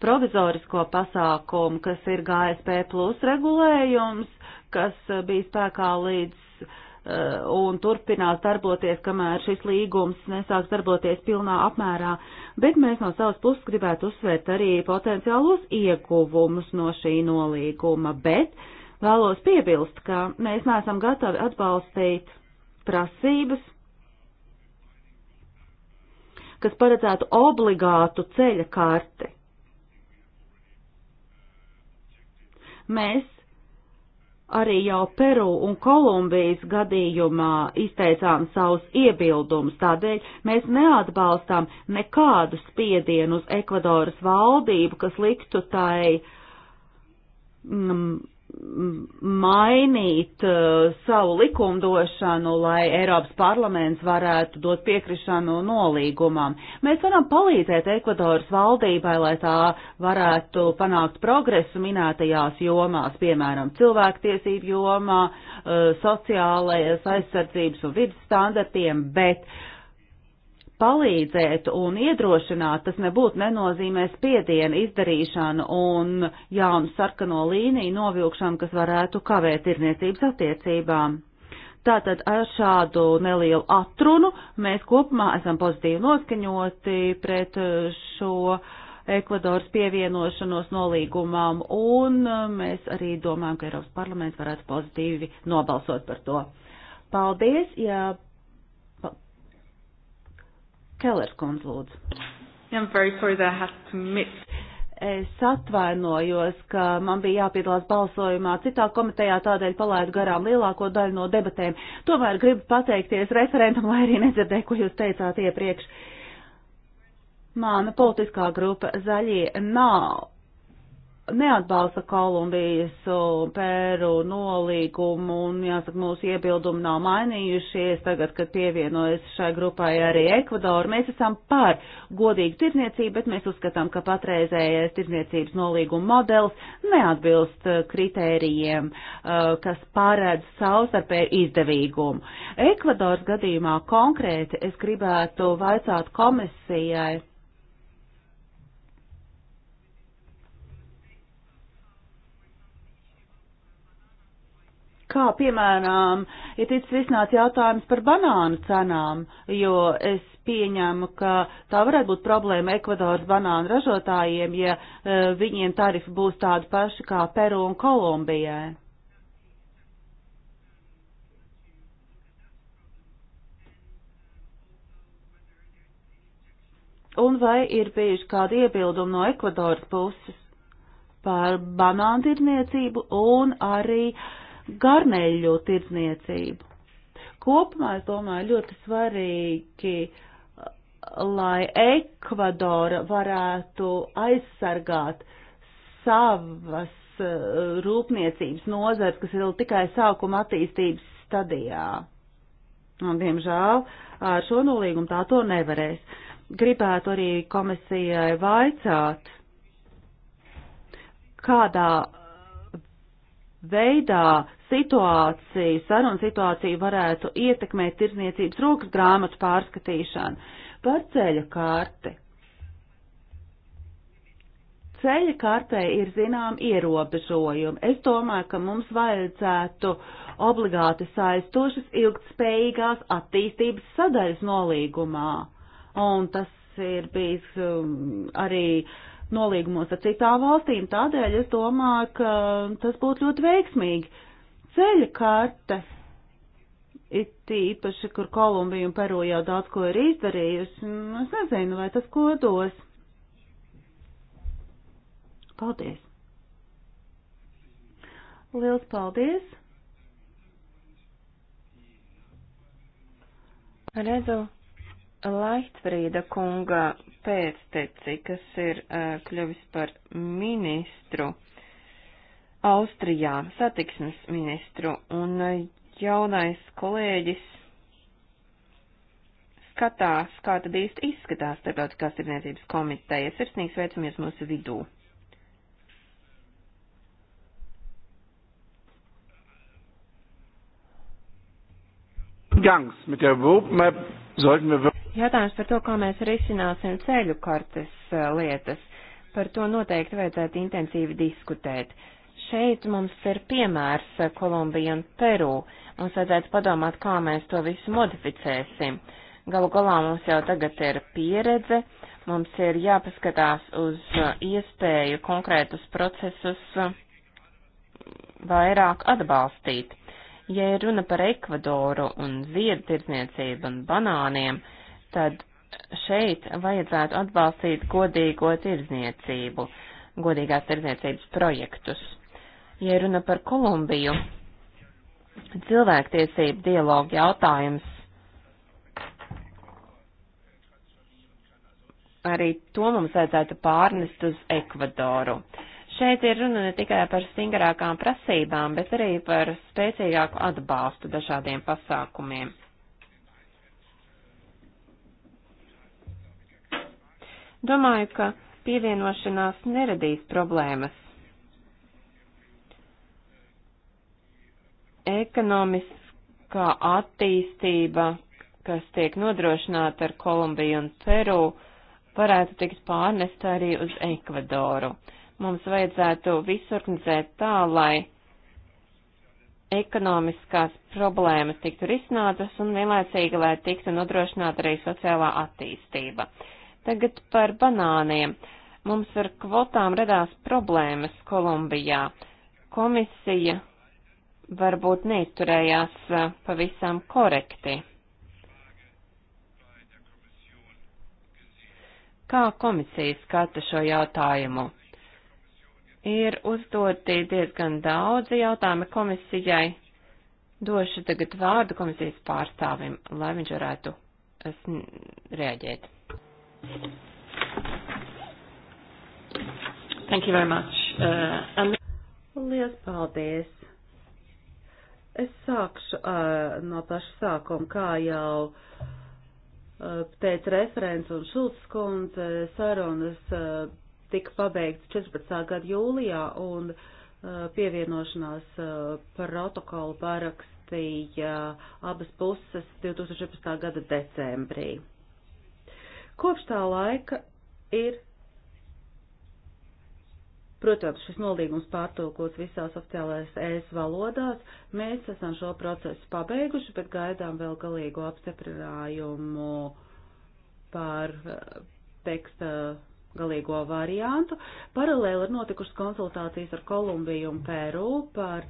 provizorisko pasākumu, kas ir GSP plus regulējums, kas uh, bija spēkā līdz Eh, un turpinās darboties, kamēr šis līgums nesāks darboties pilnā apmērā, bet mēs no savas puses gribētu uzsvērt arī potenciālos ieguvumus no šī nolīguma, bet vēlos piebilst, ka mēs neesam gatavi atbalstīt prasības, kas paredzētu obligātu ceļa karti. Mēs Arī jau Peru un Kolumbijas gadījumā izteicām savus iebildumus, tādēļ mēs neatbalstām nekādu spiedienu uz Ekvadoras valdību, kas liktu tai mm, mainīt uh, savu likumdošanu, lai Eiropas parlaments varētu dot piekrišanu nolīgumam. Mēs varam palīdzēt Ekvadoras valdībai, lai tā varētu panākt progresu minētajās jomās, piemēram, cilvēktiesību jomā, uh, sociālais aizsardzības un vidas standartiem, bet uh, palīdzēt un iedrošināt, tas nebūtu nenozīmē spiedienu izdarīšanu un jaunu sarkano līniju novilkšanu, kas varētu kavēt tirniecības attiecībām. Tātad ar šādu nelielu atrunu mēs kopumā esam pozitīvi noskaņoti pret uh, šo Ekvadoras pievienošanos nolīgumam, un uh, mēs arī domājam, ka Eiropas parlaments varētu pozitīvi nobalsot par to. Paldies, ja Keller kundz lūdzu. Es atvainojos, ka man bija jāpiedalās balsojumā citā komitejā, tādēļ palaidu garām lielāko daļu no debatēm. Tomēr gribu pateikties referentam, lai arī nedzirdēju, ko jūs teicāt iepriekš. Mana politiskā grupa zaļie nav neatbalsta Kolumbijas un Pēru nolīgumu un, jāsaka, mūsu iebildumi nav mainījušies. Tagad, kad pievienojas šai grupai arī Ekvadoru, mēs esam par godīgu tirzniecību, bet mēs uzskatām, ka patreizējais tirzniecības nolīguma modelis neatbilst uh, kritērijiem, uh, kas pārēdz savstarpēju izdevīgumu. Ekvadoras gadījumā konkrēti es gribētu vaicāt komisijai kā piemēram ir ticis risināts jautājums par banānu cenām, jo es pieņēmu, ka tā varētu būt problēma Ekvadoras banānu ražotājiem, ja uh, viņiem tarifi būs tādi paši kā Peru un Kolumbijai. Un vai ir bijuši kādi iebildumi no Ekvadoras puses par banāntirniecību un arī uh, garneļu tirdzniecību. Kopumā, es domāju, ļoti svarīgi, lai Ekvadora varētu aizsargāt savas eh, rūpniecības nozars, kas ir tikai sākuma attīstības stadijā. Un, diemžēl, ar šo nolīgumu tā to nevarēs. Gribētu arī komisijai vaicāt, kādā veidā situācija, saruna situācija varētu ietekmēt tirzniecības rokas grāmatu pārskatīšanu par ceļa kārti. Ceļa kartē ir zinām ierobežojumi. Es domāju, ka mums vajadzētu obligāti saistošas ilgtspējīgās attīstības sadaļas nolīgumā. Un tas ir bijis um, arī nolīgumos ar citām valstīm. Tādēļ es domāju, ka tas būtu ļoti veiksmīgi Ceļa karte it īpaši, kur Kolumbija un Peru jau daudz ko ir izdarījusi, nu, es nezinu, vai tas ko dos. Paldies! Liels paldies! Redzu Laichtfrīda kunga pēcteci, kas ir uh, kļuvis par ministru Austrijā satiksmes ministru, un e, jaunais kolēģis skatās, kā tad īsti izskatās starptautiskās tirdzniecības komiteja. Sirsnīgi sveicamies mūsu vidū. Gangs mit der Roadmap sollten wir wirklich. Jautājums par to, kā mēs risināsim ceļu kartes e, lietas, par to noteikti vajadzētu intensīvi diskutēt. Šeit mums ir piemērs eh, Kolumbija un Peru. Mums vajadzētu padomāt, kā mēs to visu modificēsim. Galu galā mums jau tagad ir pieredze, mums ir jāpaskatās uz eh, iespēju konkrētus procesus eh, vairāk atbalstīt. Ja ir runa par Ekvadoru un ziedu tirdzniecību un banāniem, tad šeit vajadzētu atbalstīt godīgo tirdzniecību, godīgās tirdzniecības projektus. Ja runa par Kolumbiju, cilvēktiesību dialogu jautājums arī to mums vajadzētu pārnest uz Ekvadoru. Šeit ir runa ne tikai par stingrākām prasībām, bet arī par spēcīgāku atbalstu dažādiem pasākumiem. Domāju, ka pievienošanās neradīs problēmas. Ekonomiskā attīstība, kas tiek nodrošināta ar Kolumbiju un Peru, varētu tikt pārnest arī uz Ekvadoru. Mums vajadzētu visu organizēt tā, lai ekonomiskās problēmas tiktu risinātas un vienlaicīgi, lai tiktu nodrošināta arī sociālā attīstība. Tagad par banāniem. Mums ar kvotām radās problēmas Kolumbijā. Komisija varbūt neizturējās eh, pavisam korekti. Kā komisija skata šo jautājumu? Ir uzdoti diezgan daudzi jautājumi komisijai. Došu tagad vārdu komisijas pārstāvim, lai viņš varētu reaģēt. Thank you very much. Uh, and... Liels paldies! Es sākšu uh, no paša sākuma, kā jau uh, teica referents un Šulcs kundze, sarunas uh, tika pabeigts 14. gada jūlijā un uh, pievienošanās uh, protokolu parakstīja uh, abas puses 2014. gada decembrī. Kopš tā laika ir Protams, šis nolīgums pārtulkots visās oficiālajās ES valodās. Mēs esam šo procesu pabeiguši, bet gaidām vēl galīgo apstiprinājumu par eh, teksta galīgo variantu. Paralēli ir notikušas konsultācijas ar Kolumbiju un Peru par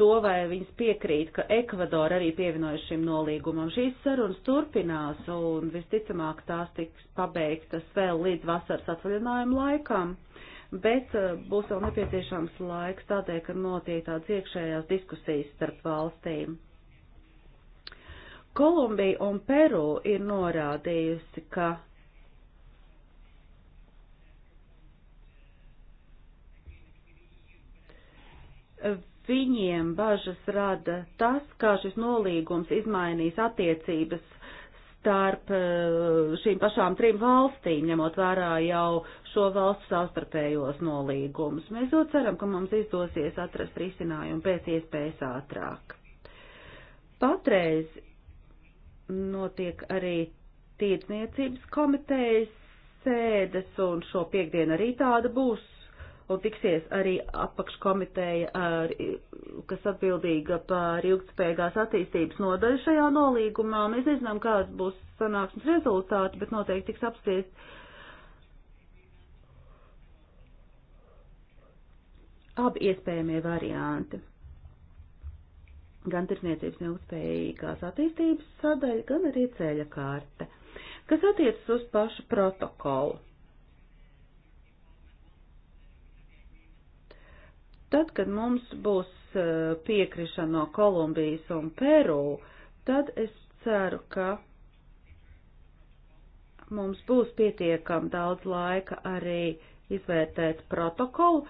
to, vai viņas piekrīt, ka Ekvadora arī pievienojas šim nolīgumam. Šīs sarunas turpinās un visticamāk tās tiks pabeigtas vēl līdz vasaras atvaļinājumu laikam, bet eh, būs vēl nepieciešams laiks tādēļ, ka notiek tādas iekšējās diskusijas starp valstīm. Kolumbija un Peru ir norādījusi, ka Viņiem bažas rada tas, kā šis nolīgums izmainīs attiecības starp eh, šīm pašām trim valstīm, ņemot vērā jau šo valstu savstarpējos nolīgumus. Mēs ļoti ceram, ka mums izdosies atrast risinājumu pēc iespējas ātrāk. Patreiz notiek arī tirdzniecības komitejas sēdes, un šo piekdienu arī tāda būs un tiksies arī apakškomiteja, eh, kas atbildīga par ilgtspējīgās attīstības nodaļu šajā nolīgumā. Mēs nezinām, kāds būs sanāksmes rezultāti, bet noteikti tiks apspriest abi iespējamie varianti. Gan tirsniecības un ilgtspējīgās attīstības sadaļa, gan arī ceļa kārte, kas attiecas uz pašu protokolu. Tad, kad mums būs e, piekrišana no Kolumbijas un Peru, tad es ceru, ka mums būs pietiekam daudz laika arī izvērtēt protokolu.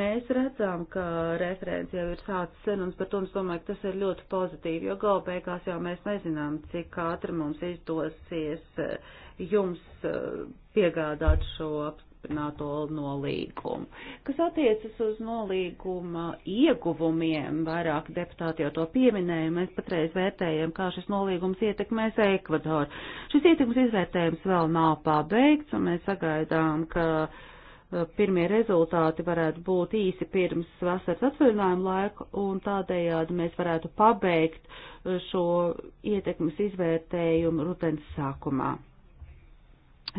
Mēs redzam, ka referents jau ir sācis sarunas par to, un es domāju, ka tas ir ļoti pozitīvi, jo galu beigās jau mēs nezinām, cik ātri mums izdosies e, jums e, piegādāt šo pastiprināto nolīgumu. Kas attiecas uz nolīguma ieguvumiem, vairāk deputāti jau to pieminēja, mēs patreiz vērtējam, kā šis nolīgums ietekmēs Ekvadoru. Šis ietekmes izvērtējums vēl nav pabeigts, un mēs sagaidām, ka uh, pirmie rezultāti varētu būt īsi pirms vasaras atvaļinājuma laika, un tādējādi mēs varētu pabeigt uh, šo ietekmes izvērtējumu rudens sākumā.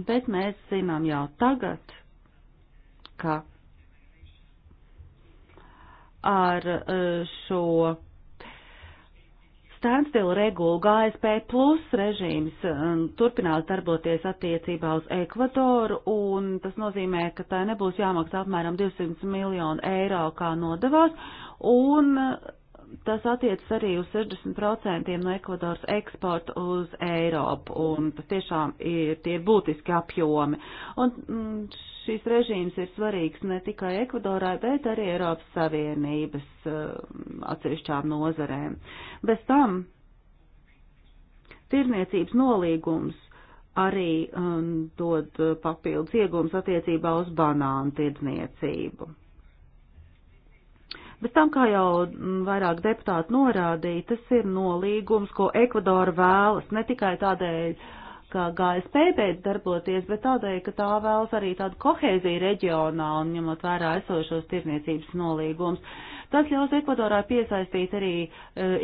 Bet mēs zinām jau tagad, ka ar e, šo standstill regulu GSP plus režīms e, turpinās darboties attiecībā uz Ekvadoru, un tas nozīmē, ka tā nebūs jāmaksā apmēram 200 miljonu eiro kā nodevās, un tas attiecas arī uz 60% no Ekvadoras eksporta uz Eiropu, un tas tiešām ir tie būtiski apjomi. Un mm, šīs režīms ir svarīgs ne tikai Ekvadorai, bet arī Eiropas Savienības uh, atsevišķām nozarēm. Bez tam tirniecības nolīgums arī um, dod eh, papildus iegums attiecībā uz banānu tirdzniecību. Bez tam, kā jau mm, vairāk deputāti norādīja, tas ir nolīgums, ko Ekvadora vēlas ne tikai tādēļ, ka GSP beidz darboties, bet tādēļ, ka tā vēlas arī tādu kohēziju reģionā un ņemot vērā esošos tirniecības nolīgums. Tas ļaus Ekvadorā piesaistīt arī e,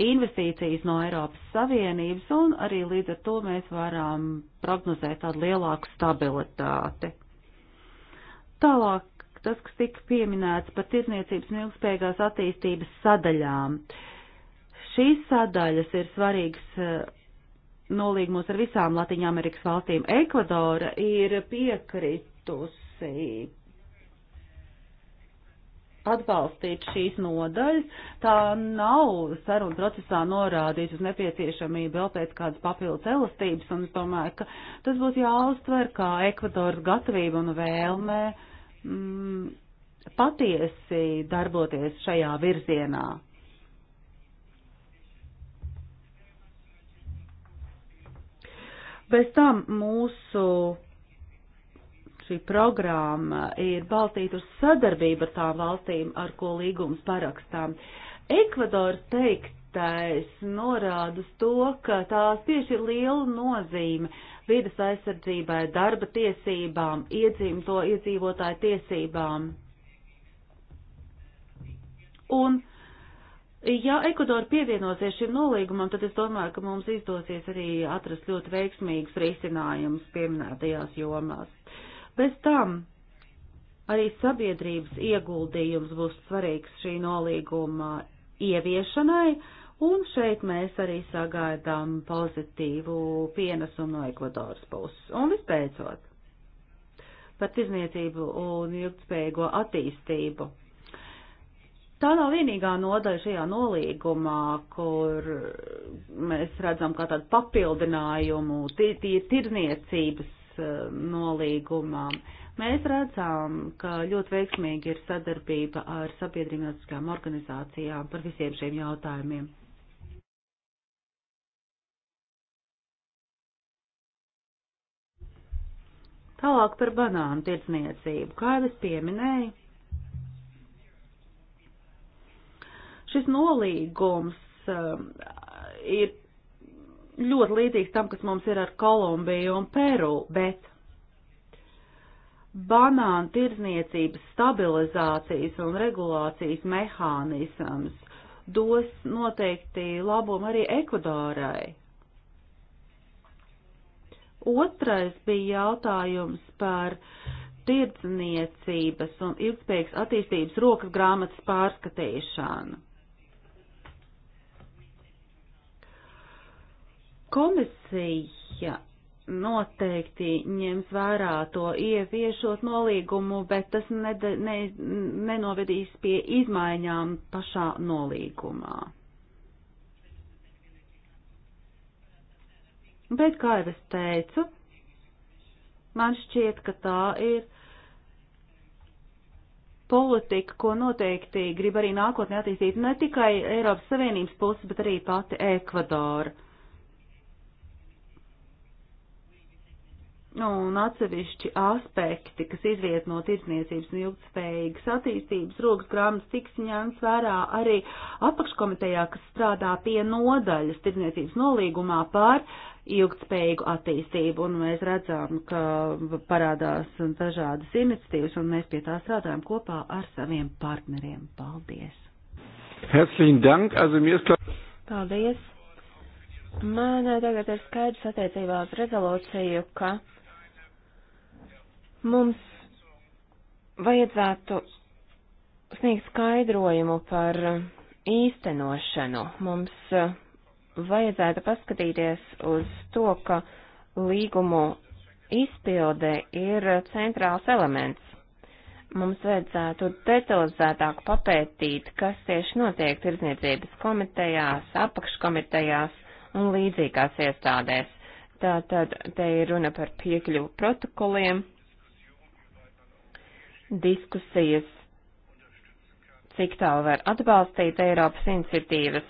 investīcijas no Eiropas Savienības un arī līdz ar to mēs varam prognozēt tādu lielāku stabilitāti. Tālāk tas, kas tika pieminēts par tirniecības un ilgspējīgās attīstības sadaļām. Šīs sadaļas ir svarīgas eh, nolīgumos ar visām Latviju Amerikas valstīm. Ekvadora ir piekritusi atbalstīt šīs nodaļas. Tā nav saruna procesā norādījusi uz nepieciešamību vēl pēc kādas papildus elastības, un es domāju, ka tas būs jāuztver kā Ekvadoras gatavība un vēlme uh, mm, patiesi darboties šajā virzienā. Bez tam mūsu šī programma ir balstīta uz sadarbību ar tām valstīm, ar ko līgums parakstām. Ekvadors teiktais norāda uz to, ka tās tieši ir liela nozīme vidas aizsardzībai, darba tiesībām, iedzimto iedzīvotāju tiesībām. Un, ja Ekvadora pievienosies šim nolīgumam, tad es domāju, ka mums izdosies arī atrast ļoti veiksmīgus risinājumus pieminētajās jomās. Bez tam arī sabiedrības ieguldījums būs svarīgs šī nolīguma ieviešanai, uh, Un šeit mēs arī sagaidām pozitīvu pienesumu no Ekvadoras puses. Un vispēcot, par tirzniecību un ilgtspējīgo attīstību. Tā nav vienīgā nodaļa šajā nolīgumā, kur mēs redzam kā tādu papildinājumu tīri tirzniecības eh, nolīgumam. Mēs redzam, ka ļoti veiksmīgi ir sadarbība ar sabiedrībnieciskajām organizācijām par visiem šiem jautājumiem. Tālāk par banānu tirdzniecību. Kā jau es pieminēju, šis nolīgums um, ir ļoti līdzīgs tam, kas mums ir ar Kolumbiju un Peru, bet banānu tirdzniecības stabilizācijas un regulācijas mehānisms dos noteikti labumu arī Ekvadorai, Otrais bija jautājums par tirdzniecības un ilgspējīgas attīstības rokas grāmatas pārskatīšanu. Komisija noteikti ņems vērā to ieviešot nolīgumu, bet tas ne, ne, nenovedīs pie izmaiņām pašā nolīgumā. Bet, kā jau es teicu, man šķiet, ka tā ir politika, ko noteikti grib arī nākotnē attīstīt ne tikai Eiropas Savienības puses, bet arī pati Ekvadora. un atsevišķi aspekti, kas izriet no tirdzniecības un ilgtspējīgas attīstības rokas grāmatas tiks ņemts vērā arī apakškomitejā, kas strādā pie nodaļas tirdzniecības nolīgumā par ilgtspējīgu attīstību, un mēs redzam, ka parādās dažādas iniciatīvas, un mēs pie tā strādājam kopā ar saviem partneriem. Paldies! Herzlichen Dank! Also mir ist klar... Paldies! Man tagad ir skaidrs attiecībā uz rezolūciju, ka Mums vajadzētu sniegt skaidrojumu par īstenošanu. Mums eh, vajadzētu paskatīties uz to, ka līgumu izpilde ir centrāls elements. Mums vajadzētu detalizētāk papētīt, kas tieši notiek tirdzniecības komitejās, apakškomitejās un līdzīgās iestādēs. Tātad te ir runa par piekļuvu protokoliem, diskusijas, cik tālu var atbalstīt Eiropas iniciatīvas.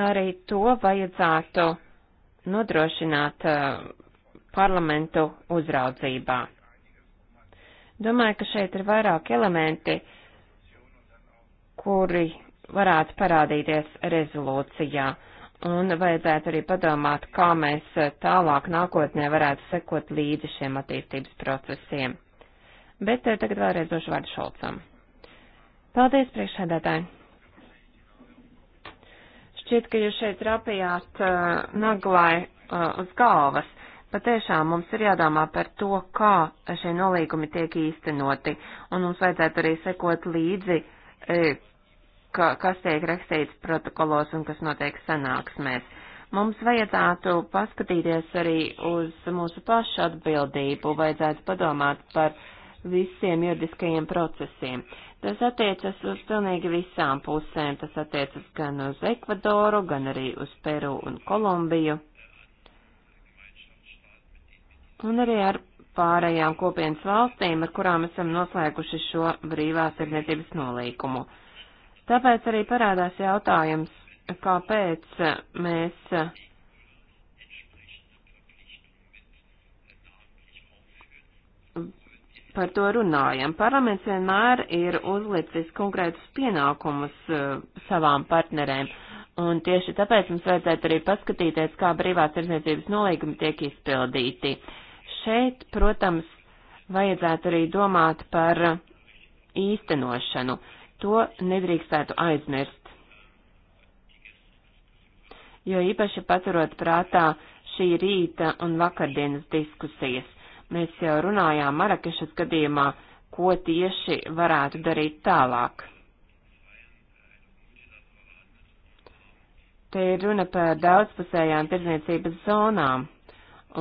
Arī to vajadzētu nodrošināt uh, parlamentu uzraudzībā. Domāju, ka šeit ir vairāk elementi, kuri varētu parādīties rezolūcijā un vajadzētu arī padomāt, kā mēs uh, tālāk nākotnē varētu sekot līdzi šiem attīstības procesiem. Bet eh, tagad vēlreiz došu vārdu Šolcam. Paldies, priekšsēdētāji! Šķiet, ka jūs šeit rapījāt uh, naglai uh, uz galvas. Patiešām mums ir jādomā par to, kā šie nolīgumi tiek īstenoti, un mums vajadzētu arī sekot līdzi, uh, ka, kas tiek rakstīts protokolos un kas notiek sanāksmēs. Mums vajadzētu paskatīties arī uz mūsu pašu atbildību, vajadzētu padomāt par uh, visiem juridiskajiem procesiem. Tas attiecas uz pilnīgi visām pusēm. Tas attiecas gan uz Ekvadoru, gan arī uz Peru un Kolumbiju. Un arī ar pārējām kopienas valstīm, ar kurām esam noslēguši šo brīvās tirdzniecības nolīkumu. Tāpēc arī parādās jautājums, kāpēc mēs par to runājam. Parlaments vienmēr ir uzlicis konkrētus pienākumus uh, savām partnerēm, un tieši tāpēc mums vajadzētu arī paskatīties, kā brīvās tirdzniecības nolīgumi tiek izpildīti. Šeit, protams, vajadzētu arī domāt par īstenošanu. To nedrīkstētu aizmirst. Jo īpaši paturot prātā šī rīta un vakardienas diskusijas Mēs jau runājām Marakešas gadījumā, ko tieši varētu darīt tālāk. Te ir runa par daudzpusējām tirdzniecības zonām,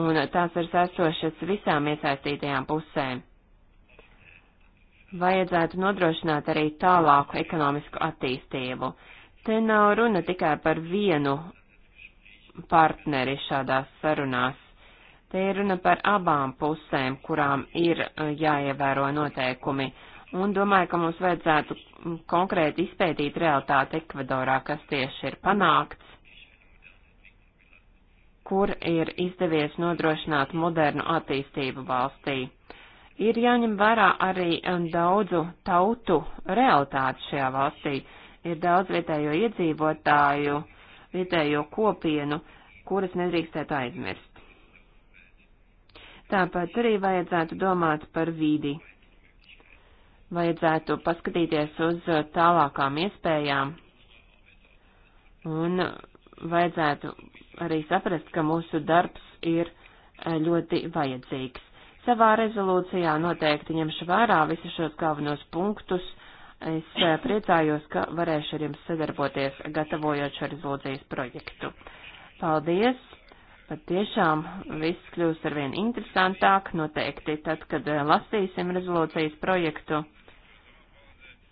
un tās ir saistošas visām iesaistītajām pusēm. Vajadzētu nodrošināt arī tālāku ekonomisku attīstību. Te nav runa tikai par vienu partneri šādās sarunās. Te ir runa par abām pusēm, kurām ir e, jāievēro noteikumi. Un domāju, ka mums vajadzētu konkrēti izpētīt realitāti Ekvadorā, kas tieši ir panākts, kur ir izdevies nodrošināt modernu attīstību valstī. Ir jāņem vērā arī e, daudzu tautu realitāti šajā valstī. Ir daudz vietējo iedzīvotāju, vietējo kopienu, kuras nedrīkstētu aizmirst. Tāpat arī vajadzētu domāt par vidi. Vajadzētu paskatīties uz tālākām iespējām. Un vajadzētu arī saprast, ka mūsu darbs ir eh, ļoti vajadzīgs. Savā rezolūcijā noteikti ņemšu vērā visus šos galvenos punktus. Es eh, priecājos, ka varēšu ar jums sadarboties, gatavojot šo rezolūcijas projektu. Paldies! Patiešām viss kļūs arvien interesantāk, noteikti tad, kad eh, lasīsim rezolūcijas projektu.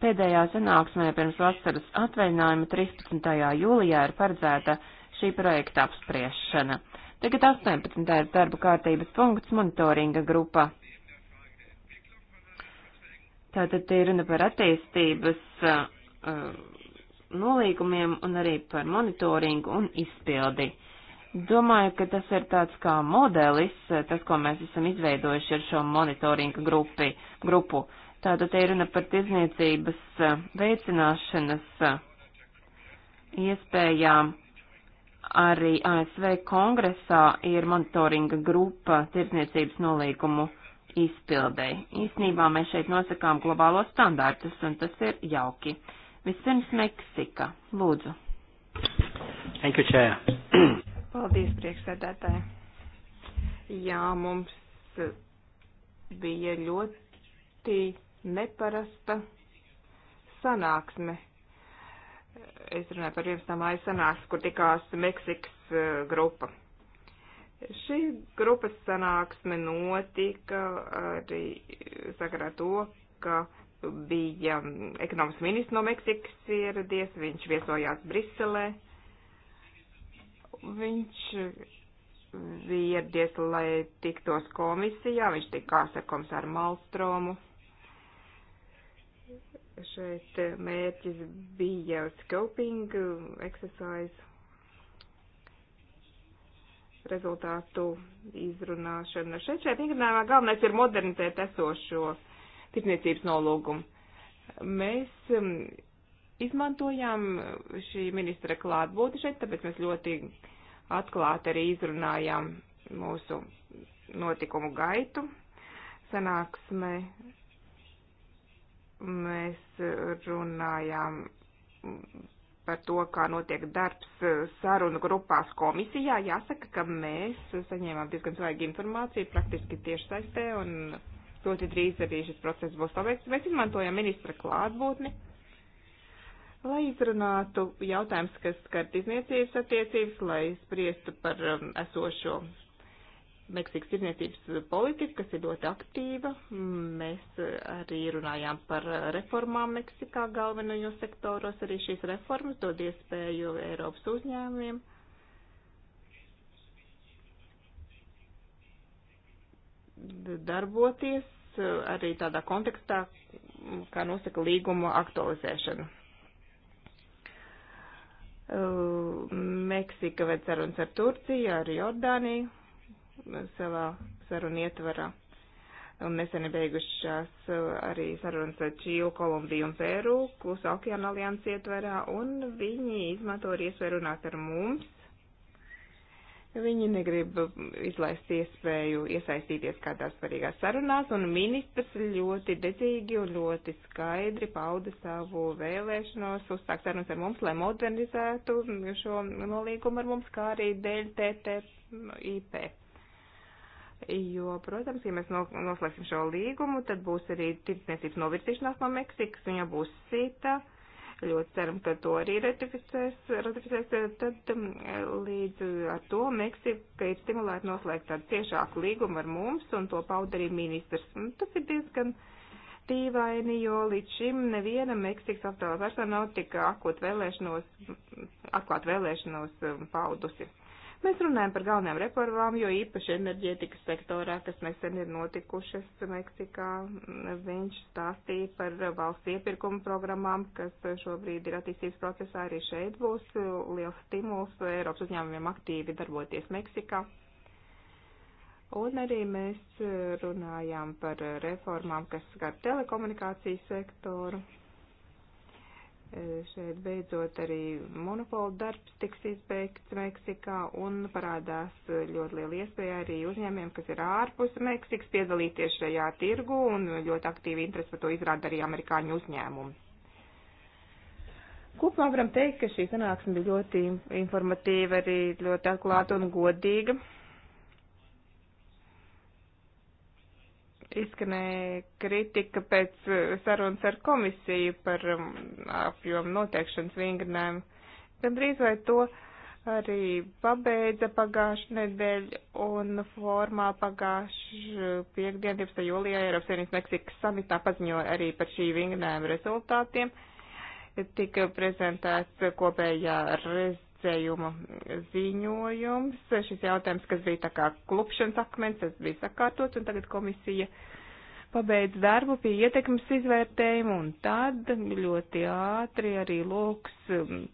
Pēdējā sanāksmē pirms vasaras atvaļinājuma 13. jūlijā ir paredzēta šī projekta apspriešana. Tagad 18. ir darba kārtības punkts monitoringa grupa. Tātad ir runa par attīstības uh, nolīgumiem un arī par monitoringu un izpildi. Domāju, ka tas ir tāds kā modelis, eh, tas, ko mēs esam izveidojuši ar šo monitoringa grupi, grupu. Tātad te ir runa par tirzniecības eh, veicināšanas eh, iespējām. Arī ASV kongresā ir monitoringa grupa tirzniecības nolīgumu izpildēji. Īsnībā mēs šeit nosakām globālo standārtus, un tas ir jauki. Vispirms Meksika. Lūdzu. Thank you, Chair. Paldies, priekšsēdētāji. Jā, mums eh, bija ļoti neparasta sanāksme. Es runāju par 11. māju sanāksmi, kur tikās Meksikas eh, grupa. Šī grupas sanāksme notika arī sakarā to, ka bija mm, ekonomikas ministrs no Meksikas ieradies, viņš viesojās Briselē Viņš bija ieradies, lai tiktos komisijā, viņš tikās ar komisāru Malstromu. Šeit mērķis bija scoping exercise rezultātu izrunāšana. Šeit šajā piegadinājumā galvenais ir modernizēt esošo tirdzniecības nolūgumu. Mēs um, izmantojām eh, šī ministra klātbūti šeit, tāpēc mēs ļoti atklāti arī izrunājām mūsu notikumu gaitu. Sanāksmē mēs runājām par to, kā notiek darbs sarunu grupās komisijā. Jāsaka, ka mēs saņēmām diezgan svaigu informāciju praktiski tieši saistē un ļoti drīz arī šis process būs pabeigts. Mēs izmantojam ministra klātbūtni lai izrunātu jautājums, kas skar tirzniecības attiecības, lai spriestu par um, esošo Meksikas tirzniecības politika, kas ir ļoti aktīva. Mēs uh, arī runājām par uh, reformām Meksikā galvenajos sektoros. Arī šīs reformas dod iespēju Eiropas uzņēmumiem. darboties uh, arī tādā kontekstā, kā nosaka līguma aktualizēšana. Uh, Meksika ved sarunas ar Turciju, ar Jordāniju savā sarunu ietvarā. Un nesen ir beigušās uh, arī sarunas ar Čīlu, Kolumbiju un Pēru, klusa okeāna alianses ietvarā, un viņi izmanto arī iespēju runāt ar mums Viņi negrib izlaist iespēju iesaistīties kādās svarīgās sarunās, un ministrs ļoti dedzīgi un ļoti skaidri pauda savu vēlēšanos uzsākt sarunas ar mums, lai modernizētu šo nolīgumu ar mums, kā arī dēļ TTIP. Jo, protams, ja mēs noslēgsim šo līgumu, tad būs arī tirdzniecības novirzīšanās no Meksikas, un ja būs sīta. Uh, Ļoti ceram, ka to arī ratificēs, ratificēs tad um, līdz ar to Meksika ir stimulēta noslēgt tādu ciešāku līgumu ar mums, un to pauda arī ministrs. Un tas ir diezgan dīvaini, jo līdz šim neviena Meksikas aptāvā persona nav tik akot vēlēšanos, atklāt vēlēšanos um, paudusi. Mēs runājam par galvenajām reformām, jo īpaši enerģētikas sektorā, kas nesen ir notikušas Meksikā, viņš stāstīja par valsts iepirkuma programmām, kas šobrīd ir attīstības procesā arī šeit būs liels stimuls Eiropas uzņēmumiem aktīvi darboties Meksikā. Un arī mēs runājām par reformām, kas skar telekomunikāciju sektoru E, šeit beidzot arī monopola darbs tiks izbeigts Meksikā un parādās ļoti liela iespēja arī uzņēmiem, kas ir ārpus Meksikas, piedalīties šajā tirgu un ļoti aktīvi interesi par to izrāda arī amerikāņu uzņēmumu. Kopumā varam teikt, ka šī sanāksme bija ļoti informatīva, arī ļoti atklāta un godīga. Izskanēja kritika pēc eh, sarunas ar komisiju par um, apjomu noteikšanas vingrinājumu. Gan drīz vai to arī pabeidza pagājušā nedēļa un formā pagājušā piekdien, 12. jūlijā Eiropas Savienības Meksikas samitā paziņoja arī par šī vingrinājuma rezultātiem. Tika prezentēts kopējā rez finansējuma ziņojums. Šis jautājums, kas bija tā kā klupšanas akmens, tas bija sakārtots, un tagad komisija pabeidz darbu pie ietekmes izvērtējuma, un tad ļoti ātri arī lūks um,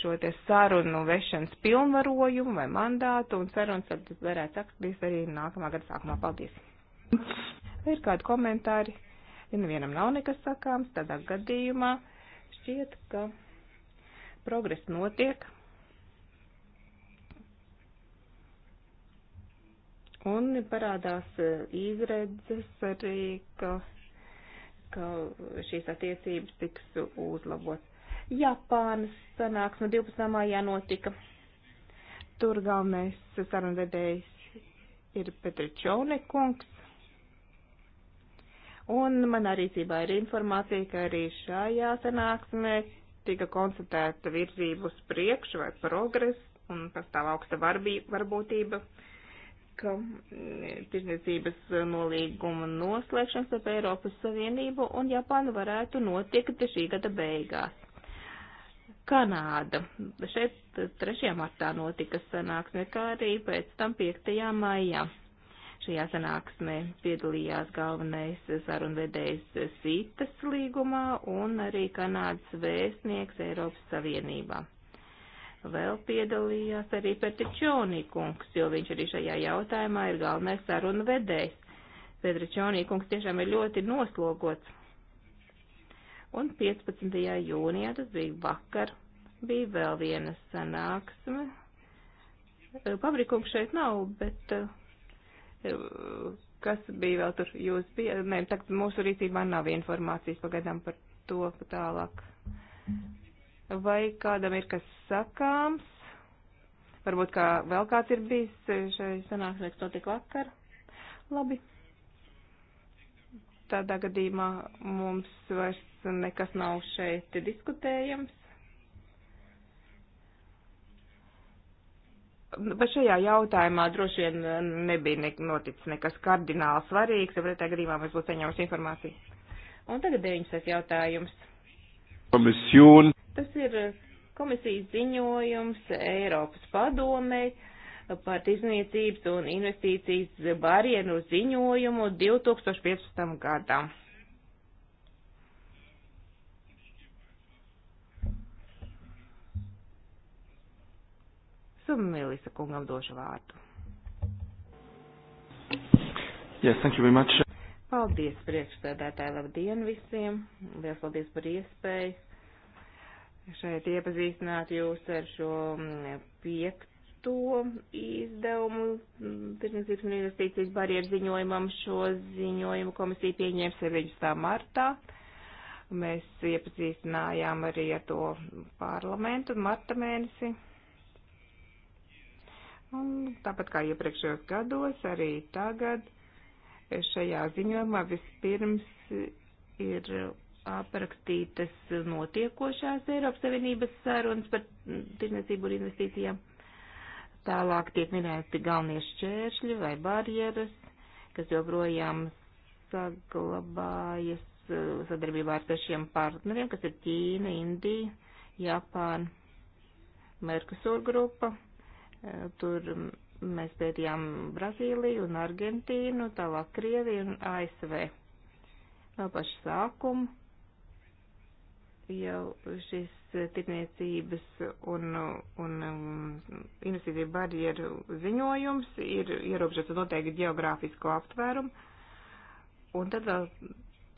šo te sarunu vešanas pilnvarojumu vai mandātu, un sarunas tad varētu sākties arī nākamā gada sākumā. Paldies! Vai ir kādi komentāri? Ja nevienam nu nav nekas sakāms, tādā gadījumā šķiet, ka. Progress notiek. Un parādās e, izredzes arī, ka, ka šīs attiecības tiks uzlabotas. Japānas sanāksme 12. maijā notika. Tur galvenais sarunvedējs ir Petričone kungs. Un manā rīcībā ir informācija, ka arī šajā sanāksmē tika konstatēta virzība uz priekšu vai progress, un pastāv augsta varbība, varbūtība, ka mm, tirzniecības nolīguma noslēgšanas ar Eiropas Savienību un Japānu varētu notikt šī gada beigās. Kanāda. Šeit 3. martā notika sanāksme, kā arī pēc tam 5. maijā. Šajā sanāksmē piedalījās galvenais sarunvedējs Sītas līgumā un arī Kanādas vēstnieks Eiropas Savienībā. Vēl piedalījās arī Petričonī kungs, jo viņš arī šajā jautājumā ir galvenais sarunu vedējs. Petričonī kungs tiešām ir ļoti noslogots. Un 15. jūnijā, tas bija vakar, bija vēl viena sanāksme. Pabrikums šeit nav, bet uh, Kas bija vēl tur? Jūs bija, nē, tagad mūsu rīcībā nav informācijas pagaidām par to tālāk. Vai kādam ir kas sakāms? Varbūt kā vēl kāds ir bijis šai sanāksmē, kas notika vakar. Labi. Tādā gadījumā mums vairs nekas nav šeit diskutējams. Bet šajā jautājumā droši vien eh, nebija ne, noticis nekas kardināli svarīgs, ja pretējā gadījumā mēs būtu saņēmuši informāciju. Un tagad 9. jautājums. Komisjon. Tas ir eh, komisijas ziņojums Eiropas padomei par tirzniecības un investīcijas barjeru ziņojumu 2015. gadam. Sumilisa kungam došu vārdu. Yes, thank you very much. Paldies priekšstādātāji, labdien visiem. Lielas paldies par iespēju šeit iepazīstināt jūs ar šo mm, piekto izdevumu mm, tirnizības un investīcijas barjeru ziņojumam. Šo ziņojumu komisija pieņēma 17. martā. Mēs iepazīstinājām arī ar to parlamentu marta mēnesi. Un tāpat kā iepriekšējos gados, arī tagad šajā ziņojumā vispirms ir aprakstītas notiekošās Eiropas Savienības sarunas par tirnesību un investīcijām. Tālāk tiek minēti galvenie šķēršļi vai barjeras, kas joprojām saglabājas uh, sadarbībā ar sešiem partneriem, kas ir Ķīna, Indija, Japāna, Merkusur grupa, Tur mēs pētījām Brazīliju un Argentīnu, tālāk Krieviju un ASV. No paša sākuma jau šis tirniecības un, un um, investīcija barjeru ziņojums ir ierobežots noteikti geogrāfisko aptvērumu. Un tad vēl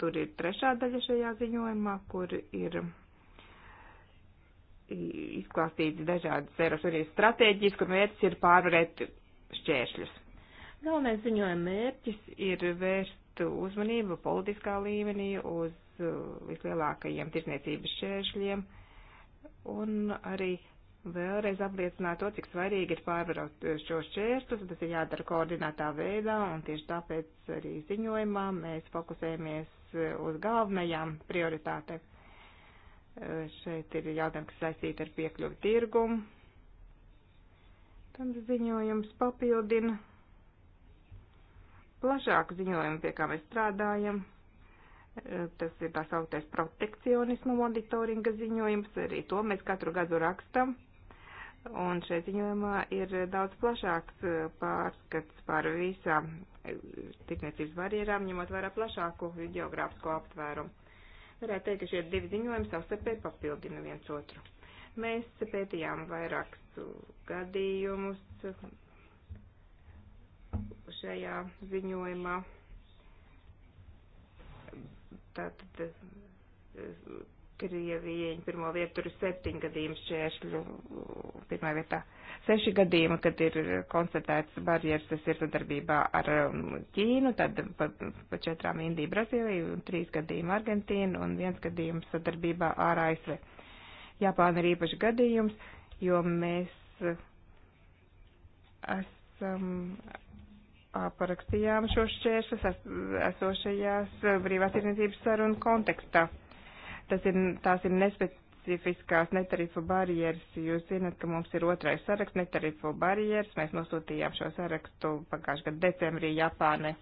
tur ir trešā daļa šajā ziņojumā, kur ir izklāstīts dažādas Eiropas Savienības stratēģijas, kur mērķis ir pārvarēt šķēršļus. Galvenais ziņojuma mērķis ir vērst uzmanību politiskā līmenī uz uh, vislielākajiem tirsniecības šķēršļiem un arī vēlreiz apliecināt to, cik svarīgi ir pārvarot šos šķēršļus, tas ir jādara koordinētā veidā, un tieši tāpēc arī ziņojumā mēs fokusējamies uh, uz galvenajām prioritātēm. Eh, šeit ir jautājumi, kas saistīti ar piekļuvu tirgumu. Tad ziņojums papildina plašāku ziņojumu, pie kā mēs strādājam. Eh, tas ir tā sauktais protekcionismu monitoringa ziņojums, arī to mēs katru gadu rakstam. Un šeit ziņojumā ir daudz plašāks eh, pārskats par visām tirdzniecības barjerām, ņemot vērā plašāku geogrāfisko aptvērumu. Varētu teikt, ka šie divi ziņojumi savstarpēji papildina viens otru. Mēs pētījām vairākus gadījumus šajā ziņojumā. Tātad Krievijai pirmo vietu tur ir septiņi gadījumi šķēršļu, mm, pirmā vietā seši gadījumi, kad ir konstatēts barjeras, tas ir sadarbībā ar mm, Ķīnu, tad pa, pa četrām Indiju, Brazīliju, un trīs gadījumi Argentīnu un viens gadījums sadarbībā ar ASV. Japāna ir īpaši gadījums, jo mēs esam parakstījām šos šķēršļus es, esošajās brīvās tirdzniecības sarunu kontekstā. Tas ir, tās ir nespecifiskās netarifu barjeras. Jūs zinat, ka mums ir otrais saraksts netarifu barjeras. Mēs nosūtījām šo sarakstu pagājušajā gadā decembrī Japānai.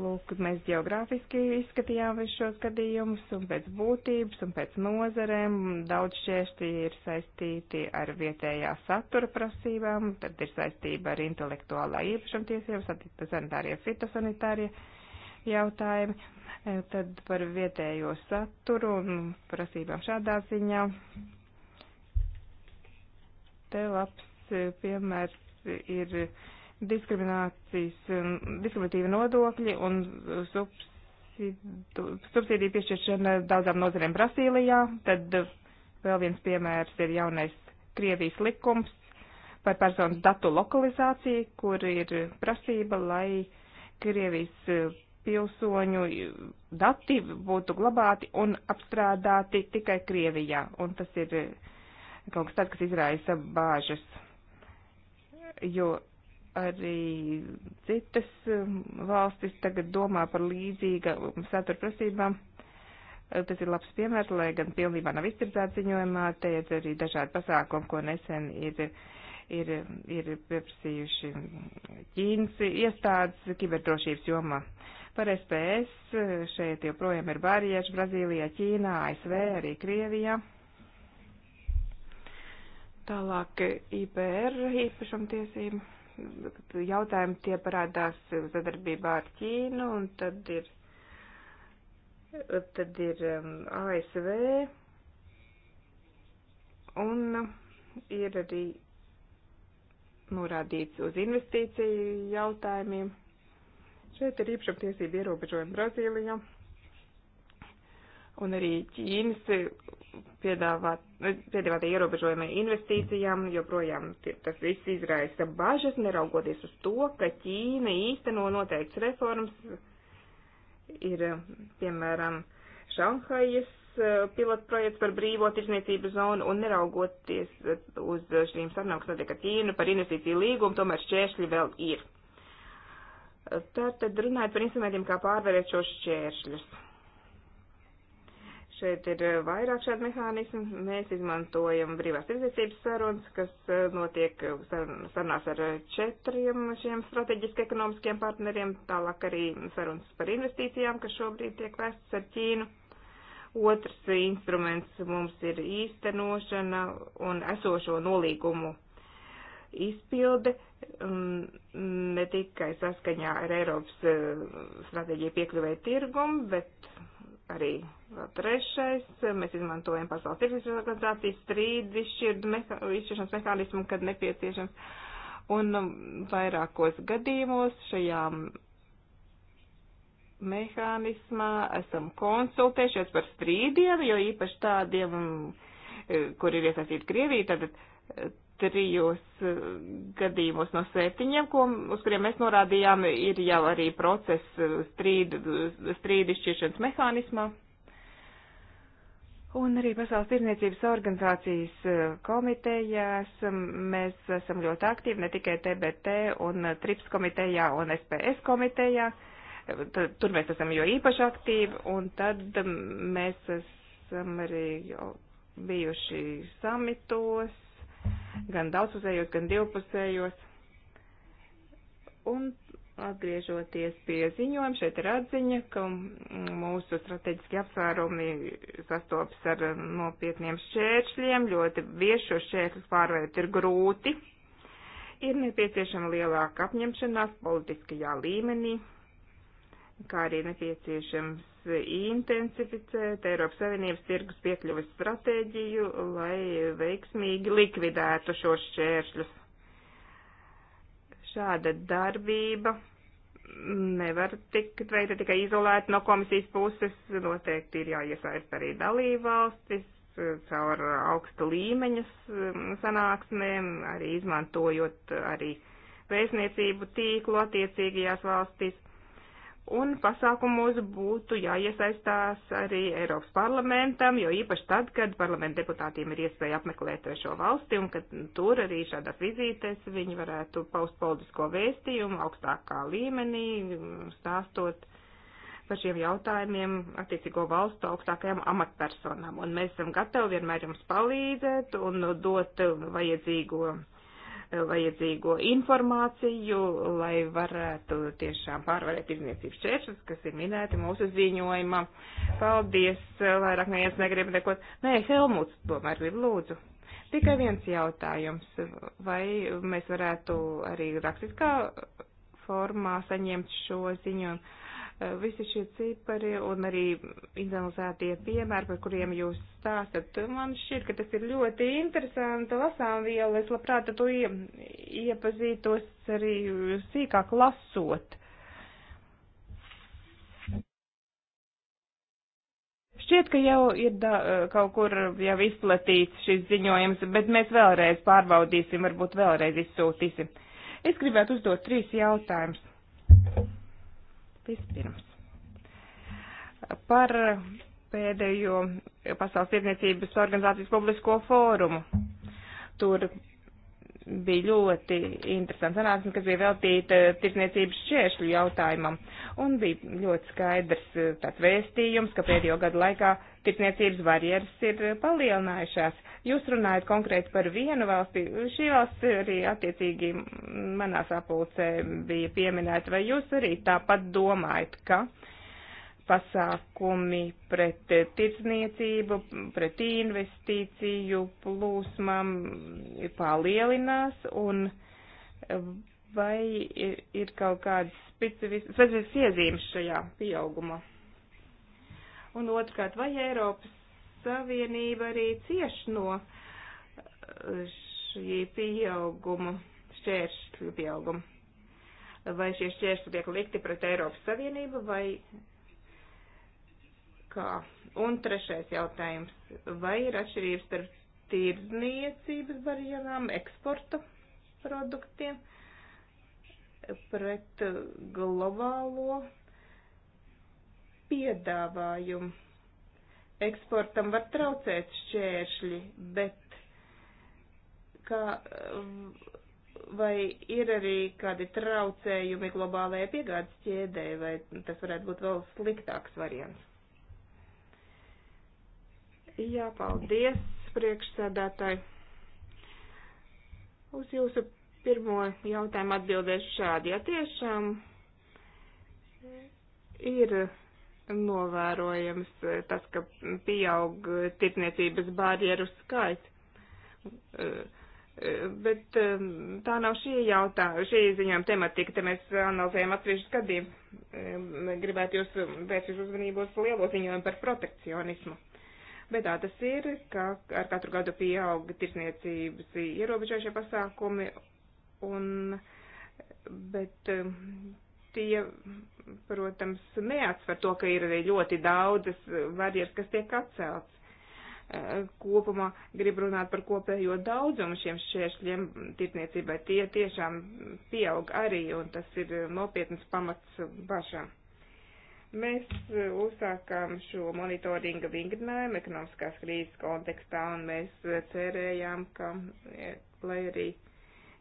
Lūk, mēs geogrāfiski izskatījām visus šos gadījumus un pēc būtības un pēc nozarēm. Daudz šķēršļi ir saistīti ar vietējā satura prasībām, tad ir saistība ar intelektuālā īpašumtiesības, sanitārie, fitosanitārie. Uh, jautājumi, e, tad par vietējo saturu un prasībām šādā ziņā. Te labs e, piemērs ir diskriminācijas, diskriminatīva nodokļi un subsīdiju piešķiršana daudzām nozarēm Brazīlijā. Tad vēl viens piemērs ir jaunais Krievijas likums par personas datu lokalizāciju, kur ir prasība, lai Krievijas e, pilsoņu dati būtu glabāti un apstrādāti tikai Krievijā. Un tas ir kaut kas tāds, kas izraisa bāžas. Jo arī citas um, valstis tagad domā par līdzīga satura prasībām. Uh, tas ir labs piemērs, lai gan pilnībā nav izcirdzēts ziņojumā, te ir arī dažādi pasākumi, ko nesen ir ir, ir pieprasījuši Ķīnas iestādes kiberdrošības jomā. Par SPS šeit joprojām ir barjeras Brazīlijā, Ķīnā, ASV, arī Krievijā. Tālāk IPR īpašumtiesība. Jautājumi tie parādās sadarbībā ar Ķīnu, un tad ir, tad ir um, ASV, un ir arī norādīts uz investīciju jautājumiem. Šeit ir īpašumtiesība ierobežojumi Brazīlijā. Un arī Ķīnas piedāvātie ierobežojumi investīcijām, joprojām tas viss izraisa bažas, neraugoties uz to, ka Ķīna īsteno noteikts reformas. Ir, piemēram, Šanhajas Eh, pilotprojekts par brīvo tirzniecības zonu un neraugoties eh, uz šīm sarunām, kas notiek ar Ķīnu par investīciju līgumu, tomēr šķēršļi vēl ir. Tātad eh, runājot par instrumentiem, kā pārvarēt šos šķēršļus. Šeit ir vairāk šādu mehānismu. Mēs izmantojam brīvās tirdzniecības sarunas, kas notiek sarunās ar četriem šiem strateģiski ekonomiskiem partneriem, tālāk arī sarunas par investīcijām, kas šobrīd tiek vēstas ar Ķīnu. Otrs instruments mums ir īstenošana un esošo nolīgumu izpilde um, ne tikai saskaņā ar Eiropas uh, stratēģiju piekļuvēja tirgumu, bet arī trešais, mēs izmantojam pasaules tirgus organizācijas strīdu izšķiršanas mehānismu, kad nepieciešams. Un um, vairākos gadījumos šajām mehānismā esam konsultējušies par strīdiem, jo īpaši tādiem, mm, e, kur ir iesaistīta Krievija, tad e, trijos e, gadījumos no septiņiem, ko, uz kuriem mēs norādījām, ir jau arī process strīd, strīdišķiešanas mehānismā. Un arī Pasaules tirniecības organizācijas komitejās mēs esam ļoti aktīvi, ne tikai TBT un TRIPS komitejā un SPS komitejā. Uh, Tur mēs esam jo īpaši aktīvi, un tad mēs esam arī bijuši samitos, gan daudzpusējos, gan divpusējos. Un atgriežoties pie ziņojuma, šeit ir atziņa, ka mūsu strateģiski apsvērumi sastopas ar nopietniem šķēršļiem, ļoti bieži šķēršļus pārvērt ir grūti. Ir nepieciešama lielāka apņemšanās politiskajā līmenī, kā arī nepieciešams intensificēt Eiropas Savienības tirgus piekļuves stratēģiju, lai veiksmīgi likvidētu šos šķēršļus. Šāda darbība nevar tikt veikta tikai izolēta no komisijas puses, noteikti ir jāiesaist arī dalībvalstis caur augsta līmeņa sanāksmēm, arī izmantojot arī vēstniecību tīklu attiecīgajās valstīs un pasākumos būtu jāiesaistās arī Eiropas parlamentam, jo īpaši tad, kad parlamenta deputātiem ir iespēja apmeklēt trešo valsti un kad tur arī šādās vizītēs viņi varētu paust politisko vēstījumu augstākā līmenī, stāstot par šiem jautājumiem attiecīgo valstu augstākajām amatpersonām. Un mēs esam gatavi vienmēr jums palīdzēt un dot vajadzīgo vajadzīgo informāciju, lai varētu tiešām pārvarēt izniecības šķēršļus, kas ir minēti mūsu ziņojumā. Paldies, vairāk neviens negrib neko. Nē, Helmuts tomēr ir lūdzu. Tikai viens jautājums, vai mēs varētu arī rakstiskā formā saņemt šo ziņojumu? Eh, visi šie cipari un arī izanalizētie piemēri, par kuriem jūs stāstat, man šķiet, ka tas ir ļoti interesanti lasām viela. Es labprāt to iepazītos arī sīkāk lasot. Šķiet, ka jau ir da, eh, kaut kur jau izplatīts šis ziņojums, bet mēs vēlreiz pārbaudīsim, varbūt vēlreiz izsūtīsim. Es gribētu uzdot trīs jautājumus Vispirms. Par pēdējo Pasaules tirdzniecības organizācijas publisko fórumu. Tur bija ļoti interesants sanāksme, kas bija veltīta tirdzniecības šķēršļu jautājumam. Un bija ļoti skaidrs eh, tāds vēstījums, ka pēdējo gadu laikā uh, tirdzniecības barjeras ir palielinājušās. Jūs runājat konkrēti par vienu valsti, šī valsts arī attiecīgi manā sapulcē bija pieminēta, vai jūs arī tāpat domājat, ka pasākumi pret tirdzniecību, pret investīciju plūsmām palielinās un vai ir, ir kaut kādas specifiskas iezīmes šajā pieaugumā? Un otrkārt, vai Eiropas Savienība arī cieš no uh, šī pieauguma, šķēršļu pieauguma? Vai šie šķēršļi tiek likti pret Eiropas Savienību vai kā? Un trešais jautājums, vai ir atšķirības starp tirdzniecības barjerām, eksporta produktiem pret globālo piedāvājumu. Eksportam var traucēt šķēršļi, bet kā, vai ir arī kādi traucējumi globālajai piegādes ķēdē, vai tas varētu būt vēl sliktāks variants? Jā, paldies, priekšsēdētāji. Uz jūsu pirmo jautājumu atbildēšu šādi. Ja tiešām ir novērojams eh, tas, ka pieaug tirdzniecības barjeru skaits. Eh, eh, bet tā nav šī jautājuma, šī ziņojuma tematika, te mēs analizējam atsevišķu gadījumu. Gribētu jūs vērst uz uzmanību uz lielo ziņojumu par protekcionismu. Bet tā tas ir, ka ar katru gadu pieaug tirsniecības ierobežošie pasākumi, un, bet tie, protams, neatsver to, ka ir arī ļoti daudzas barjeras, kas tiek atcelts. Eh, kopumā grib runāt par kopējo daudzumu šiem šķēršļiem tirtniecībai. Tie tiešām pieaug arī, un tas ir nopietnas pamats bažām. Mēs eh, uzsākām šo monitoringa vingrinājumu ekonomiskās krīzes kontekstā, un mēs eh, cerējām, ka, lai arī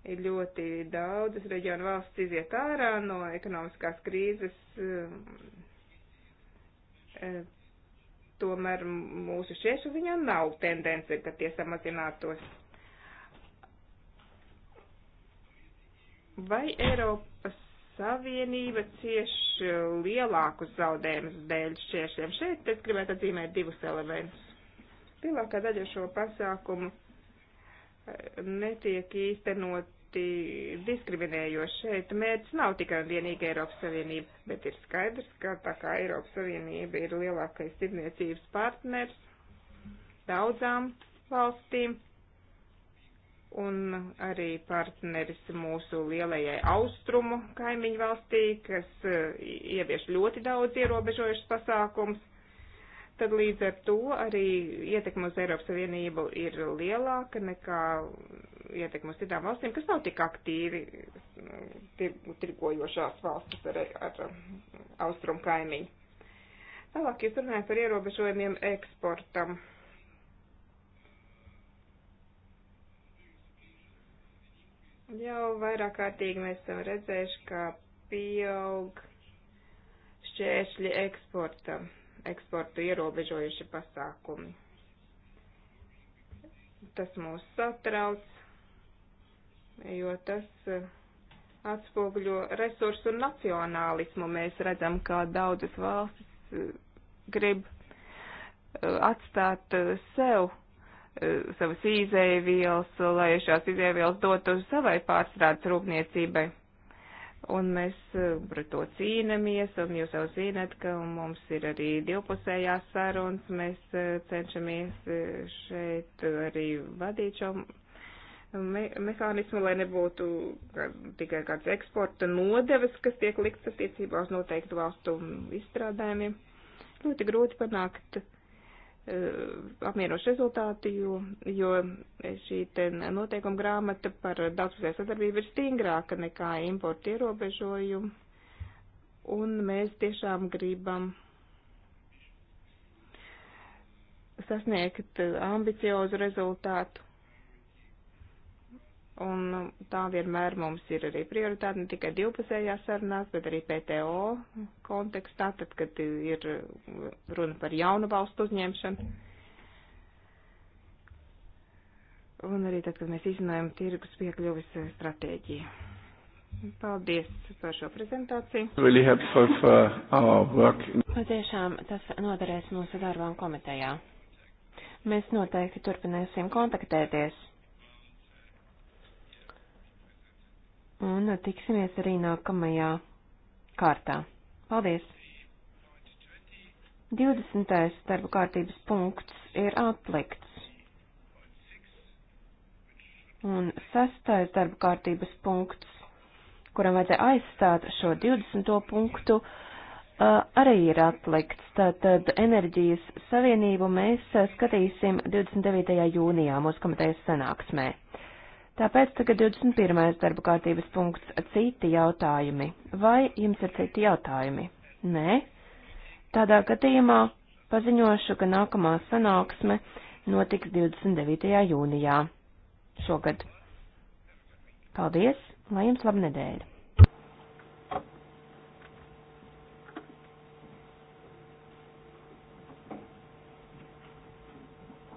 ir ļoti daudzas reģionu valsts iziet ārā no ekonomiskās krīzes. Um, eh, tomēr mūsu šiešu ziņā nav tendence, ka tie samazinātos. Vai Eiropas Savienība cieš lielākus zaudējumus dēļ šiešiem? Šeit es gribētu atzīmēt divus elementus. Lielākā daļa šo pasākumu netiek īstenoti diskriminējoši. Šeit mērķis nav tikai un vienīgi Eiropas Savienība, bet ir skaidrs, ka tā kā Eiropas Savienība ir lielākais tirdzniecības partners daudzām valstīm un arī partneris mūsu lielajai austrumu kaimiņu valstī, kas eh, ievieš ļoti daudz ierobežojušas pasākums tad līdz ar to arī ietekme uz Eiropas Savienību ir lielāka nekā ietekme uz citām valstīm, kas nav tik aktīvi mm, tirgojošās valstis ar, ar austrumu kaimiņu. Tālāk jūs runājat par ierobežojumiem eksportam. Jau vairāk kārtīgi mēs esam redzējuši, kā pieaug šķēršļi eksportam eksportu ierobežojuši pasākumi. Tas mūs satrauc, jo tas eh, atspoguļo resursu nacionālismu. Mēs redzam, kā daudzas valstis eh, grib eh, atstāt sev savas izēvielas, lai šās izēvielas dotu savai pārstrādes rūpniecībai un mēs e, par to cīnamies, un jūs jau zinat, ka mums ir arī divpusējās sarunas, mēs e, cenšamies e, šeit arī vadīt šo me mehānismu, lai nebūtu tikai kāds eksporta nodevis, kas tiek likts attiecībā uz noteiktu valstu izstrādājumiem. Ļoti grūti panākt uh, Eh, apmierinoši rezultāti, jo, jo šī noteikuma grāmata par daudzpusēju sadarbību ir stingrāka nekā importa ierobežojumu, un mēs tiešām gribam sasniegt ambiciozu rezultātu. Un nu, tā vienmēr mums ir arī prioritāte ne tikai divpusējās sarunās, bet arī PTO kontekstā, tad, kad ir runa par jaunu valstu uzņemšanu. Un arī tad, kad mēs izmantojam tirgus piekļuvis stratēģiju. Paldies par šo prezentāciju. Really helpful for our work. Patiešām tas noderēs mūsu darbām komitejā. Mēs noteikti turpināsim kontaktēties un tiksimies arī nākamajā kārtā. Paldies! 20. darba kārtības punkts ir atlikts. Un 6. darba kārtības punkts, kuram vajadzēja aizstāt šo 20. punktu, arī ir atlikts. Tātad enerģijas savienību mēs skatīsim 29. jūnijā mūsu komitejas sanāksmē. Tāpēc tagad 21. darba kārtības punkts - citi jautājumi. Vai jums ir citi jautājumi? Nē? Tādā gadījumā paziņošu, ka nākamā sanāksme notiks 29. jūnijā šogad. Paldies, lai jums laba nedēļa!